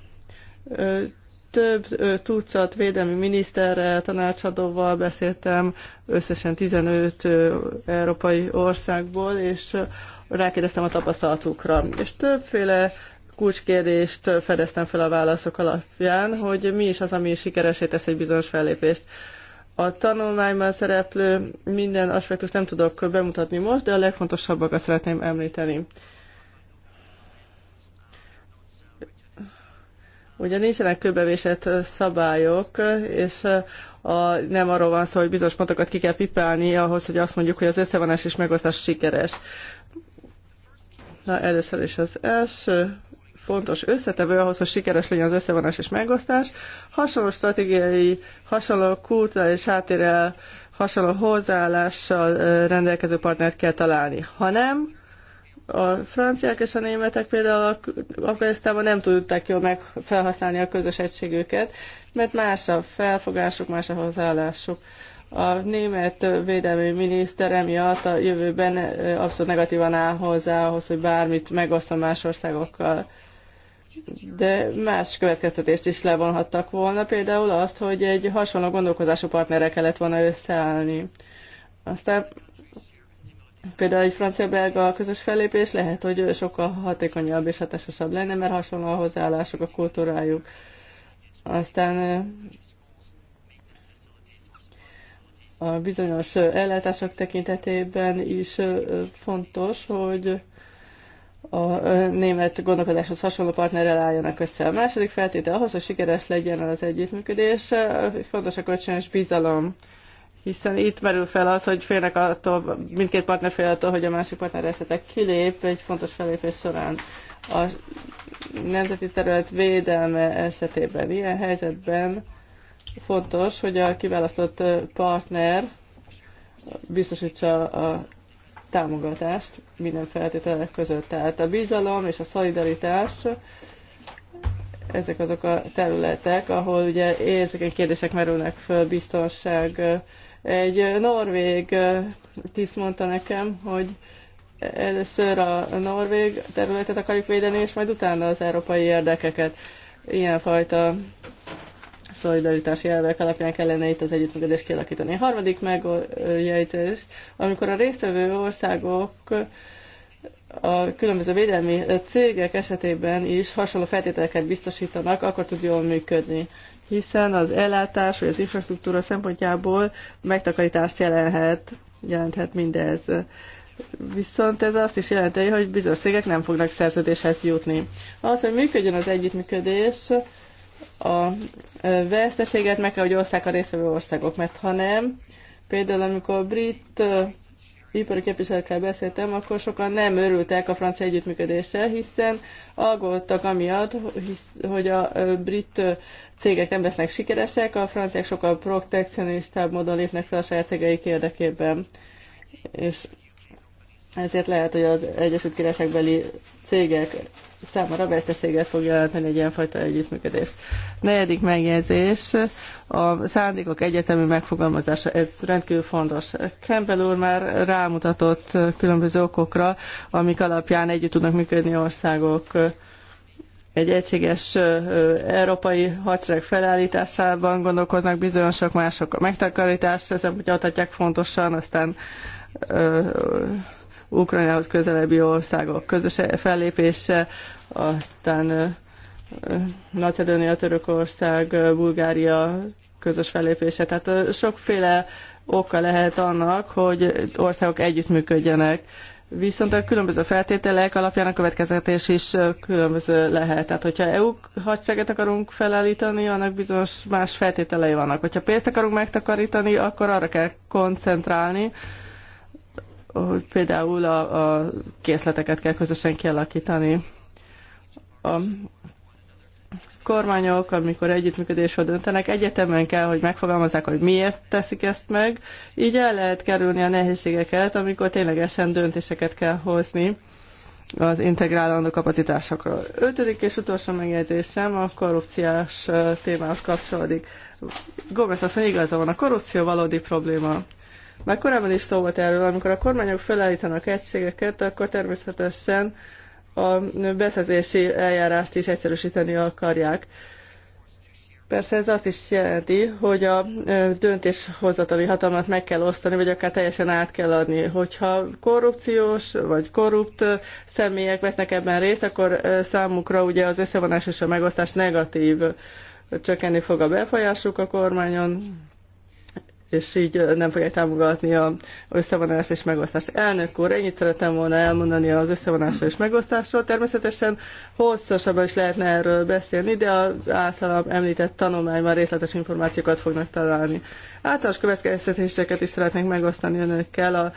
több tucat védelmi miniszterrel, tanácsadóval beszéltem, összesen 15 európai országból, és rákérdeztem a tapasztalatukra. És többféle kulcskérdést fedeztem fel a válaszok alapján, hogy mi is az, ami sikeresé tesz egy bizonyos fellépést. A tanulmányban szereplő minden aspektust nem tudok bemutatni most, de a legfontosabbakat szeretném említeni. Ugye nincsenek köbevésett szabályok, és a, nem arról van szó, hogy bizonyos pontokat ki kell pipálni ahhoz, hogy azt mondjuk, hogy az összevonás és megosztás sikeres. Na, először is az első fontos összetevő ahhoz, hogy sikeres legyen az összevonás és megosztás. Hasonló stratégiai, hasonló kultúra és háttérrel, hasonló hozzáállással rendelkező partnert kell találni. Ha nem, a franciák és a németek például Afganisztában nem tudták jól meg felhasználni a közös egységüket, mert más a felfogásuk, más a hozzáállásuk. A német védelmi miniszter emiatt a jövőben abszolút negatívan áll hozzá ahhoz, hogy bármit megosztom más országokkal de más következtetést is levonhattak volna, például azt, hogy egy hasonló gondolkozású partnerre kellett volna összeállni. Aztán például egy francia-belga közös fellépés lehet, hogy sokkal hatékonyabb és hatásosabb lenne, mert hasonló a hozzáállások a kultúrájuk. Aztán eh, a bizonyos ellátások tekintetében is eh, fontos, hogy a német gondolkodáshoz hasonló partnerrel álljanak össze. A második feltétel ahhoz, hogy sikeres legyen az együttműködés, fontos a kölcsönös bizalom hiszen itt merül fel az, hogy félnek attól, mindkét partner fél attól, hogy a másik partner esetek kilép egy fontos felépés során. A nemzeti terület védelme esetében ilyen helyzetben fontos, hogy a kiválasztott partner biztosítsa a támogatást minden feltételek között. Tehát a bizalom és a szolidaritás ezek azok a területek, ahol ugye érzékeny kérdések merülnek föl, biztonság. Egy norvég tiszt mondta nekem, hogy először a norvég területet akarjuk védeni, és majd utána az európai érdekeket. Ilyenfajta szolidaritási elvek alapján kellene itt az együttműködést kialakítani. A harmadik megjegyzés, amikor a résztvevő országok a különböző védelmi cégek esetében is hasonló feltételeket biztosítanak, akkor tud jól működni hiszen az ellátás vagy az infrastruktúra szempontjából megtakarítást jelenthet, jelenthet mindez. Viszont ez azt is jelenti, hogy bizonyos cégek nem fognak szerződéshez jutni. Az, hogy működjön az együttműködés, a veszteséget meg kell, hogy osszák a résztvevő országok, mert ha nem, például amikor a brit ipari képviselőkkel beszéltem, akkor sokan nem örültek a francia együttműködéssel, hiszen aggódtak amiatt, hogy a brit cégek nem lesznek sikeresek, a franciák sokkal protekcionistább módon lépnek fel a saját cégeik érdekében. És ezért lehet, hogy az Egyesült Királyságbeli cégek számára veszteséget fog jelenteni egy ilyenfajta együttműködés. Negyedik megjegyzés, a szándékok egyetemű megfogalmazása, ez rendkívül fontos. Campbell úr már rámutatott különböző okokra, amik alapján együtt tudnak működni országok egy egységes európai hadsereg felállításában gondolkoznak bizonyosok, mások a megtakarítás adhatják fontosan, aztán Ukrajnához közelebbi országok közös fellépése, aztán Macedónia, Törökország, Bulgária közös fellépése. Tehát sokféle oka lehet annak, hogy országok együttműködjenek. Viszont a különböző feltételek alapján a következetés is különböző lehet. Tehát, hogyha EU hadsereget akarunk felállítani, annak bizonyos más feltételei vannak. Hogyha pénzt akarunk megtakarítani, akkor arra kell koncentrálni, hogy például a, a készleteket kell közösen kialakítani. A kormányok, amikor együttműködésről döntenek, egyetemen kell, hogy megfogalmazzák, hogy miért teszik ezt meg. Így el lehet kerülni a nehézségeket, amikor ténylegesen döntéseket kell hozni az integrálandó kapacitásokról. Ötödik és utolsó megjegyzésem a korrupciás témához kapcsolódik. Gomez azt mondja, igaza van, a korrupció valódi probléma. Már korábban is szó volt erről, amikor a kormányok felállítanak egységeket, akkor természetesen a beszerzési eljárást is egyszerűsíteni akarják. Persze ez azt is jelenti, hogy a döntéshozatali hatalmat meg kell osztani, vagy akár teljesen át kell adni. Hogyha korrupciós vagy korrupt személyek vesznek ebben részt, akkor számukra ugye az összevonás és a megosztás negatív. Csökkenni fog a befolyásuk a kormányon, és így nem fogják támogatni a összevonás és megosztás. Elnök úr, ennyit szeretem volna elmondani az összevonásról és megosztásról. Természetesen hosszasabban is lehetne erről beszélni, de az általam említett tanulmányban részletes információkat fognak találni. Általános következtetéseket is szeretnénk megosztani önökkel a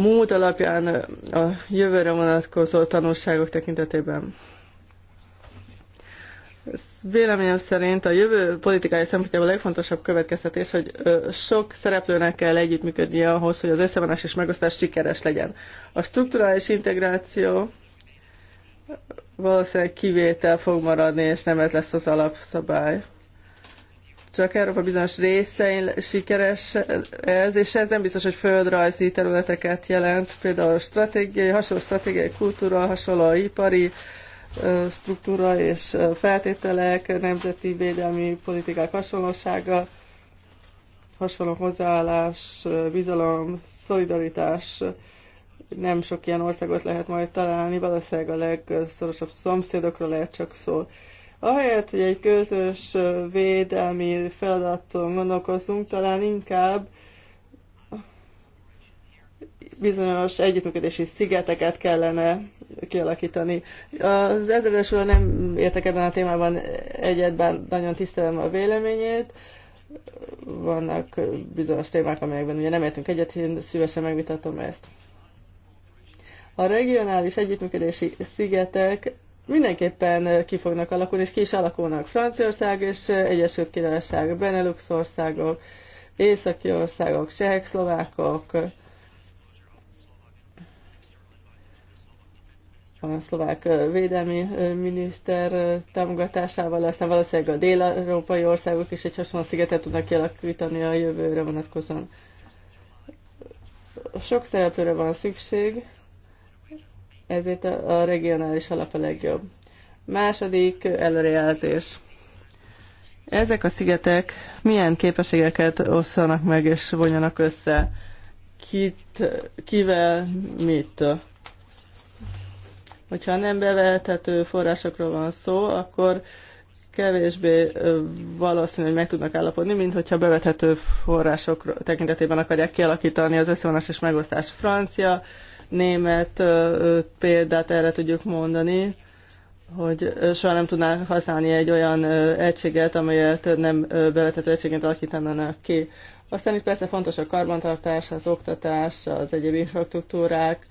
múlt alapján a jövőre vonatkozó tanulságok tekintetében. Véleményem szerint a jövő politikai szempontjából a legfontosabb következtetés, hogy sok szereplőnek kell együttműködni ahhoz, hogy az összevonás és megosztás sikeres legyen. A strukturális integráció valószínűleg kivétel fog maradni, és nem ez lesz az alapszabály. Csak Európa bizonyos részein sikeres ez, és ez nem biztos, hogy földrajzi területeket jelent, például stratégiai, hasonló stratégiai kultúra, hasonló ipari, struktúra és feltételek, nemzeti védelmi politikák hasonlósága, hasonló hozzáállás, bizalom, szolidaritás, nem sok ilyen országot lehet majd találni, valószínűleg a legszorosabb szomszédokra lehet csak szó. Ahelyett, hogy egy közös védelmi feladaton gondolkozunk, talán inkább bizonyos együttműködési szigeteket kellene kialakítani. Az ezredes úr nem értek ebben a témában egyetben, nagyon tisztelem a véleményét. Vannak bizonyos témák, amelyekben ugye nem értünk egyet, én szívesen megvitatom ezt. A regionális együttműködési szigetek mindenképpen ki fognak alakulni, és ki is alakulnak Franciaország és Egyesült Királyság, Benelux országok, északi országok, csehek, szlovákok, a szlovák védelmi miniszter támogatásával, aztán valószínűleg a dél-európai országok is egy hasonló szigetet tudnak kialakítani a jövőre vonatkozóan. Sok szereplőre van szükség, ezért a regionális alap a legjobb. Második előrejelzés. Ezek a szigetek milyen képességeket osszanak meg és vonjanak össze? Kit, kivel, mit? Hogyha nem bevethető forrásokról van szó, akkor kevésbé valószínű, hogy meg tudnak állapodni, mint hogyha bevethető források tekintetében akarják kialakítani az összevonás és megosztás francia, német példát erre tudjuk mondani, hogy soha nem tudnák használni egy olyan egységet, amelyet nem bevethető egységet alakítanának ki. Aztán itt persze fontos a karbantartás, az oktatás, az egyéb infrastruktúrák,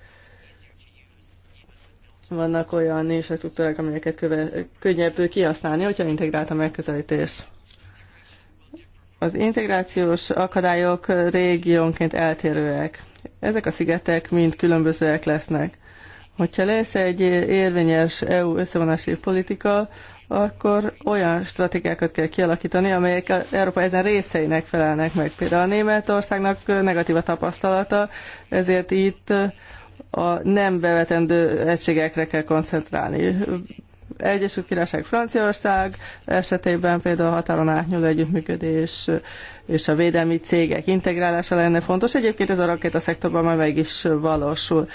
vannak olyan infrastruktúrák, amelyeket köve, könnyebb kihasználni, hogyha integrált a megközelítés. Az integrációs akadályok régiónként eltérőek. Ezek a szigetek mind különbözőek lesznek. Hogyha lesz egy érvényes EU összevonási politika, akkor olyan stratégiákat kell kialakítani, amelyek Európa ezen részeinek felelnek meg. Például a Németországnak negatív a tapasztalata, ezért itt a nem bevetendő egységekre kell koncentrálni. Egyesült Királyság Franciaország esetében például a határon átnyúló együttműködés és a védelmi cégek integrálása lenne fontos. Egyébként ez a rakéta szektorban már meg is valósul.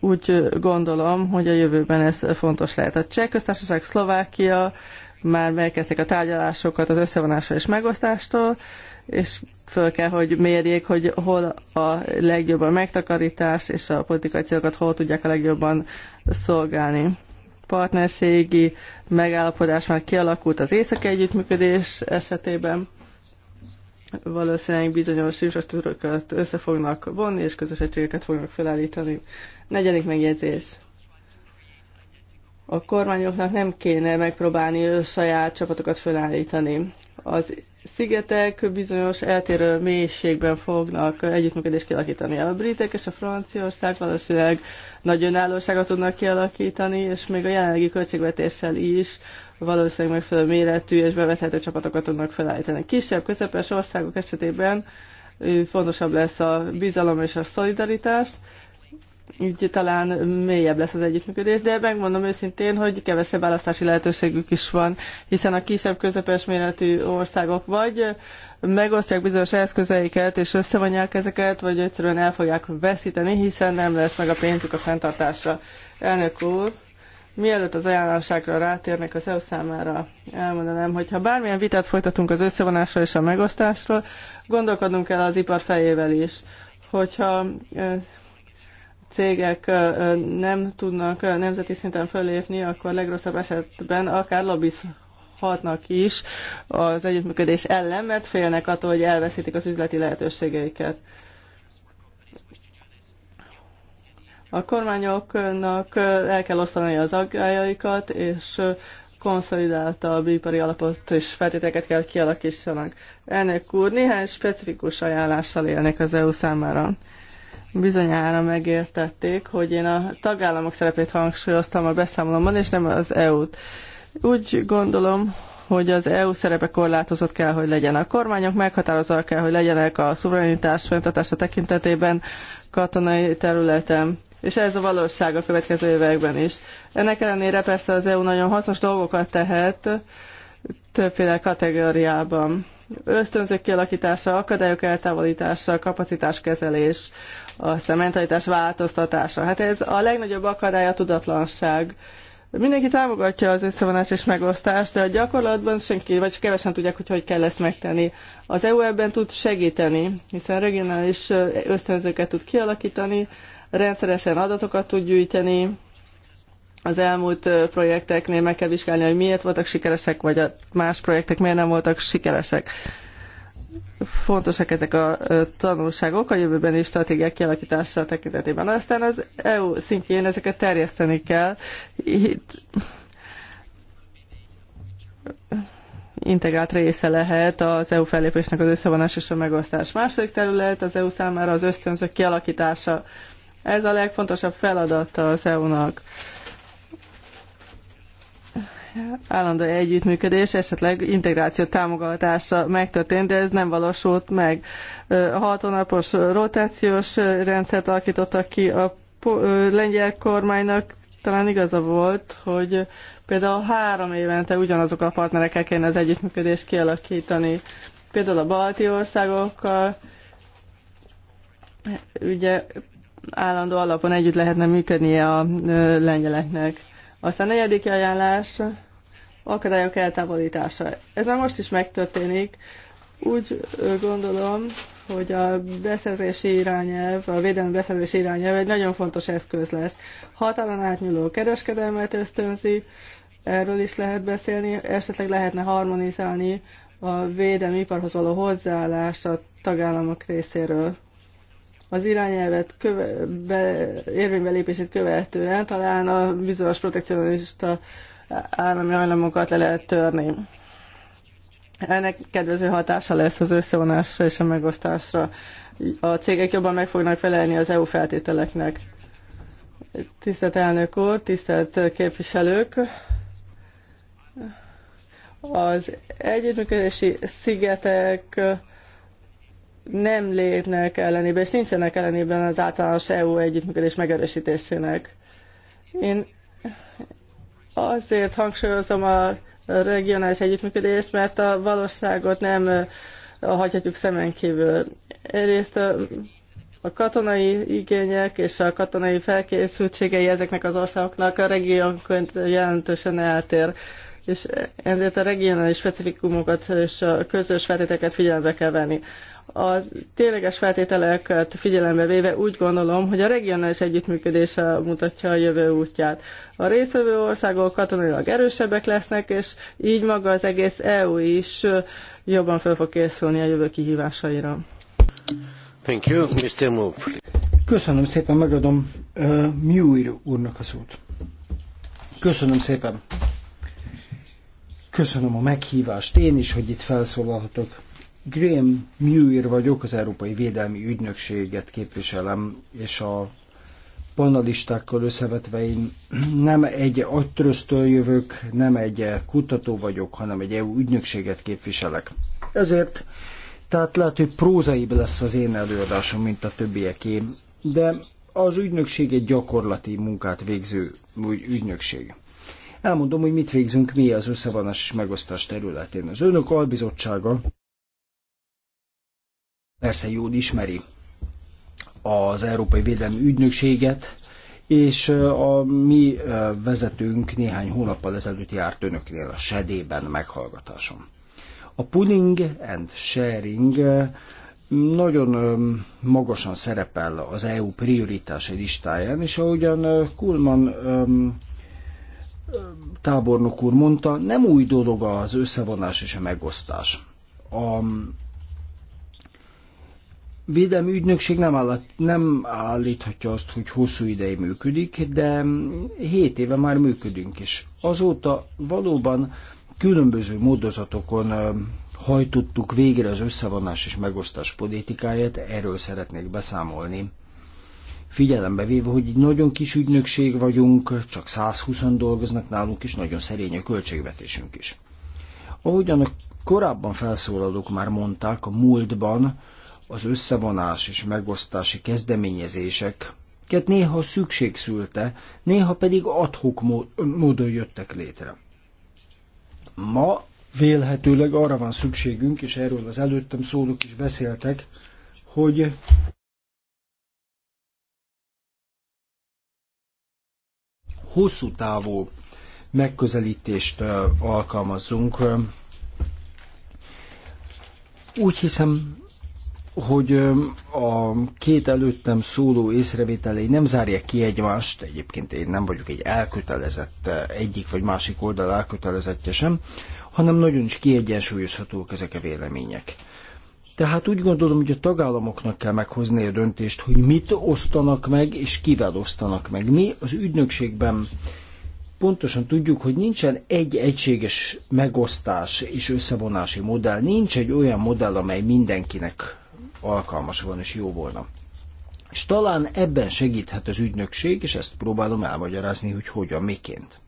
Úgy gondolom, hogy a jövőben ez fontos lehet. A Cseh Köztársaság Szlovákia már megkezdték a tárgyalásokat az összevonásra és megosztástól, és föl kell, hogy mérjék, hogy hol a legjobb a megtakarítás, és a politikai célokat hol tudják a legjobban szolgálni. Partnerségi megállapodás már kialakult az északi együttműködés esetében. Valószínűleg bizonyos infrastruktúrokat össze fognak vonni, és közös egységeket fognak felállítani. Negyedik megjegyzés a kormányoknak nem kéne megpróbálni saját csapatokat felállítani. Az szigetek bizonyos eltérő mélységben fognak együttműködést kialakítani. A britek és a Franciaország valószínűleg nagy önállóságot tudnak kialakítani, és még a jelenlegi költségvetéssel is valószínűleg megfelelő méretű és bevethető csapatokat tudnak felállítani. Kisebb, közepes országok esetében fontosabb lesz a bizalom és a szolidaritás, így talán mélyebb lesz az együttműködés, de megmondom őszintén, hogy kevesebb választási lehetőségük is van, hiszen a kisebb, közepes méretű országok vagy megosztják bizonyos eszközeiket, és összevonják ezeket, vagy egyszerűen el fogják veszíteni, hiszen nem lesz meg a pénzük a fenntartásra. Elnök úr, mielőtt az ajánlásákra rátérnek az EU számára, elmondanám, hogy ha bármilyen vitát folytatunk az összevonásról és a megosztásról, gondolkodnunk el az ipar fejével is. Hogyha cégek nem tudnak nemzeti szinten fölépni, akkor legrosszabb esetben akár lobbizhatnak is az együttműködés ellen, mert félnek attól, hogy elveszítik az üzleti lehetőségeiket. A kormányoknak el kell osztani az aggájaikat, és konszolidáltabb ipari alapot és feltételeket kell kialakítsanak. Ennek úr néhány specifikus ajánlással élnek az EU számára bizonyára megértették, hogy én a tagállamok szerepét hangsúlyoztam a beszámolomban, és nem az EU-t. Úgy gondolom, hogy az EU szerepe korlátozott kell, hogy legyen. A kormányok meghatározva kell, hogy legyenek a szuverenitás fenntartása tekintetében katonai területen. És ez a valóság a következő években is. Ennek ellenére persze az EU nagyon hasznos dolgokat tehet többféle kategóriában. Ösztönzők kialakítása, akadályok eltávolítása, kapacitáskezelés a mentalitás változtatása. Hát ez a legnagyobb akadálya a tudatlanság. Mindenki támogatja az összevonást és megosztást, de a gyakorlatban senki, vagy kevesen tudják, hogy hogy kell ezt megtenni. Az EU ebben tud segíteni, hiszen regionális ösztönzőket tud kialakítani, rendszeresen adatokat tud gyűjteni, az elmúlt projekteknél meg kell vizsgálni, hogy miért voltak sikeresek, vagy a más projektek miért nem voltak sikeresek fontosak ezek a tanulságok a jövőbeni stratégiák kialakítása tekintetében. Aztán az EU szintjén ezeket terjeszteni kell. Itt integrált része lehet az EU fellépésnek az összevonás és a megosztás. Második terület az EU számára az ösztönzők kialakítása. Ez a legfontosabb feladata az EU-nak állandó együttműködés, esetleg integráció támogatása megtörtént, de ez nem valósult meg. A hat hónapos rotációs rendszert alakítottak ki a lengyel kormánynak, talán igaza volt, hogy például három évente ugyanazok a partnerekkel kellene az együttműködést kialakítani. Például a balti országokkal, ugye állandó alapon együtt lehetne működnie a lengyeleknek aztán negyedik ajánlás, akadályok eltávolítása. Ez már most is megtörténik. Úgy gondolom, hogy a beszerzési irányelv, a védelmi beszerzési irányelv egy nagyon fontos eszköz lesz. Határon átnyúló kereskedelmet ösztönzi, erről is lehet beszélni, esetleg lehetne harmonizálni a védelmi iparhoz való hozzáállást a tagállamok részéről az irányelvet köve, be, érvénybe lépését követően talán a bizonyos protekcionista állami hajlamokat le lehet törni. Ennek kedvező hatása lesz az összevonásra és a megosztásra. A cégek jobban meg fognak felelni az EU feltételeknek. Tisztelt elnök úr, tisztelt képviselők! Az együttműködési szigetek nem lépnek ellenében, és nincsenek ellenében az általános EU együttműködés megerősítésének. Én azért hangsúlyozom a regionális együttműködést, mert a valóságot nem hagyhatjuk szemen kívül. Egyrészt a katonai igények és a katonai felkészültségei ezeknek az országoknak a regiónként jelentősen eltér és ezért a regionális specifikumokat és a közös feltételeket figyelembe kell venni a tényleges feltételeket figyelembe véve úgy gondolom, hogy a regionális együttműködés mutatja a jövő útját. A részvevő országok katonailag erősebbek lesznek, és így maga az egész EU is jobban fel fog készülni a jövő kihívásaira. Thank you, Mr. Moore. Köszönöm szépen, megadom uh, Muir úrnak a szót. Köszönöm szépen. Köszönöm a meghívást én is, hogy itt felszólalhatok. Graham Muir vagyok, az Európai Védelmi Ügynökséget képviselem, és a panelistákkal összevetve én nem egy agytröztől jövök, nem egy kutató vagyok, hanem egy EU ügynökséget képviselek. Ezért tehát lehet, hogy prózaibb lesz az én előadásom, mint a többieké, de az ügynökség egy gyakorlati munkát végző ügynökség. Elmondom, hogy mit végzünk mi az összevonás és megosztás területén. Az önök albizottsága persze jól ismeri az Európai Védelmi Ügynökséget, és a mi vezetőnk néhány hónappal ezelőtt járt önöknél a sedében meghallgatásom. A pulling and sharing nagyon magasan szerepel az EU prioritási listáján, és ahogyan Kulman tábornok úr mondta, nem új dolog az összevonás és a megosztás. A védelmi ügynökség nem, állat, nem állíthatja azt, hogy hosszú ideig működik, de 7 éve már működünk is. Azóta valóban különböző módozatokon hajtottuk végre az összevonás és megosztás politikáját, erről szeretnék beszámolni. Figyelembe véve, hogy egy nagyon kis ügynökség vagyunk, csak 120 dolgoznak nálunk, és nagyon szerény a költségvetésünk is. Ahogyan a korábban felszólalók már mondták, a múltban az összevonás és megosztási ket néha szükség szülte, néha pedig adhok módon jöttek létre. Ma vélhetőleg arra van szükségünk, és erről az előttem szólók is beszéltek, hogy hosszú távú megközelítést alkalmazzunk. Úgy hiszem, hogy a két előttem szóló észrevételei nem zárják ki egymást, egyébként én nem vagyok egy elkötelezett, eh, egyik vagy másik oldal elkötelezettje sem, hanem nagyon is kiegyensúlyozhatók ezek a vélemények. Tehát úgy gondolom, hogy a tagállamoknak kell meghozni a döntést, hogy mit osztanak meg, és kivel osztanak meg. Mi az ügynökségben pontosan tudjuk, hogy nincsen egy egységes megosztás és összevonási modell, nincs egy olyan modell, amely mindenkinek alkalmas van és jó volna. És talán ebben segíthet az ügynökség, és ezt próbálom elmagyarázni, hogy hogyan, miként.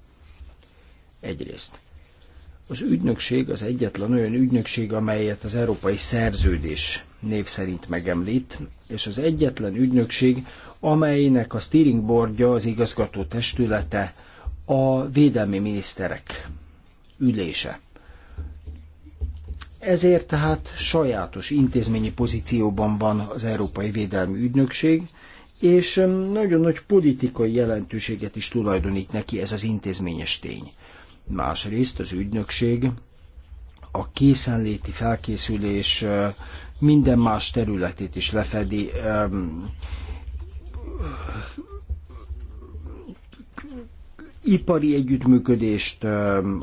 Egyrészt. Az ügynökség az egyetlen olyan ügynökség, amelyet az Európai Szerződés név szerint megemlít, és az egyetlen ügynökség, amelynek a steering boardja, az igazgató testülete a védelmi miniszterek ülése ezért tehát sajátos intézményi pozícióban van az Európai Védelmi Ügynökség, és nagyon nagy politikai jelentőséget is tulajdonít neki ez az intézményes tény. Másrészt az ügynökség a készenléti felkészülés minden más területét is lefedi, ipari együttműködést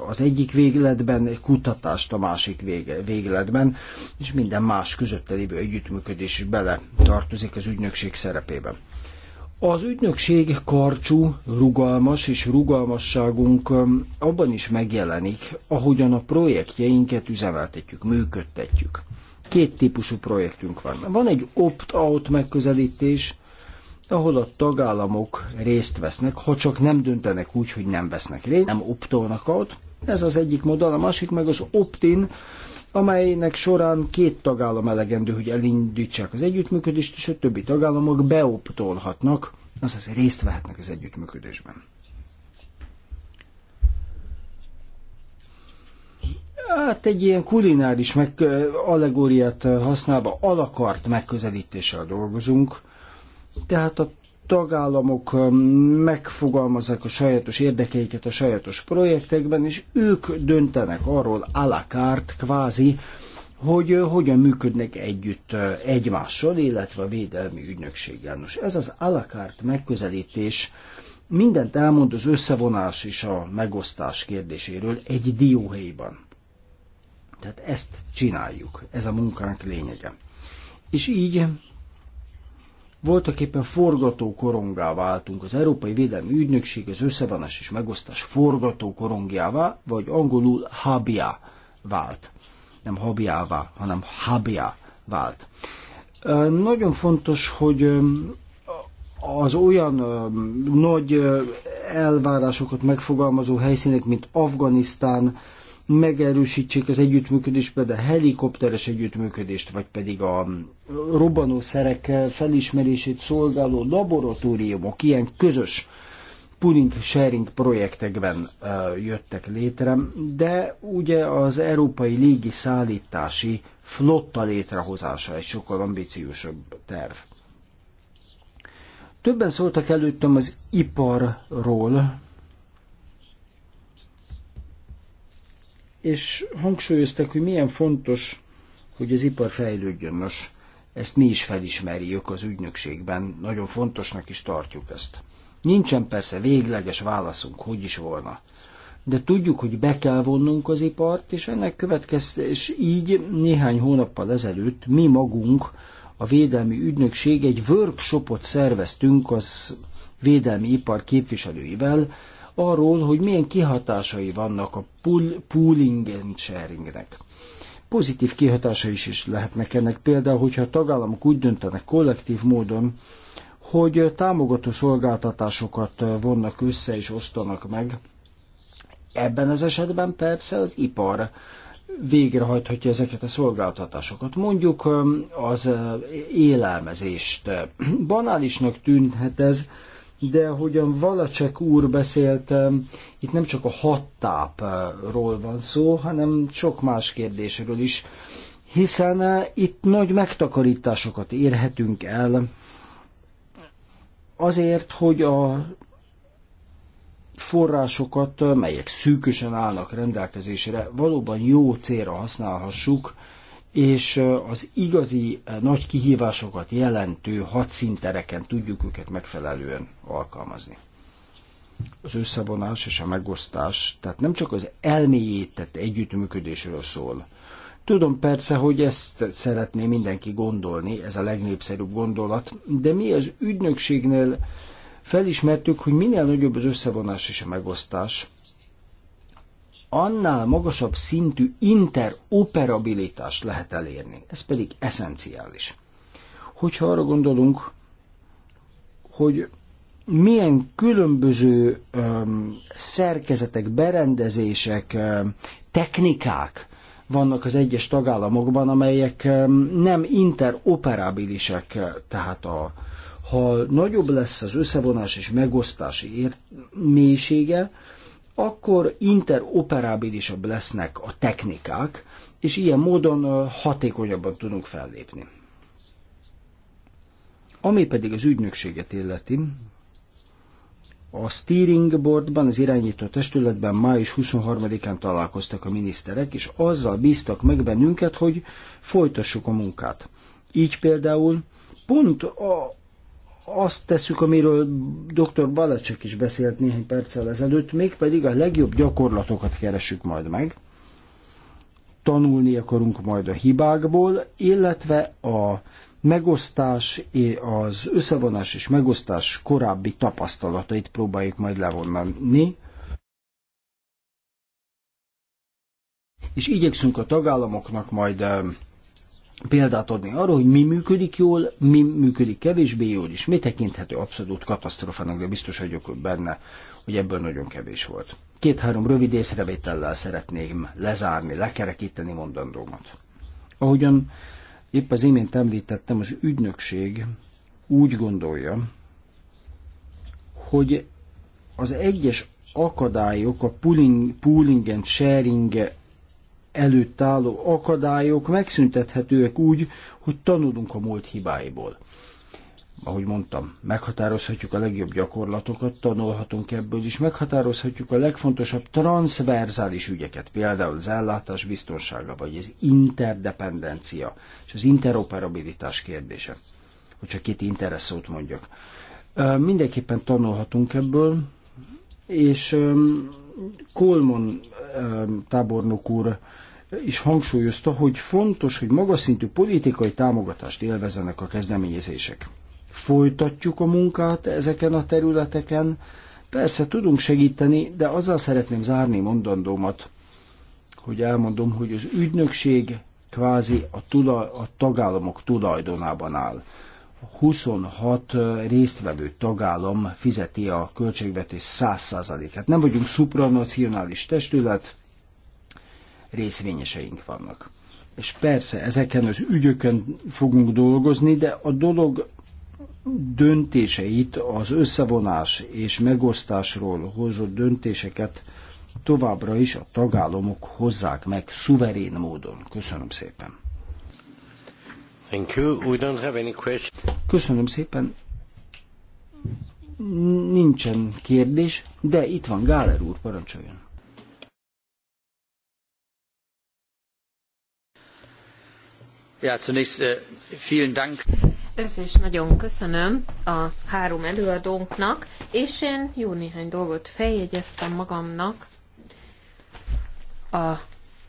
az egyik végletben, kutatást a másik végletben, és minden más közötte lévő együttműködés is bele tartozik az ügynökség szerepébe. Az ügynökség karcsú, rugalmas és rugalmasságunk abban is megjelenik, ahogyan a projektjeinket üzemeltetjük, működtetjük. Két típusú projektünk van. Van egy opt-out megközelítés, ahol a tagállamok részt vesznek, ha csak nem döntenek úgy, hogy nem vesznek részt, nem optolnak ott. Ez az egyik modell, a másik meg az opt-in, amelynek során két tagállam elegendő, hogy elindítsák az együttműködést, és a többi tagállamok beoptolhatnak, azaz részt vehetnek az együttműködésben. Hát egy ilyen kulináris meg, allegóriát használva alakart megközelítéssel dolgozunk, tehát a tagállamok um, megfogalmazzák a sajátos érdekeiket a sajátos projektekben, és ők döntenek arról a la carte, kvázi, hogy uh, hogyan működnek együtt uh, egymással, illetve a védelmi ügynökséggel. Nos, ez az carte megközelítés mindent elmond az összevonás és a megosztás kérdéséről egy dióhéjban. Tehát ezt csináljuk, ez a munkánk lényege. És így voltak éppen forgatókorongá váltunk. Az Európai Védelmi Ügynökség az összevonás és megosztás forgatókorongjává, vagy angolul habia vált. Nem habiává, hanem habia vált. Nagyon fontos, hogy az olyan nagy elvárásokat megfogalmazó helyszínek, mint Afganisztán, megerősítsék az együttműködést, például a helikopteres együttműködést, vagy pedig a robbanószerek felismerését szolgáló laboratóriumok ilyen közös pooling sharing projektekben jöttek létre, de ugye az európai légi szállítási flotta létrehozása egy sokkal ambiciósabb terv. Többen szóltak előttem az iparról, és hangsúlyozták, hogy milyen fontos, hogy az ipar fejlődjön. Nos, ezt mi is felismerjük az ügynökségben, nagyon fontosnak is tartjuk ezt. Nincsen persze végleges válaszunk, hogy is volna. De tudjuk, hogy be kell vonnunk az ipart, és ennek következtében, és így néhány hónappal ezelőtt mi magunk, a Védelmi Ügynökség egy workshopot szerveztünk az védelmi ipar képviselőivel, arról, hogy milyen kihatásai vannak a pool, pooling and sharingnek. Pozitív kihatásai is, is lehetnek ennek például, hogyha a tagállamok úgy döntenek kollektív módon, hogy támogató szolgáltatásokat vonnak össze és osztanak meg. Ebben az esetben persze az ipar végrehajthatja ezeket a szolgáltatásokat. Mondjuk um, az uh, élelmezést. Banálisnak tűnhet ez, de ahogyan Valacek úr beszélt, itt nem csak a hattápról van szó, hanem sok más kérdésről is, hiszen eh, itt nagy megtakarításokat érhetünk el azért, hogy a forrásokat, eh, melyek szűkösen állnak rendelkezésre, valóban jó célra használhassuk, és az igazi nagy kihívásokat jelentő hadszintereken tudjuk őket megfelelően alkalmazni. Az összevonás és a megosztás, tehát nem csak az elméjét tett együttműködésről szól. Tudom persze, hogy ezt szeretné mindenki gondolni, ez a legnépszerűbb gondolat, de mi az ügynökségnél felismertük, hogy minél nagyobb az összevonás és a megosztás, annál magasabb szintű interoperabilitást lehet elérni. Ez pedig eszenciális. Hogyha arra gondolunk, hogy milyen különböző öm, szerkezetek, berendezések, öm, technikák vannak az egyes tagállamokban, amelyek öm, nem interoperabilisek, tehát a, ha nagyobb lesz az összevonás és megosztási ért mélysége, akkor interoperábilisabb lesznek a technikák, és ilyen módon hatékonyabban tudunk fellépni. Ami pedig az ügynökséget illeti, a steering boardban, az irányító testületben május 23-án találkoztak a miniszterek, és azzal bíztak meg bennünket, hogy folytassuk a munkát. Így például pont a, azt tesszük, amiről dr. Balacsek is beszélt néhány perccel ezelőtt, mégpedig a legjobb gyakorlatokat keresünk majd meg, tanulni akarunk majd a hibákból, illetve a megosztás, az összevonás és megosztás korábbi tapasztalatait próbáljuk majd levonni. És igyekszünk a tagállamoknak majd példát adni arról, hogy mi működik jól, mi működik kevésbé jól, és mi tekinthető abszolút katasztrofának, de biztos vagyok benne, hogy ebből nagyon kevés volt. Két-három rövid észrevétellel szeretném lezárni, lekerekíteni mondandómat. Ahogyan épp az imént említettem, az ügynökség úgy gondolja, hogy az egyes akadályok a pooling, pooling and sharing előtt álló akadályok megszüntethetőek úgy, hogy tanulunk a múlt hibáiból. Ahogy mondtam, meghatározhatjuk a legjobb gyakorlatokat, tanulhatunk ebből, és meghatározhatjuk a legfontosabb transzverzális ügyeket, például az ellátás biztonsága, vagy az interdependencia, és az interoperabilitás kérdése, hogy csak két intereszót mondjak. Mindenképpen tanulhatunk ebből, és Kolmon tábornok úr is hangsúlyozta, hogy fontos, hogy magas szintű politikai támogatást élvezenek a kezdeményezések. Folytatjuk a munkát ezeken a területeken, persze tudunk segíteni, de azzal szeretném zárni mondandómat, hogy elmondom, hogy az ügynökség kvázi a, tula- a tagállamok tulajdonában áll. 26 résztvevő tagállam fizeti a költségvetés 100%-át. Nem vagyunk szupranacionális testület, részvényeseink vannak. És persze ezeken az ügyökön fogunk dolgozni, de a dolog döntéseit, az összevonás és megosztásról hozott döntéseket továbbra is a tagállamok hozzák meg szuverén módon. Köszönöm szépen. Thank you. We don't have any questions. Köszönöm szépen. Nincsen kérdés, de itt van Gáler úr, parancsoljon. Äh, Először is nagyon köszönöm a három előadónknak, és én jó néhány dolgot feljegyeztem magamnak a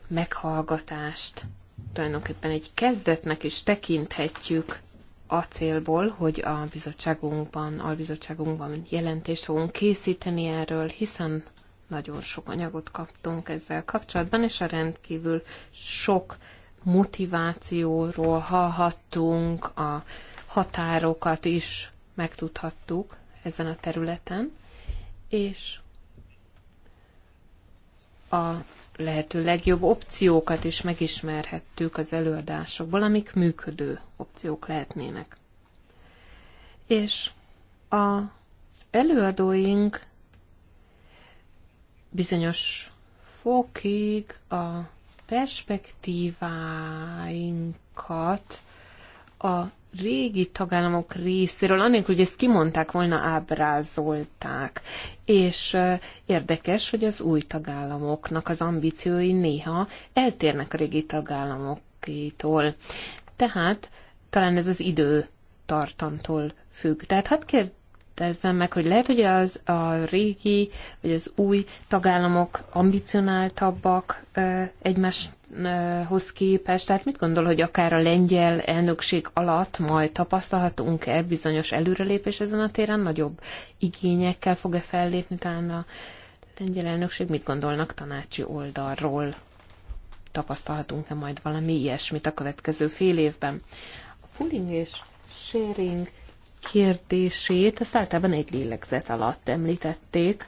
meghallgatást. Tulajdonképpen egy kezdetnek is tekinthetjük a célból, hogy a bizottságunkban, albizottságunkban jelentést fogunk készíteni erről, hiszen nagyon sok anyagot kaptunk ezzel kapcsolatban, és a rendkívül sok motivációról hallhattunk, a határokat is megtudhattuk ezen a területen, és a lehető legjobb opciókat is megismerhettük az előadásokból, amik működő opciók lehetnének. És az előadóink bizonyos fokig a perspektíváinkat a régi tagállamok részéről, annélkül, hogy ezt kimondták volna, ábrázolták. És érdekes, hogy az új tagállamoknak az ambíciói néha eltérnek a régi tagállamokétól. Tehát talán ez az idő tartamtól függ. Tehát hát kérd, kérdezzem meg, hogy lehet, hogy az a régi vagy az új tagállamok ambicionáltabbak egymáshoz képest? Tehát mit gondol, hogy akár a lengyel elnökség alatt majd tapasztalhatunk-e bizonyos előrelépés ezen a téren? Nagyobb igényekkel fog-e fellépni talán a lengyel elnökség? Mit gondolnak tanácsi oldalról? Tapasztalhatunk-e majd valami ilyesmit a következő fél évben? A pooling és sharing kérdését, azt általában egy lélegzet alatt említették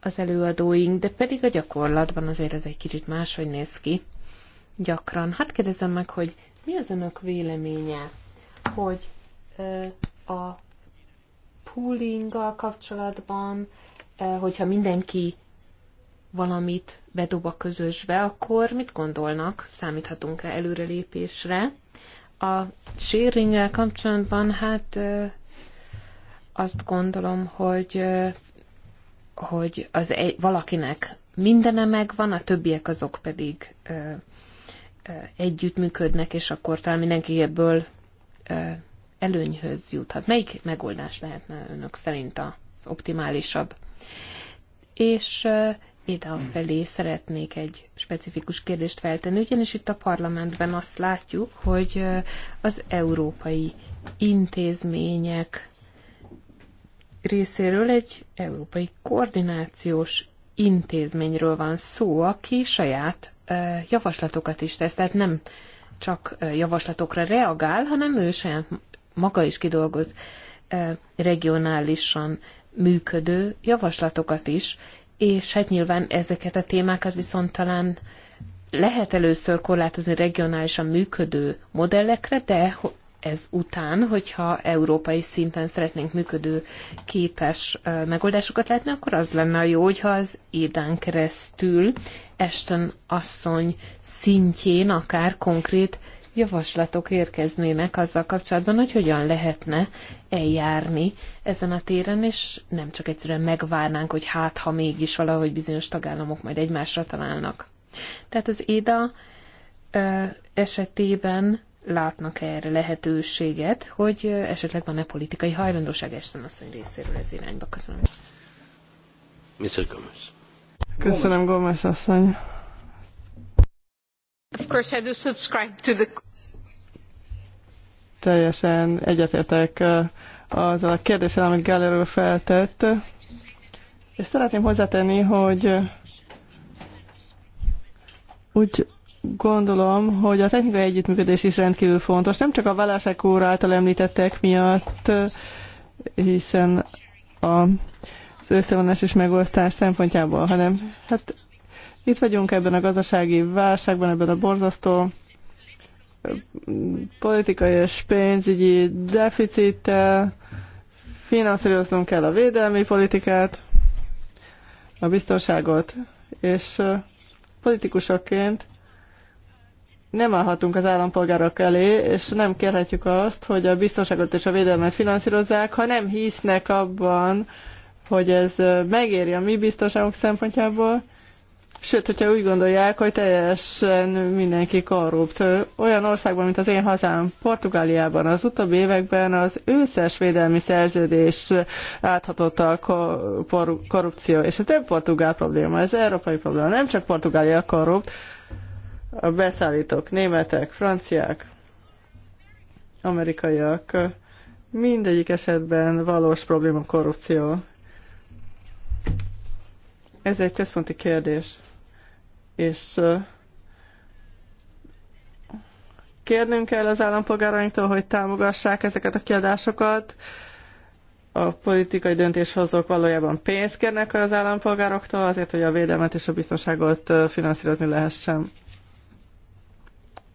az előadóink, de pedig a gyakorlatban azért ez egy kicsit máshogy néz ki gyakran. Hát kérdezem meg, hogy mi az önök véleménye, hogy ö, a poolinggal kapcsolatban, ö, hogyha mindenki valamit bedob a közösbe, akkor mit gondolnak? Számíthatunk-e előrelépésre? A sharing kapcsolatban hát azt gondolom, hogy, hogy az egy, valakinek mindene megvan, a többiek azok pedig ö, ö, együttműködnek, és akkor talán mindenki ebből ö, előnyhöz juthat. Melyik megoldás lehetne önök szerint az optimálisabb? És ide a felé szeretnék egy specifikus kérdést feltenni, ugyanis itt a parlamentben azt látjuk, hogy az európai intézmények részéről egy európai koordinációs intézményről van szó, aki saját javaslatokat is tesz, tehát nem csak javaslatokra reagál, hanem ő saját maga is kidolgoz regionálisan működő javaslatokat is, és hát nyilván ezeket a témákat viszont talán lehet először korlátozni regionálisan működő modellekre, de ez után, hogyha európai szinten szeretnénk működő képes megoldásokat látni, akkor az lenne a jó, hogyha az édán keresztül Esten asszony szintjén akár konkrét javaslatok érkeznének azzal kapcsolatban, hogy hogyan lehetne eljárni ezen a téren, és nem csak egyszerűen megvárnánk, hogy hát, ha mégis valahogy bizonyos tagállamok majd egymásra találnak. Tehát az ÉDA esetében látnak -e erre lehetőséget, hogy esetleg van-e politikai hajlandóság Eston asszony részéről ez irányba. Köszönöm. Mr. Gomez. Köszönöm, Gomez asszony. Of course I do subscribe to the... Teljesen egyetértek azzal a kérdéssel, amit Galleről feltett. És szeretném hozzátenni, hogy úgy gondolom, hogy a technikai együttműködés is rendkívül fontos, nem csak a Valásek úr által említettek miatt, hiszen a, az összevonás és megosztás szempontjából, hanem hát itt vagyunk ebben a gazdasági válságban, ebben a borzasztó politikai és pénzügyi deficittel, finanszíroznunk kell a védelmi politikát, a biztonságot, és politikusokként nem állhatunk az állampolgárok elé, és nem kérhetjük azt, hogy a biztonságot és a védelmet finanszírozzák, ha nem hisznek abban, hogy ez megéri a mi biztonságunk szempontjából, sőt, hogyha úgy gondolják, hogy teljesen mindenki korrupt. Olyan országban, mint az én hazám, Portugáliában az utóbbi években az összes védelmi szerződés áthatotta a korrupció, és ez nem portugál probléma, ez európai probléma, nem csak Portugália korrupt, a beszállítók németek, franciák, amerikaiak. Mindegyik esetben valós probléma korrupció. Ez egy központi kérdés. És kérnünk kell az állampolgárainktól, hogy támogassák ezeket a kiadásokat. A politikai döntéshozók valójában pénzt kérnek az állampolgároktól azért, hogy a védelmet és a biztonságot finanszírozni lehessen.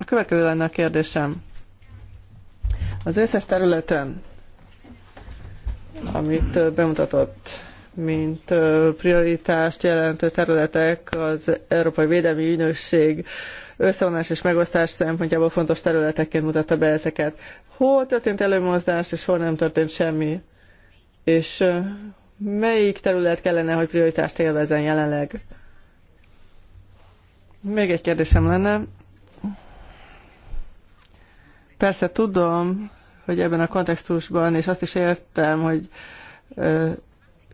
A következő lenne a kérdésem. Az összes területen, amit bemutatott, mint prioritást jelentő területek az Európai Védelmi Ügynökség összevonás és megosztás szempontjából fontos területeként mutatta be ezeket. Hol történt előmozdás, és hol nem történt semmi? És melyik terület kellene, hogy prioritást élvezzen jelenleg? Még egy kérdésem lenne. Persze tudom, hogy ebben a kontextusban, és azt is értem, hogy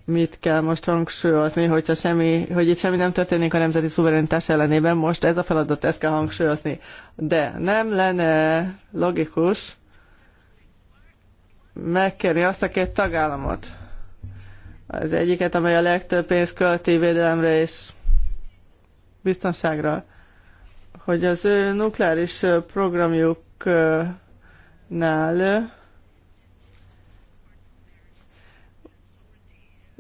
mit kell most hangsúlyozni, hogyha semmi, hogy itt semmi nem történik a nemzeti szuverenitás ellenében, most ez a feladat, ezt kell hangsúlyozni. De nem lenne logikus megkérni azt a két tagállamot, az egyiket, amely a legtöbb pénzt költi védelemre és biztonságra, hogy az ő nukleáris programjuk nál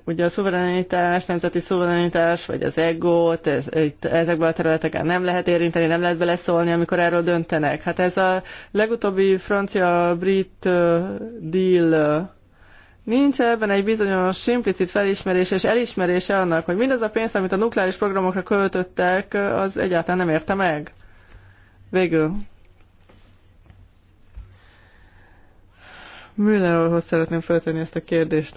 ugye a szuverenitás, nemzeti szuverenitás, vagy az egót, ez, itt, ezekben a területeken nem lehet érinteni, nem lehet beleszólni, amikor erről döntenek. Hát ez a legutóbbi francia-brit deal Nincs ebben egy bizonyos implicit felismerés és elismerése annak, hogy mindaz a pénz, amit a nukleáris programokra költöttek, az egyáltalán nem érte meg. Végül. Müller úrhoz szeretném feltenni ezt a kérdést.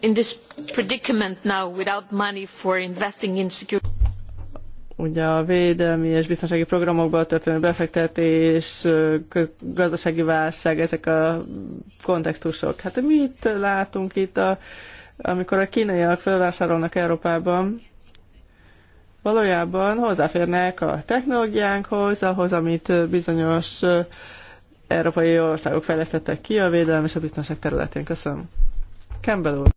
In this predicament now, without money for investing in security. Ugye a védelmi és biztonsági programokba történő befektetés, gazdasági válság, ezek a kontextusok. Hát mit látunk itt, a, amikor a kínaiak felvásárolnak Európában, valójában hozzáférnek a technológiánkhoz, ahhoz, amit bizonyos európai országok fejlesztettek ki a védelem és a biztonság területén. Köszönöm. Campbell úr.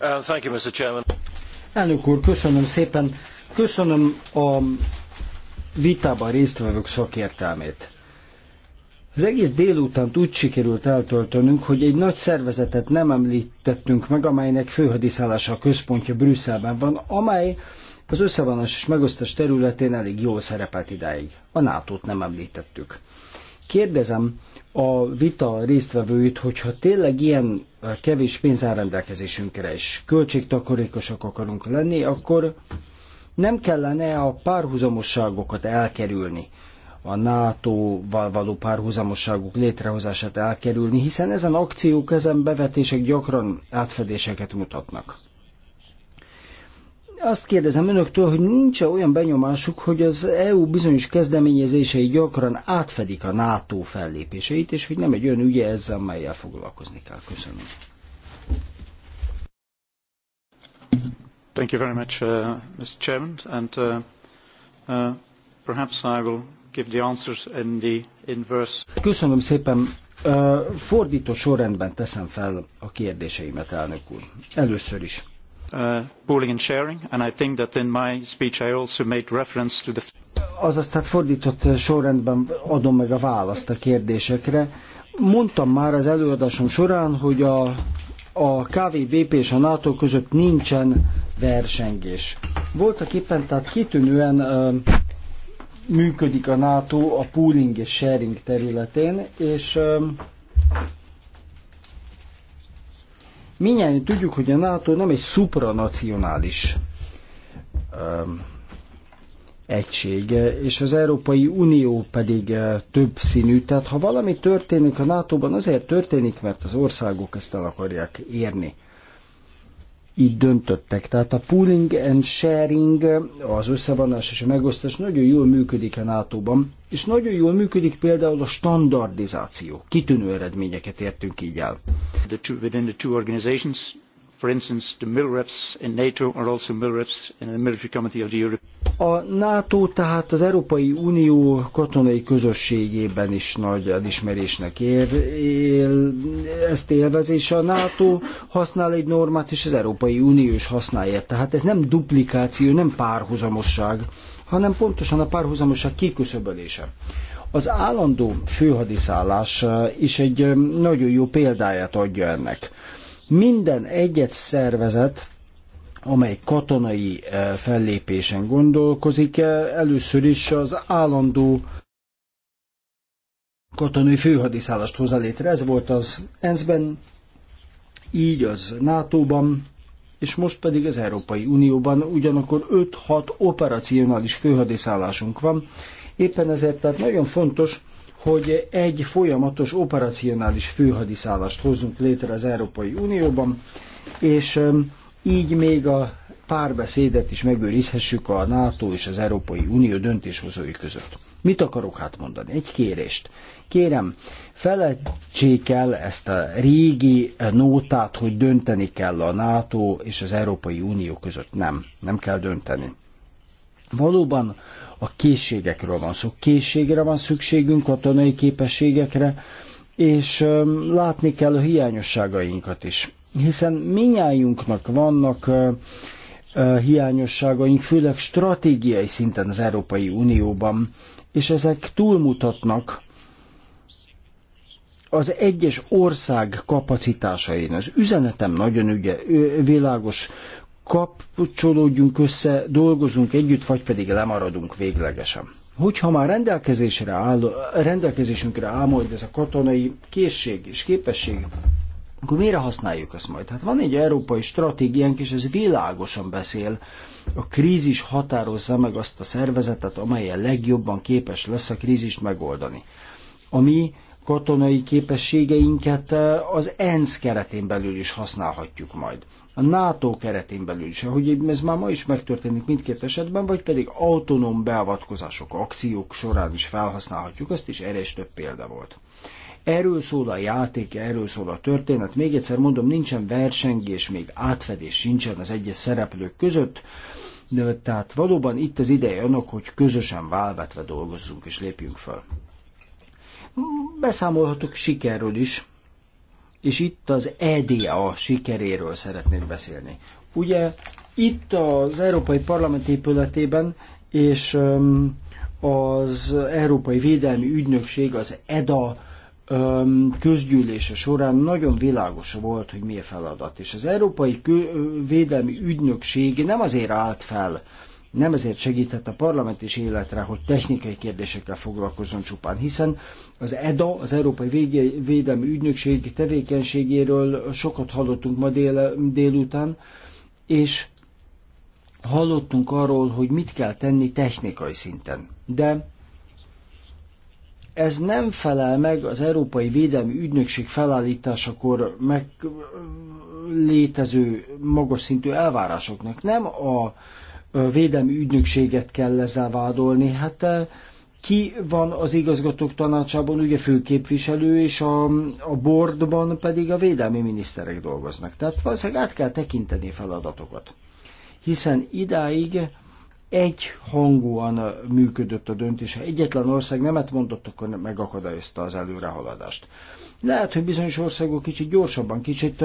Uh, thank you, Mr. Chairman. Elnök úr, köszönöm szépen. Köszönöm a vitában résztvevők szakértelmét. Az egész délután úgy sikerült eltöltönünk, hogy egy nagy szervezetet nem említettünk meg, amelynek főhadiszállása a központja Brüsszelben van, amely az összevonás és megosztás területén elég jól szerepelt idáig. A nato nem említettük. Kérdezem a vita résztvevőit, hogyha tényleg ilyen eh, kevés pénz áll rendelkezésünkre és költségtakarékosak akarunk lenni, akkor nem kellene a párhuzamosságokat elkerülni, a NATO-val való párhuzamosságok létrehozását elkerülni, hiszen ezen akciók, ezen bevetések gyakran átfedéseket mutatnak azt kérdezem önöktől, hogy nincs-e olyan benyomásuk, hogy az EU bizonyos kezdeményezései gyakran átfedik a NATO fellépéseit, és hogy nem egy olyan ügye ezzel, amelyel foglalkozni kell. Köszönöm. Thank you very much, uh, Mr. Chairman, and uh, uh, perhaps I will give the answers in the inverse. Köszönöm szépen. Uh, fordított sorrendben teszem fel a kérdéseimet, elnök úr. Először is Uh, pooling and sharing, and I think that in my speech I also made reference to the... Azaz, tehát fordított uh, sorrendben adom meg a választ a kérdésekre. Mondtam már az előadásom során, hogy a, a KVBP és a NATO között nincsen versengés. Voltak éppen, tehát kitűnően uh, működik a NATO a pooling és sharing területén, és um, Minnyáján tudjuk, hogy a NATO nem egy supranacionális um, egysége, és az Európai Unió pedig több színű. Tehát ha valami történik a NATO-ban, azért történik, mert az országok ezt el akarják érni így döntöttek. Tehát a pooling and sharing, az összevonás és a megosztás nagyon jól működik a NATO-ban, és nagyon jól működik például a standardizáció. Kitűnő eredményeket értünk így el. The two, within the two organizations, for instance, the MILREPs in NATO are also MILREPs in the Military Committee of the Europe. A NATO tehát az Európai Unió katonai közösségében is nagy elismerésnek ér, él, ezt élvez, és a NATO használ egy normát, és az Európai Unió is használja. Tehát ez nem duplikáció, nem párhuzamosság, hanem pontosan a párhuzamosság kiküszöbölése. Az állandó főhadiszállás is egy nagyon jó példáját adja ennek. Minden egyet szervezet, amely katonai eh, fellépésen gondolkozik. Eh, először is az állandó katonai főhadiszállást létre Ez volt az ENSZ-ben, így az NATO-ban, és most pedig az Európai Unióban ugyanakkor 5-6 operacionális főhadiszállásunk van. Éppen ezért tehát nagyon fontos, hogy egy folyamatos operacionális főhadiszállást hozzunk létre az Európai Unióban, és így még a párbeszédet is megőrizhessük a NATO és az Európai Unió döntéshozói között. Mit akarok hát mondani? Egy kérést. Kérem, felejtsék el ezt a régi nótát, hogy dönteni kell a NATO és az Európai Unió között. Nem, nem kell dönteni. Valóban a készségekről van szó. Készségre van szükségünk, katonai képességekre, és látni kell a hiányosságainkat is hiszen minnyájunknak vannak hiányosságaink, főleg stratégiai szinten az Európai Unióban, és ezek túlmutatnak az egyes ország kapacitásain. Az üzenetem nagyon ügye, világos, kapcsolódjunk össze, dolgozunk együtt, vagy pedig lemaradunk véglegesen. Hogyha már rendelkezésre áll, rendelkezésünkre áll majd ez a katonai készség és képesség, akkor mire használjuk ezt majd? Hát van egy európai stratégiánk, és ez világosan beszél. A krízis határozza meg azt a szervezetet, amelyen legjobban képes lesz a krízist megoldani. A mi katonai képességeinket eh, az ENSZ keretén belül is használhatjuk majd. A NATO keretén belül is, ahogy ez már ma is megtörténik mindkét esetben, vagy pedig autonóm beavatkozások, akciók során is felhasználhatjuk, azt is erre is több példa volt. Erről szól a játék, erről szól a történet. Még egyszer mondom, nincsen versengés, még átfedés sincsen az egyes szereplők között, de tehát valóban itt az ideje annak, hogy közösen válvetve dolgozzunk és lépjünk fel. Beszámolhatok sikerről is, és itt az EDA sikeréről szeretnék beszélni. Ugye itt az Európai Parlament épületében és az Európai Védelmi Ügynökség, az EDA közgyűlése során nagyon világos volt, hogy mi a feladat. És az Európai Védelmi Ügynökség nem azért állt fel, nem ezért segített a parlament is életre, hogy technikai kérdésekkel foglalkozzon csupán, hiszen az EDA, az Európai Védelmi Ügynökség tevékenységéről sokat hallottunk ma dél, délután, és hallottunk arról, hogy mit kell tenni technikai szinten. De ez nem felel meg az Európai Védelmi Ügynökség felállításakor meg létező magas szintű elvárásoknak. Nem a védelmi ügynökséget kell ezzel vádolni. Hát ki van az igazgatók tanácsában, ugye főképviselő, és a, a boardban pedig a védelmi miniszterek dolgoznak. Tehát valószínűleg át kell tekinteni feladatokat. Hiszen idáig egy hangúan működött a döntés. Ha egyetlen ország nemet mondott, akkor megakadályozta az előrehaladást. Lehet, hogy bizonyos országok kicsit gyorsabban, kicsit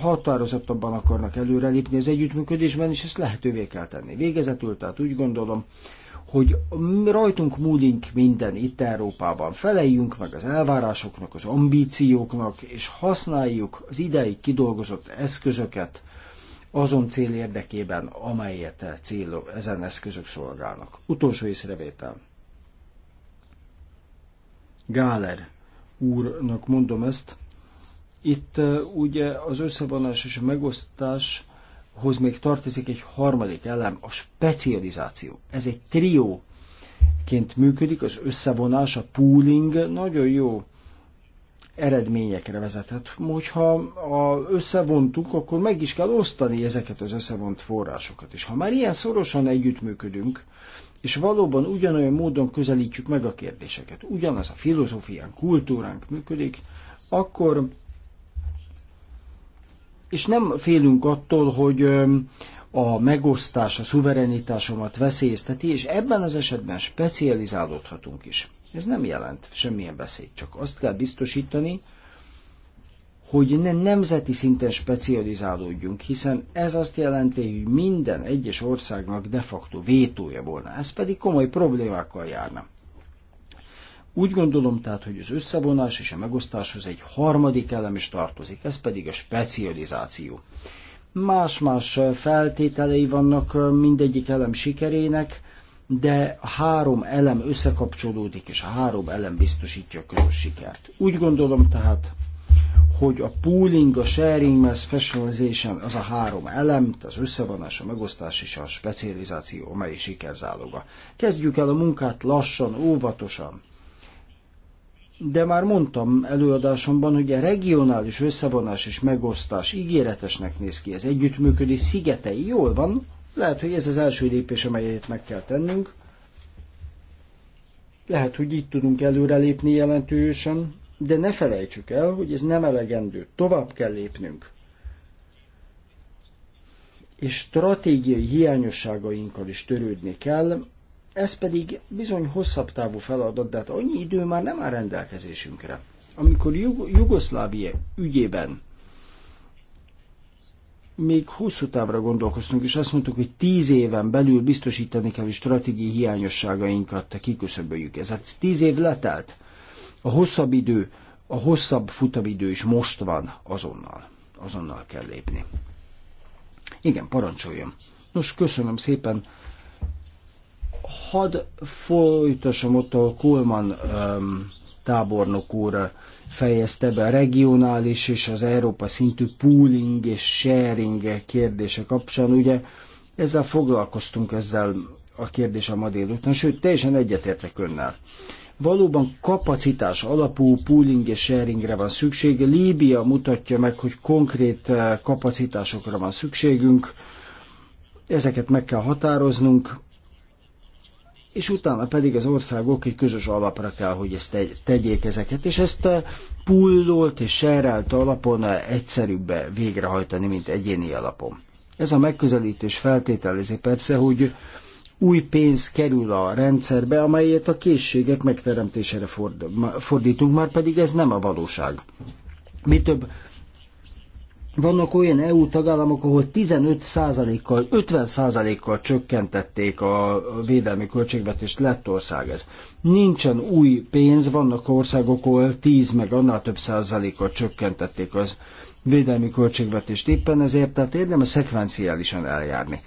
határozottabban akarnak előrelépni az együttműködésben, és ezt lehetővé kell tenni. Végezetül, tehát úgy gondolom, hogy rajtunk múlink minden itt Európában. Feleljünk meg az elvárásoknak, az ambícióknak, és használjuk az ideig kidolgozott eszközöket azon cél érdekében, amelyet cél ezen eszközök szolgálnak. Utolsó észrevétel. Gáler úrnak mondom ezt. Itt uh, ugye az összevonás és a megosztás hoz még tartozik egy harmadik elem, a specializáció. Ez egy trióként működik, az összevonás, a pooling nagyon jó eredményekre vezethet. Hogyha a, összevontuk, akkor meg is kell osztani ezeket az összevont forrásokat. És ha már ilyen szorosan együttműködünk, és valóban ugyanolyan módon közelítjük meg a kérdéseket, ugyanaz a filozófiánk, kultúránk működik, akkor és nem félünk attól, hogy a megosztás, a szuverenitásomat veszélyezteti, és ebben az esetben specializálódhatunk is. Ez nem jelent semmilyen veszélyt, csak azt kell biztosítani, hogy ne nemzeti szinten specializálódjunk, hiszen ez azt jelenti, hogy minden egyes országnak de facto vétója volna, ez pedig komoly problémákkal járna. Úgy gondolom tehát, hogy az összevonás és a megosztáshoz egy harmadik elem is tartozik, ez pedig a specializáció. Más-más feltételei vannak mindegyik elem sikerének, de a három elem összekapcsolódik, és a három elem biztosítja a közös sikert. Úgy gondolom tehát, hogy a pooling, a sharing, a specialization, az a három elem, az összevonás, a megosztás és a specializáció, amely sikerzáloga. Kezdjük el a munkát lassan, óvatosan. De már mondtam előadásomban, hogy a regionális összevonás és megosztás ígéretesnek néz ki, ez. együttműködés szigetei jól van, lehet, hogy ez az első lépés, amelyet meg kell tennünk. Lehet, hogy így tudunk előrelépni jelentősen, de ne felejtsük el, hogy ez nem elegendő. Tovább kell lépnünk. És stratégiai hiányosságainkkal is törődni kell, ez pedig bizony hosszabb távú feladat, de hát annyi idő már nem áll rendelkezésünkre. Amikor Jugoszlávia ügyében még hosszú távra gondolkoztunk, és azt mondtuk, hogy tíz éven belül biztosítani kell, a stratégiai hiányosságainkat kiköszöböljük Ez hát tíz év letelt. A hosszabb idő, a hosszabb futamidő is most van azonnal. Azonnal kell lépni. Igen, parancsoljam. Nos, köszönöm szépen. Hadd folytassam ott, ahol Kolman um, tábornok úr fejezte be a regionális és az Európa szintű pooling és sharing kérdése kapcsán. Ugye ezzel foglalkoztunk ezzel a kérdés a ma délután, sőt teljesen egyetértek önnel. Valóban kapacitás alapú pooling és sharingre van szükség. Líbia mutatja meg, hogy konkrét eh, kapacitásokra van szükségünk. Ezeket meg kell határoznunk, és utána pedig az országok egy közös alapra kell, hogy ezt tegyék ezeket, és ezt eh, pullolt és serrelt alapon eh, egyszerűbb eh, végrehajtani, mint egyéni alapon. Ez a megközelítés feltételezi persze, hogy új pénz kerül a rendszerbe, amelyet a készségek megteremtésére fordítunk, már pedig ez nem a valóság. Mi több, vannak olyan EU tagállamok, ahol 15%-kal, 50%-kal csökkentették a védelmi költségvetést, ország ez. Nincsen új pénz, vannak országok, ahol 10 meg annál több százalékkal csökkentették az védelmi költségvetést. Éppen ezért tehát érdemes szekvenciálisan eljárni.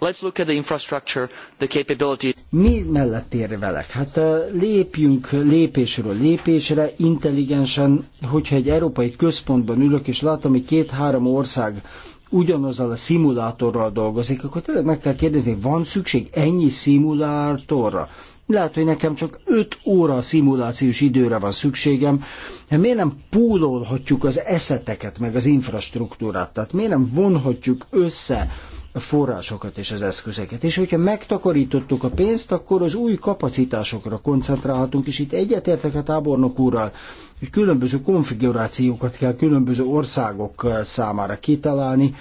Let's look at the infrastructure, the capability. Mi mellett érvelek? Hát eh, lépjünk lépésről lépésre, intelligensen, hogyha egy európai központban ülök, és látom, hogy két-három ország ugyanazzal a szimulátorral dolgozik, akkor tényleg meg kell kérdezni, van szükség ennyi szimulátorra? Lehet, hogy nekem csak 5 óra szimulációs időre van szükségem. Miért nem púlolhatjuk az eszeteket, meg az infrastruktúrát? Tehát miért nem vonhatjuk össze a forrásokat és az eszközeket. És hogyha megtakarítottuk a pénzt, akkor az új kapacitásokra koncentrálhatunk, és itt egyetértek a tábornok úrral, hogy különböző konfigurációkat kell különböző országok számára kitalálni,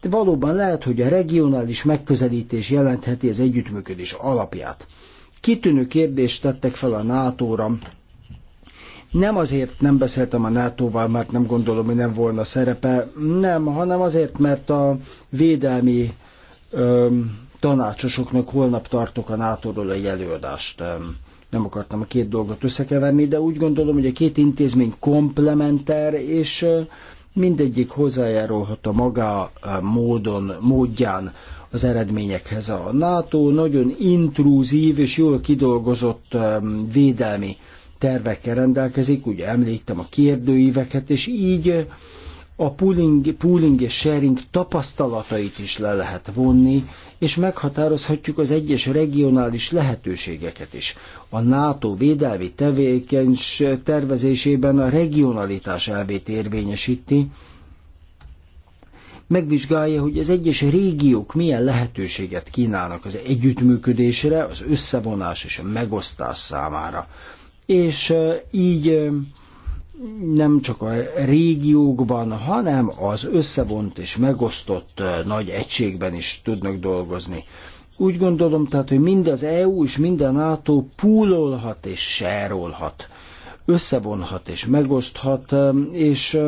de valóban lehet, hogy a regionális megközelítés jelentheti az együttműködés alapját kitűnő kérdést tettek fel a NATO-ra. Nem azért nem beszéltem a NATO-val, mert nem gondolom, hogy nem volna szerepe, nem, hanem azért, mert a védelmi öm, tanácsosoknak holnap tartok a NATO-ról egy előadást. nem akartam a két dolgot összekeverni, de úgy gondolom, hogy a két intézmény komplementer, és mindegyik hozzájárulhat a maga módon, módján az eredményekhez. A NATO nagyon intrúzív és jól kidolgozott védelmi tervekkel rendelkezik, ugye említem a kérdőíveket, és így a pooling, pooling és sharing tapasztalatait is le lehet vonni, és meghatározhatjuk az egyes regionális lehetőségeket is. A NATO védelmi tevékenys tervezésében a regionalitás elvét érvényesíti, megvizsgálja, hogy az egyes régiók milyen lehetőséget kínálnak az együttműködésre, az összevonás és a megosztás számára. És így nem csak a régiókban, hanem az összevont és megosztott nagy egységben is tudnak dolgozni. Úgy gondolom tehát, hogy mind az EU és mind a NATO púlolhat és sárolhat, összevonhat és megoszthat, és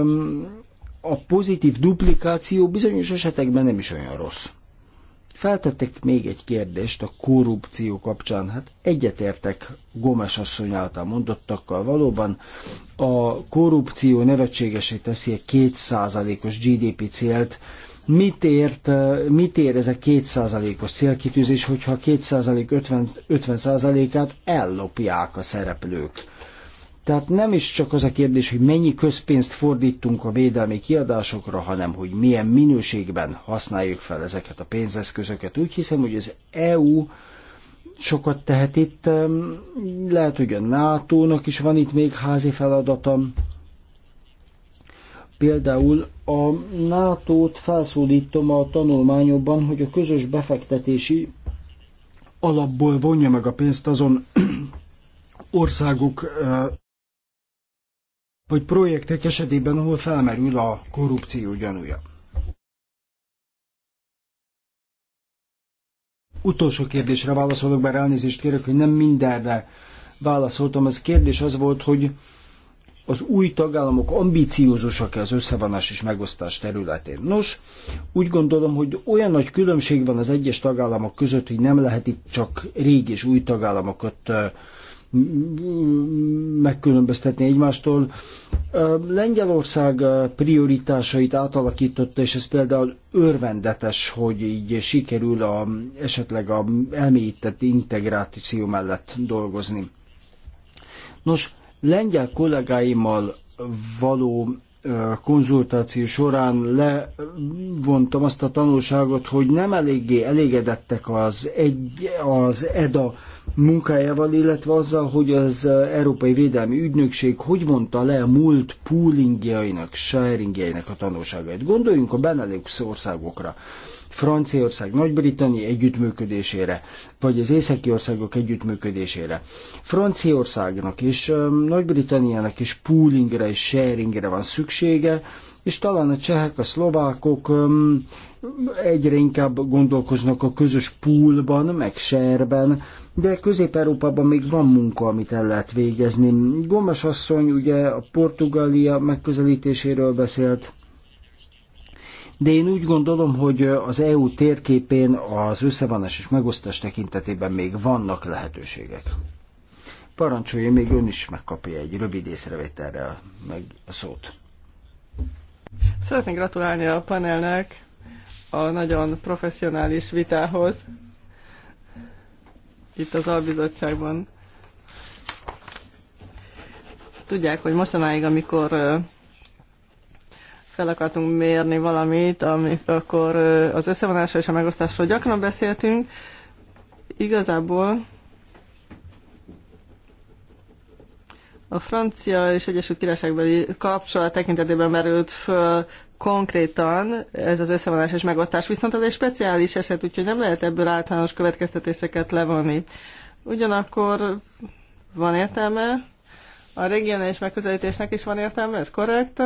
a pozitív duplikáció bizonyos esetekben nem is olyan rossz. Feltettek még egy kérdést a korrupció kapcsán. Hát egyetértek Gomes asszony által mondottakkal valóban. A korrupció nevetségesé teszi a kétszázalékos GDP célt. Mit, ért, mit ér ez a kétszázalékos célkitűzés, hogyha a kétszázalék 50, 50 százalékát ellopják a szereplők? Tehát nem is csak az a kérdés, hogy mennyi közpénzt fordítunk a védelmi kiadásokra, hanem hogy milyen minőségben használjuk fel ezeket a pénzeszközöket. Úgy hiszem, hogy az EU sokat tehet itt, lehet, hogy a NATO-nak is van itt még házi feladata. Például a NATO-t felszólítom a tanulmányokban, hogy a közös befektetési alapból vonja meg a pénzt azon [CLEARS THROAT] országok vagy projektek esetében, ahol felmerül a korrupció gyanúja. Utolsó kérdésre válaszolok, bár elnézést kérek, hogy nem mindenre válaszoltam. Az kérdés az volt, hogy az új tagállamok ambíciózusak-e az összevonás és megosztás területén. Nos, úgy gondolom, hogy olyan nagy különbség van az egyes tagállamok között, hogy nem lehet itt csak régi és új tagállamokat megkülönböztetni egymástól. Lengyelország prioritásait átalakította, és ez például örvendetes, hogy így sikerül a, esetleg a elmélyített integráció mellett dolgozni. Nos, lengyel kollégáimmal való konzultáció során levontam azt a tanulságot, hogy nem eléggé elégedettek az, egy, az EDA munkájával, illetve azzal, hogy az Európai Védelmi Ügynökség hogy vonta le a múlt poolingjainak, sharingjainak a tanulságait. Gondoljunk a Benelux országokra. Franciaország, Nagy-Britannia együttműködésére, vagy az északi országok együttműködésére. Franciaországnak és Nagy-Britanniának is poolingre és sharingre van szüksége, és talán a csehek, a szlovákok egyre inkább gondolkoznak a közös poolban, meg serben, de Közép-Európában még van munka, amit el lehet végezni. Gomes asszony ugye a Portugália megközelítéséről beszélt, de én úgy gondolom, hogy az EU térképén az összevonás és megosztás tekintetében még vannak lehetőségek. Parancsolja, még ön is megkapja egy rövid észrevételre meg a szót. Szeretnék gratulálni a panelnek a nagyon professzionális vitához itt az albizottságban. Tudják, hogy mostanáig, amikor fel akartunk mérni valamit, amikor az összevonásról és a megosztásról gyakran beszéltünk. Igazából a francia és Egyesült Királyságbeli kapcsolat tekintetében merült föl konkrétan ez az összevonás és megosztás, viszont ez egy speciális eset, úgyhogy nem lehet ebből általános következtetéseket levonni. Ugyanakkor van értelme, a regionális megközelítésnek is van értelme, ez korrekt?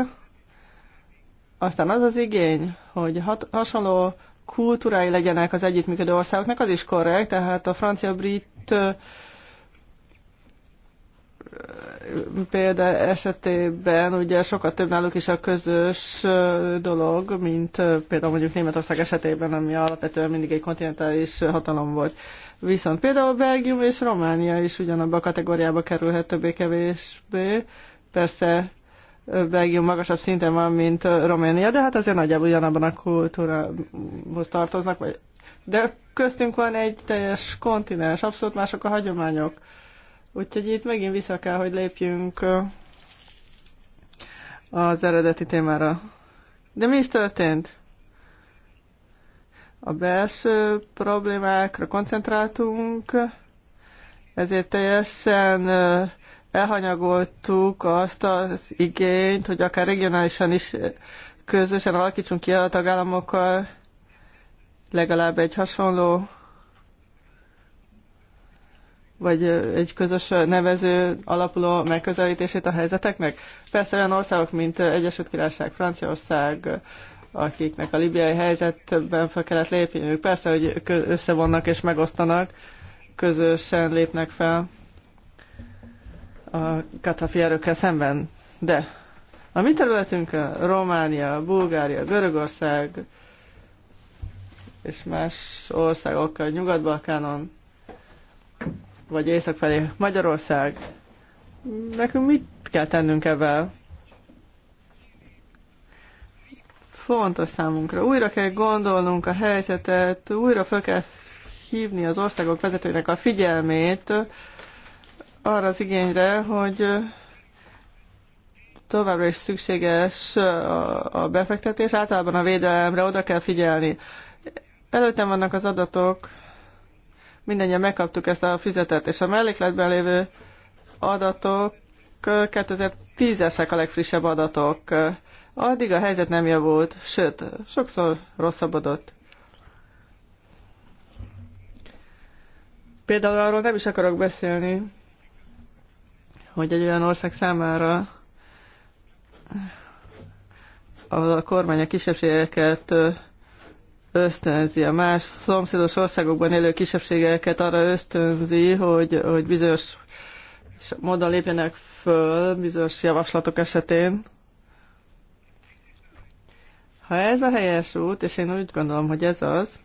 Aztán az az igény, hogy hat, hasonló kultúrái legyenek az együttműködő országoknak, az is korrekt, tehát a francia-brit példa esetében ugye sokat több náluk is a közös dolog, mint például mondjuk Németország esetében, ami alapvetően mindig egy kontinentális hatalom volt. Viszont például Belgium és Románia is ugyanabba a kategóriába kerülhet többé-kevésbé. Persze Belgium magasabb szinten van, mint Románia, de hát azért nagyjából ugyanabban a kultúrahoz tartoznak, vagy de köztünk van egy teljes kontinens, abszolút mások a hagyományok. Úgyhogy itt megint vissza kell, hogy lépjünk az eredeti témára. De mi is történt? A belső problémákra koncentráltunk, ezért teljesen elhanyagoltuk azt az igényt, hogy akár regionálisan is közösen alakítsunk ki a tagállamokkal legalább egy hasonló vagy egy közös nevező alapuló megközelítését a helyzeteknek. Persze olyan országok, mint Egyesült Királyság, Franciaország, akiknek a libiai helyzetben fel kellett lépniük. Persze, hogy összevonnak és megosztanak, közösen lépnek fel a Kathafi erőkkel szemben. De a mi a Románia, Bulgária, Görögország és más országokkal, Nyugat-Balkánon, vagy észak felé, Magyarország. Nekünk mit kell tennünk ebben? Fontos számunkra. Újra kell gondolnunk a helyzetet, újra fel kell hívni az országok vezetőinek a figyelmét, arra az igényre, hogy továbbra is szükséges a befektetés, általában a védelemre oda kell figyelni. Előttem vannak az adatok, mindannyian megkaptuk ezt a füzetet, és a mellékletben lévő adatok 2010-esek a legfrissebb adatok. Addig a helyzet nem javult, sőt, sokszor rosszabbodott. Például arról nem is akarok beszélni, hogy egy olyan ország számára, ahol a kormány a kisebbségeket ösztönzi. A más szomszédos országokban élő kisebbségeket arra ösztönzi, hogy, hogy bizonyos módon lépjenek föl bizonyos javaslatok esetén. Ha ez a helyes út, és én úgy gondolom, hogy ez az,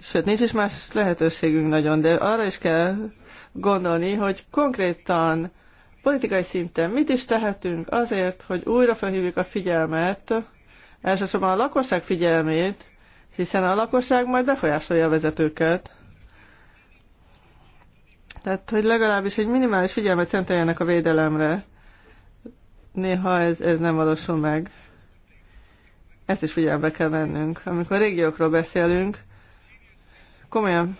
sőt, nincs is más lehetőségünk nagyon, de arra is kell gondolni, hogy konkrétan politikai szinten mit is tehetünk azért, hogy újra felhívjuk a figyelmet, elsősorban a lakosság figyelmét, hiszen a lakosság majd befolyásolja a vezetőket. Tehát, hogy legalábbis egy minimális figyelmet szenteljenek a védelemre. Néha ez, ez nem valósul meg. Ezt is figyelembe kell vennünk. Amikor a régiókról beszélünk, komolyan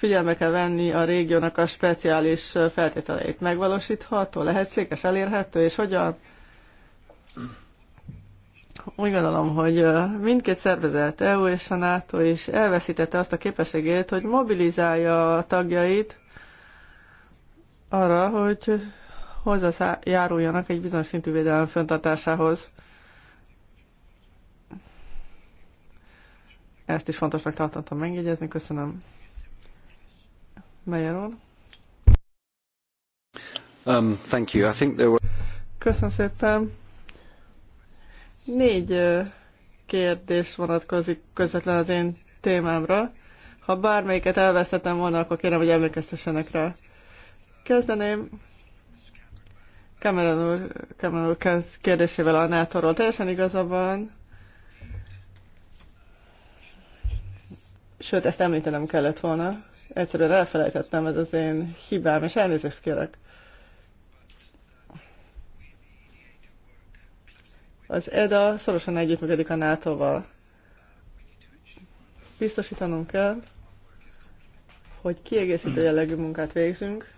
Figyelme kell venni a régiónak a speciális feltételeit. Megvalósítható, lehetséges, elérhető, és hogyan? Úgy gondolom, hogy mindkét szervezet, EU és a NATO is elveszítette azt a képességét, hogy mobilizálja a tagjait arra, hogy hozzájáruljanak egy bizonyos szintű védelem föntartásához. Ezt is fontosnak tartottam megjegyezni. Köszönöm. Um, thank you. I think there were... Köszönöm szépen. Négy kérdés vonatkozik közvetlen az én témámra. Ha bármelyiket elvesztettem volna, akkor kérem, hogy emlékeztessenek rá. Kezdeném Cameron úr, Cameron úr kérdésével a NATO-ról. Teljesen igazabban, sőt, ezt említenem kellett volna. Egyszerűen elfelejtettem, ez az én hibám, és elnézést kérek. Az EDA szorosan együttműködik a NATO-val. Biztosítanunk kell, hogy kiegészítő jellegű munkát végzünk.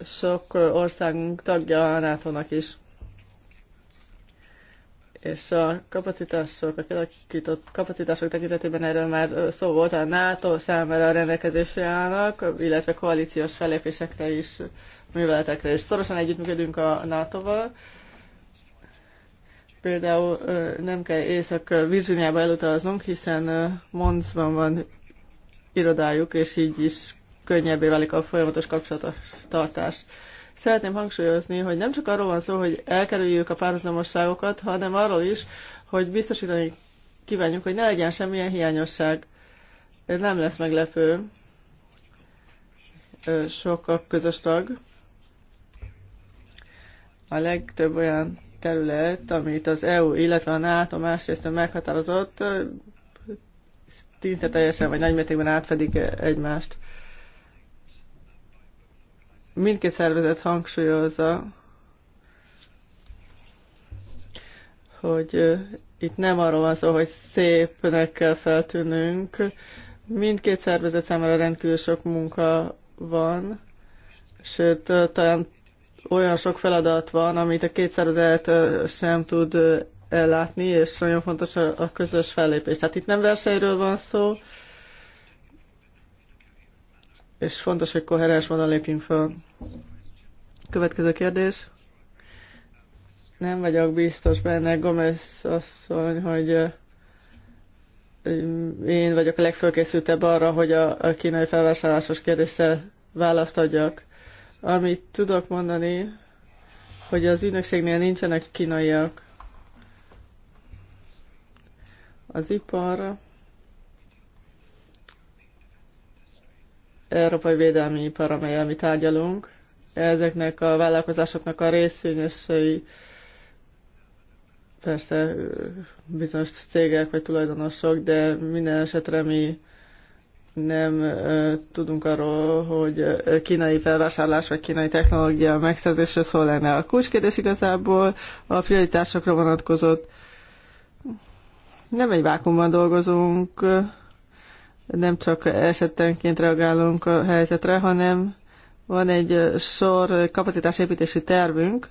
Sok országunk tagja a NATO-nak is és a kapacitások, a kialakított kapacitások tekintetében erről már szó volt, a NATO számára a rendelkezésre állnak, illetve koalíciós fellépésekre is, műveletekre is. Szorosan együttműködünk a NATO-val, például nem kell Észak-Virginiába elutaznunk, hiszen Monsban van irodájuk, és így is könnyebbé válik a folyamatos kapcsolatos tartás. Szeretném hangsúlyozni, hogy nem csak arról van szó, hogy elkerüljük a párhuzamosságokat, hanem arról is, hogy biztosítani kívánjuk, hogy ne legyen semmilyen hiányosság. Ez nem lesz meglepő. Sok a közös tag. A legtöbb olyan terület, amit az EU, illetve a NATO másrészt meghatározott, szinte teljesen vagy nagymértékben átfedik egymást mindkét szervezet hangsúlyozza, hogy itt nem arról van szó, hogy szépnek kell feltűnünk. Mindkét szervezet számára rendkívül sok munka van, sőt, talán olyan sok feladat van, amit a két szervezet sem tud ellátni, és nagyon fontos a közös fellépés. Tehát itt nem versenyről van szó, és fontos, hogy koherens a lépjünk föl. Következő kérdés. Nem vagyok biztos benne, Gomez asszony, hogy eh, én vagyok a legfölkészültebb arra, hogy a, kínai felvásárlásos kérdésre választ adjak. Amit tudok mondani, hogy az ügynökségnél nincsenek kínaiak. Az ipar európai védelmi ipar, amelyel mi tárgyalunk. Ezeknek a vállalkozásoknak a részvényesei persze bizonyos cégek vagy tulajdonosok, de minden esetre mi nem tudunk arról, hogy kínai felvásárlás vagy kínai technológia megszerzésre szól lenne. A kulcskérdés igazából a prioritásokra vonatkozott. Nem egy vákumban dolgozunk, nem csak esetenként reagálunk a helyzetre, hanem van egy sor kapacitásépítési tervünk,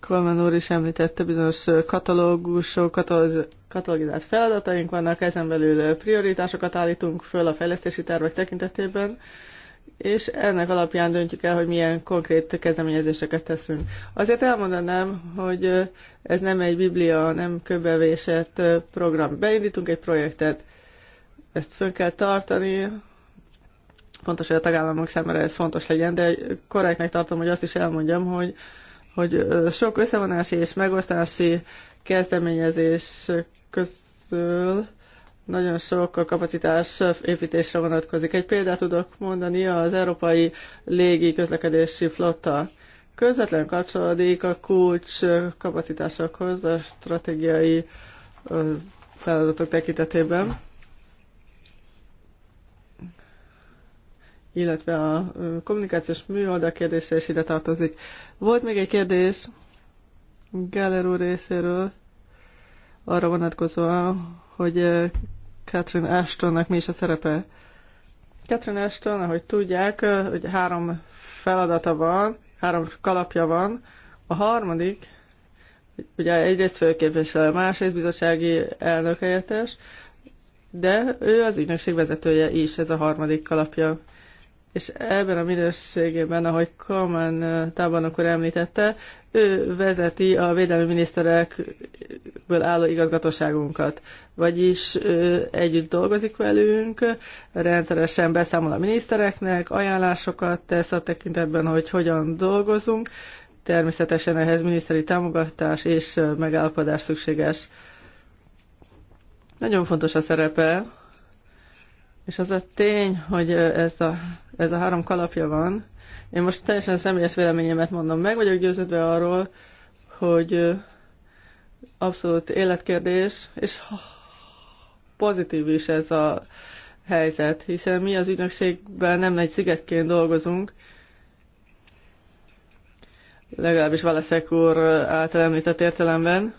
Kolman úr is említette, bizonyos katalógusok, katalogizált feladataink vannak, ezen belül prioritásokat állítunk föl a fejlesztési tervek tekintetében, és ennek alapján döntjük el, hogy milyen konkrét kezdeményezéseket teszünk. Azért elmondanám, hogy ez nem egy biblia, nem köbevésett program. Beindítunk egy projektet, ezt fönn kell tartani, fontos, hogy a tagállamok számára ez fontos legyen, de korrektnek tartom, hogy azt is elmondjam, hogy, hogy sok összevonási és megosztási kezdeményezés közül nagyon sok a kapacitás építésre vonatkozik. Egy példát tudok mondani, az európai légi közlekedési flotta közvetlen kapcsolódik a kulcs kapacitásokhoz a stratégiai feladatok tekintetében, illetve a kommunikációs műolda kérdése is ide tartozik. Volt még egy kérdés Geller úr részéről arra vonatkozóan, hogy Catherine Ashtonnak mi is a szerepe. Catherine Ashton, ahogy tudják, hogy három feladata van, három kalapja van. A harmadik, ugye egyrészt főképviselő, másrészt bizottsági elnök helyettes, de ő az ügynökség vezetője is, ez a harmadik kalapja. És ebben a minőségében, ahogy Kalman tábornok úr említette, ő vezeti a védelmi miniszterekből álló igazgatóságunkat. Vagyis ő együtt dolgozik velünk, rendszeresen beszámol a minisztereknek, ajánlásokat tesz a tekintetben, hogy hogyan dolgozunk. Természetesen ehhez miniszteri támogatás és megállapodás szükséges. Nagyon fontos a szerepe és az a tény, hogy ez a, ez a három kalapja van. Én most teljesen személyes véleményemet mondom meg, vagyok győződve arról, hogy abszolút életkérdés, és pozitív is ez a helyzet, hiszen mi az ügynökségben nem egy szigetként dolgozunk, legalábbis Valeszek úr által említett értelemben.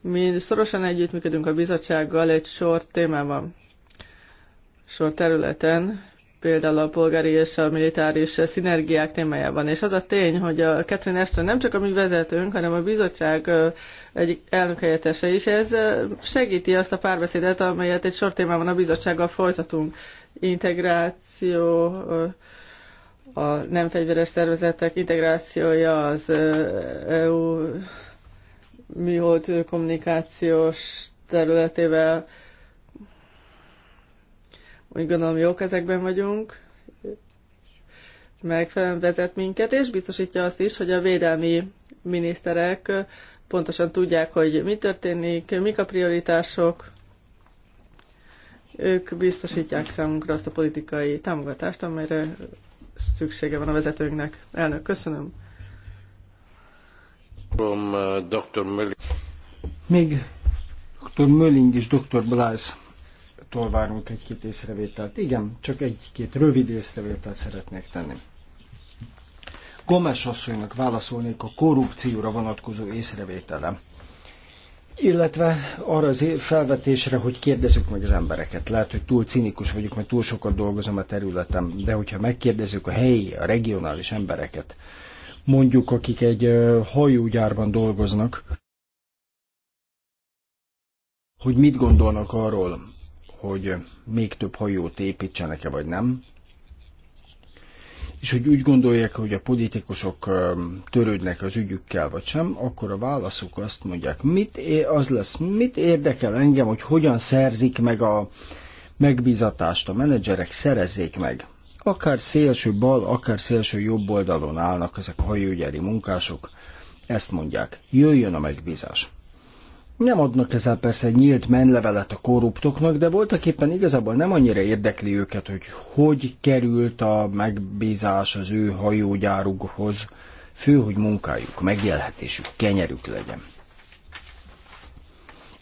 Mi szorosan együttműködünk a bizottsággal egy sor témában sor területen, például a polgári és a militáris szinergiák témájában. És az a tény, hogy a Catherine Ashton nem csak a mi vezetőnk, hanem a bizottság egyik elnökhelyettese is, ez segíti azt a párbeszédet, amelyet egy sor témában a bizottsággal folytatunk. Integráció, a nem fegyveres szervezetek integrációja, az EU műhold kommunikációs területével, úgy gondolom, jó kezekben vagyunk, megfelelően vezet minket, és biztosítja azt is, hogy a védelmi miniszterek pontosan tudják, hogy mi történik, mik a prioritások, ők biztosítják számunkra azt a politikai támogatást, amelyre szüksége van a vezetőnknek. Elnök, köszönöm. From, uh, Dr. Még Dr. Mölling és Dr. Blaise bizottságtól várunk egy-két észrevételt. Igen, csak egy-két rövid észrevételt szeretnék tenni. Gomes asszonynak válaszolnék a korrupcióra vonatkozó észrevételem. Illetve arra az felvetésre, hogy kérdezzük meg az embereket. Lehet, hogy túl cinikus vagyok, mert túl sokat dolgozom a területem, de hogyha megkérdezzük a helyi, a regionális embereket, mondjuk akik egy hajógyárban dolgoznak, hogy mit gondolnak arról, hogy még több hajót építsenek-e vagy nem, és hogy úgy gondolják, hogy a politikusok törődnek az ügyükkel vagy sem, akkor a válaszok azt mondják, mit é- az lesz, mit érdekel engem, hogy hogyan szerzik meg a megbízatást, a menedzserek szerezzék meg. Akár szélső bal, akár szélső jobb oldalon állnak ezek a hajógyári munkások, ezt mondják, jöjjön a megbízás. Nem adnak ezzel persze nyílt menlevelet a korruptoknak, de voltak éppen igazából nem annyira érdekli őket, hogy hogy került a megbízás az ő hajógyárukhoz, fő, hogy munkájuk, megélhetésük, kenyerük legyen.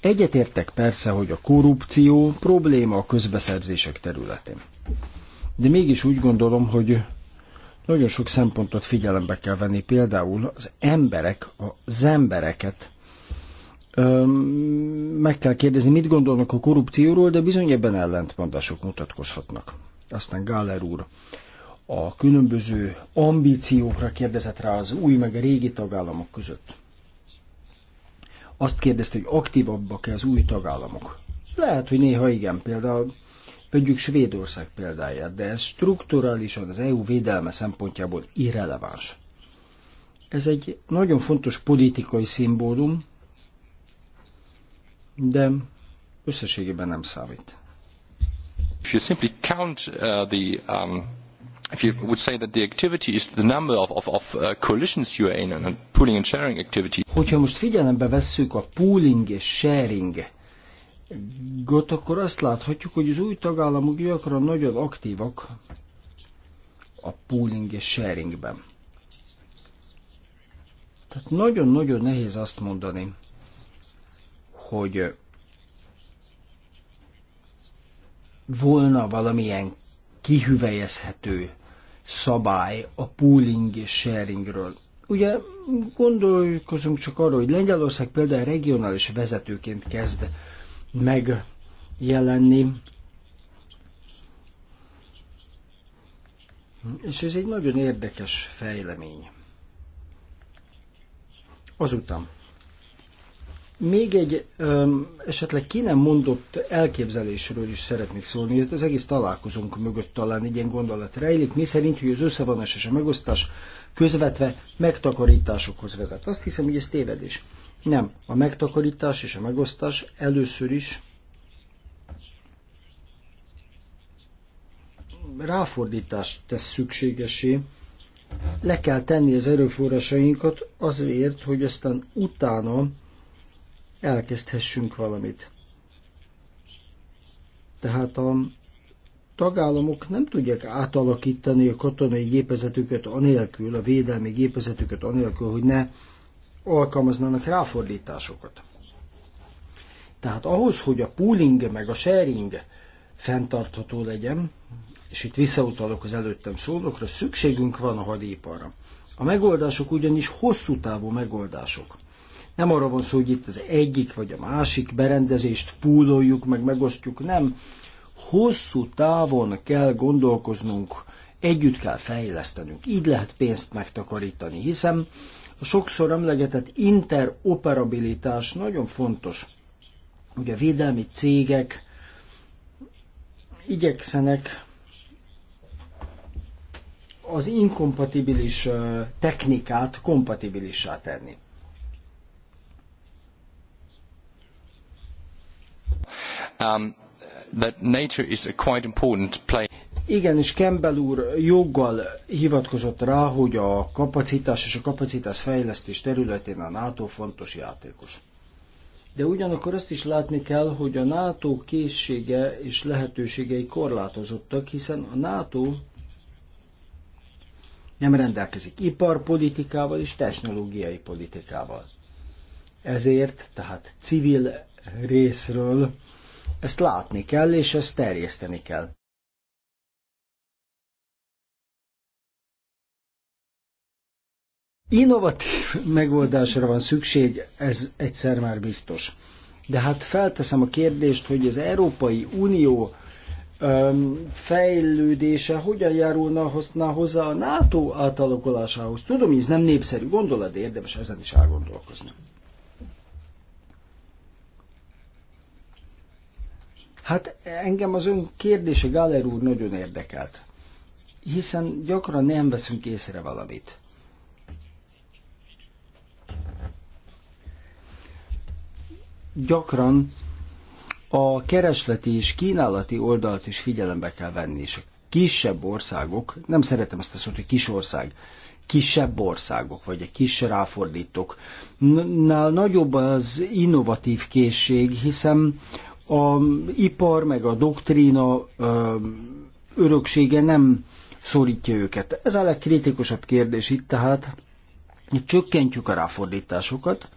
Egyetértek persze, hogy a korrupció probléma a közbeszerzések területén. De mégis úgy gondolom, hogy nagyon sok szempontot figyelembe kell venni, például az emberek, az embereket meg kell kérdezni, mit gondolnak a korrupcióról, de bizony ebben ellentmondások mutatkozhatnak. Aztán Gáler úr a különböző ambíciókra kérdezett rá az új meg a régi tagállamok között. Azt kérdezte, hogy aktívabbak-e az új tagállamok. Lehet, hogy néha igen, például vegyük Svédország példáját, de ez strukturálisan az EU védelme szempontjából irreleváns. Ez egy nagyon fontos politikai szimbólum, de összességében nem számít. If you simply count uh, the um, if you would say that the activity is the number of, of, of uh, collisions you are in and pooling and sharing activity. Hogyha most figyelembe vesszük a pooling és sharing gott, akkor azt láthatjuk, hogy az új tagállamok gyakran nagyon aktívak a pooling és sharingben. Tehát nagyon-nagyon nehéz azt mondani, hogy volna valamilyen kihüvelyezhető szabály a pooling és sharingről. Ugye gondolkozunk csak arra, hogy Lengyelország például regionális vezetőként kezd megjelenni, és ez egy nagyon érdekes fejlemény. Azután még egy öm, esetleg ki nem mondott elképzelésről is szeretnék szólni, hogy az egész találkozónk mögött talán egy ilyen gondolat rejlik, mi szerint, hogy az összevonás és a megosztás közvetve megtakarításokhoz vezet. Azt hiszem, hogy ez tévedés. Nem, a megtakarítás és a megosztás először is ráfordítást tesz szükségesé, le kell tenni az erőforrásainkat azért, hogy aztán utána elkezdhessünk valamit. Tehát a tagállamok nem tudják átalakítani a katonai gépezetüket anélkül, a védelmi gépezetüket anélkül, hogy ne alkalmaznának ráfordításokat. Tehát ahhoz, hogy a pooling meg a sharing fenntartható legyen, és itt visszautalok az előttem szólókra, szükségünk van a hadiparra. A megoldások ugyanis hosszú távú megoldások. Nem arra van szó, hogy itt az egyik vagy a másik berendezést púloljuk, meg megosztjuk, nem. Hosszú távon kell gondolkoznunk, együtt kell fejlesztenünk. Így lehet pénzt megtakarítani, hiszen a sokszor emlegetett interoperabilitás nagyon fontos, hogy a védelmi cégek igyekszenek az inkompatibilis technikát kompatibilissá tenni. Um, that nature is a quite important play. Igen, és Campbell úr joggal hivatkozott rá, hogy a kapacitás és a kapacitás fejlesztés területén a NATO fontos játékos. De ugyanakkor azt is látni kell, hogy a NATO készsége és lehetőségei korlátozottak, hiszen a NATO nem rendelkezik iparpolitikával és technológiai politikával. Ezért tehát civil részről. Ezt látni kell, és ezt terjeszteni kell. Innovatív megoldásra van szükség, ez egyszer már biztos. De hát felteszem a kérdést, hogy az Európai Unió fejlődése hogyan járulna hozzá a NATO átalakulásához. Tudom, hogy ez nem népszerű gondolat, de érdemes ezen is elgondolkozni. Hát engem az ön kérdése, Gáler úr, nagyon érdekelt, hiszen gyakran nem veszünk észre valamit. Gyakran a keresleti és kínálati oldalt is figyelembe kell venni, és a kisebb országok, nem szeretem ezt a szót, hogy kis ország, kisebb országok, vagy a kis ráfordítók, nál nagyobb az innovatív készség, hiszen a ipar meg a doktrína öröksége nem szorítja őket. Ez a legkritikusabb kérdés itt tehát, csökkentjük a ráfordításokat,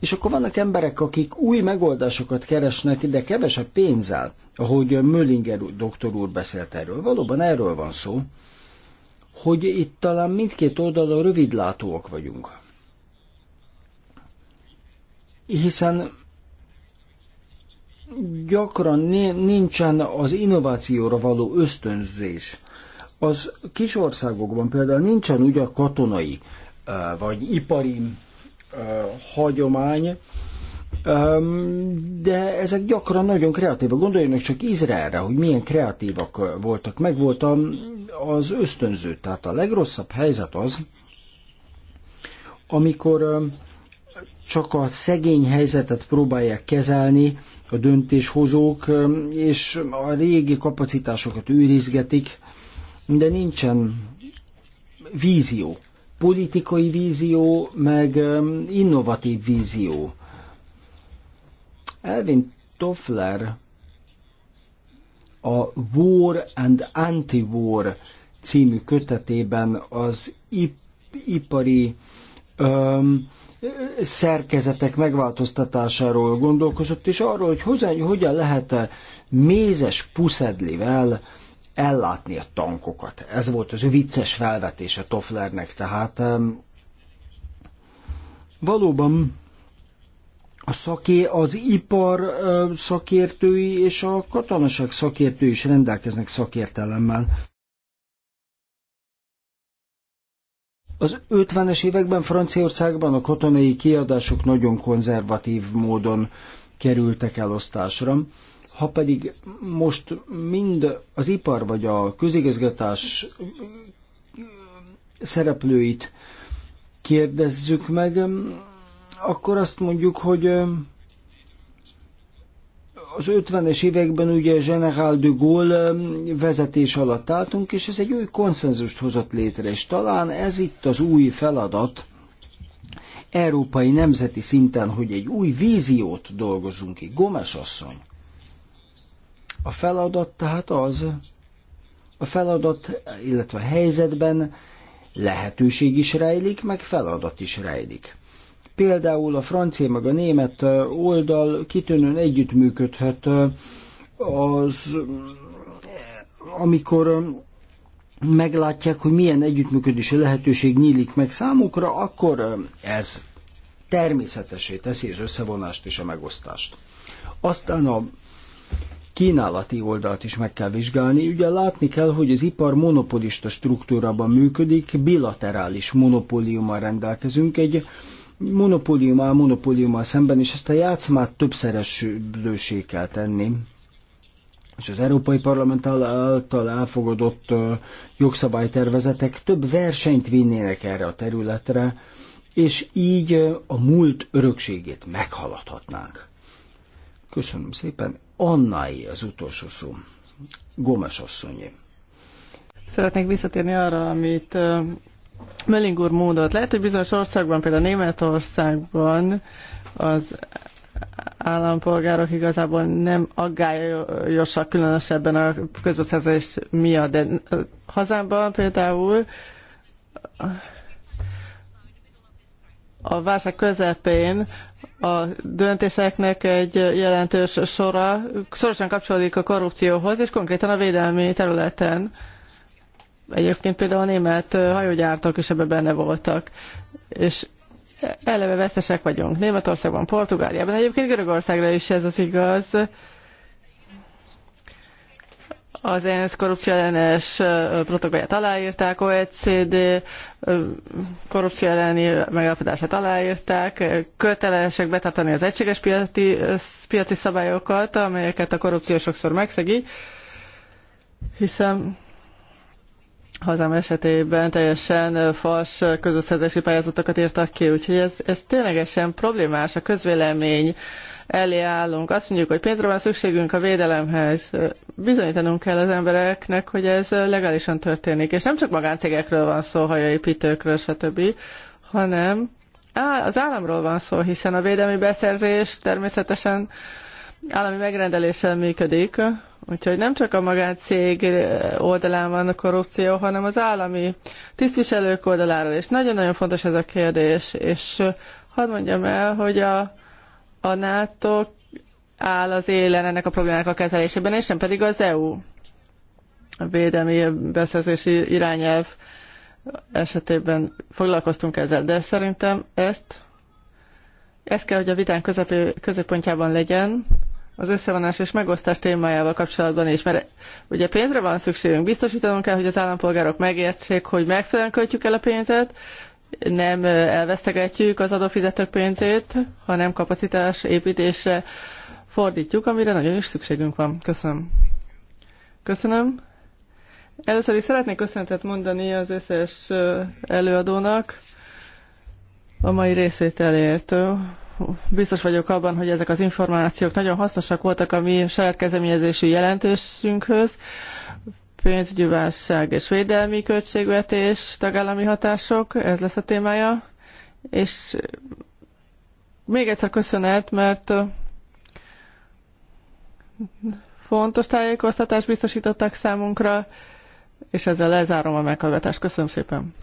és akkor vannak emberek, akik új megoldásokat keresnek, de kevesebb pénzzel, ahogy Möllinger doktor úr beszélt erről. Valóban erről van szó, hogy itt talán mindkét oldalon rövidlátóak vagyunk. Hiszen gyakran nincsen az innovációra való ösztönzés. Az kis országokban például nincsen ugye a katonai vagy ipari hagyomány, de ezek gyakran nagyon kreatívak. Gondoljanak csak Izraelre, hogy milyen kreatívak voltak. Meg volt az ösztönző. Tehát a legrosszabb helyzet az, amikor csak a szegény helyzetet próbálják kezelni, a döntéshozók, és a régi kapacitásokat őrizgetik, de nincsen vízió. Politikai vízió, meg innovatív vízió. Elvin Toffler a War and Anti-War című kötetében az ip- ipari um, szerkezetek megváltoztatásáról gondolkozott, és arról, hogy hozzán, hogyan lehet mézes puszedlivel ellátni a tankokat. Ez volt az ő vicces felvetése Tofflernek, tehát valóban a szaké, az ipar szakértői és a katonaság szakértői is rendelkeznek szakértelemmel. Az 50-es években Franciaországban a katonai kiadások nagyon konzervatív módon kerültek elosztásra. Ha pedig most mind az ipar vagy a közigazgatás szereplőit kérdezzük meg, akkor azt mondjuk, hogy az 50-es években ugye General de Gaulle vezetés alatt álltunk, és ez egy új konszenzust hozott létre, és talán ez itt az új feladat európai nemzeti szinten, hogy egy új víziót dolgozunk ki. Gomes asszony. A feladat tehát az, a feladat, illetve a helyzetben lehetőség is rejlik, meg feladat is rejlik. Például a francia meg a német oldal kitűnően együttműködhet az, amikor meglátják, hogy milyen együttműködési lehetőség nyílik meg számukra, akkor ez természetesé teszi az összevonást és a megosztást. Aztán a kínálati oldalt is meg kell vizsgálni. Ugye látni kell, hogy az ipar monopolista struktúrában működik, bilaterális monopóliummal rendelkezünk. Egy monopólium áll monopóliummal szemben, és ezt a játszmát többszereslősé kell tenni. És az Európai Parlament által elfogadott jogszabálytervezetek több versenyt vinnének erre a területre, és így a múlt örökségét meghaladhatnánk. Köszönöm szépen. Annái az utolsó szó. Gomes asszonyi. Szeretnék visszatérni arra, amit Mölling úr mondott, lehet, hogy bizonyos országban, például Németországban az állampolgárok igazából nem aggályosak különösebben a közbeszerzés miatt, de hazámban például a válság közepén a döntéseknek egy jelentős sora szorosan kapcsolódik a korrupcióhoz, és konkrétan a védelmi területen Egyébként például a német hajógyártók is ebbe benne voltak, és eleve vesztesek vagyunk. Németországban, Portugáliában, egyébként Görögországra is ez az igaz. Az ENSZ korrupció ellenes protokollját aláírták, OECD korrupció elleni megállapodását aláírták, kötelesek betartani az egységes piaci, piaci szabályokat, amelyeket a korrupció sokszor megszegi, hiszen hazám esetében teljesen fals közösszerzési pályázatokat írtak ki, úgyhogy ez, ez ténylegesen problémás, a közvélemény elé állunk. Azt mondjuk, hogy pénzre van szükségünk a védelemhez. Bizonyítanunk kell az embereknek, hogy ez legálisan történik. És nem csak magáncégekről van szó, hajaépítőkről, stb., hanem az államról van szó, hiszen a védelmi beszerzés természetesen állami megrendeléssel működik, Úgyhogy nem csak a magáncég oldalán van a korrupció, hanem az állami tisztviselők oldaláról. is nagyon-nagyon fontos ez a kérdés. És hadd mondjam el, hogy a, a NATO áll az élen ennek a problémának a kezelésében, és nem pedig az EU a védelmi beszerzési irányelv esetében foglalkoztunk ezzel, de szerintem ezt, ezt kell, hogy a vitán közepé, középpontjában legyen, az összevonás és megosztás témájával kapcsolatban is, mert ugye pénzre van szükségünk, biztosítanunk kell, hogy az állampolgárok megértsék, hogy megfelelően költjük el a pénzet, nem eh, elvesztegetjük az adófizetők pénzét, hanem kapacitás építésre fordítjuk, amire nagyon is szükségünk van. Köszönöm. Köszönöm. Először is szeretnék köszönetet mondani az összes eh, előadónak a mai részvételért biztos vagyok abban, hogy ezek az információk nagyon hasznosak voltak a mi saját kezdeményezésű jelentésünkhöz. Pénzügyi válság és védelmi költségvetés, tagállami hatások, ez lesz a témája. És még egyszer köszönet, mert fontos tájékoztatást biztosítottak számunkra, és ezzel lezárom a meghallgatást. Köszönöm szépen!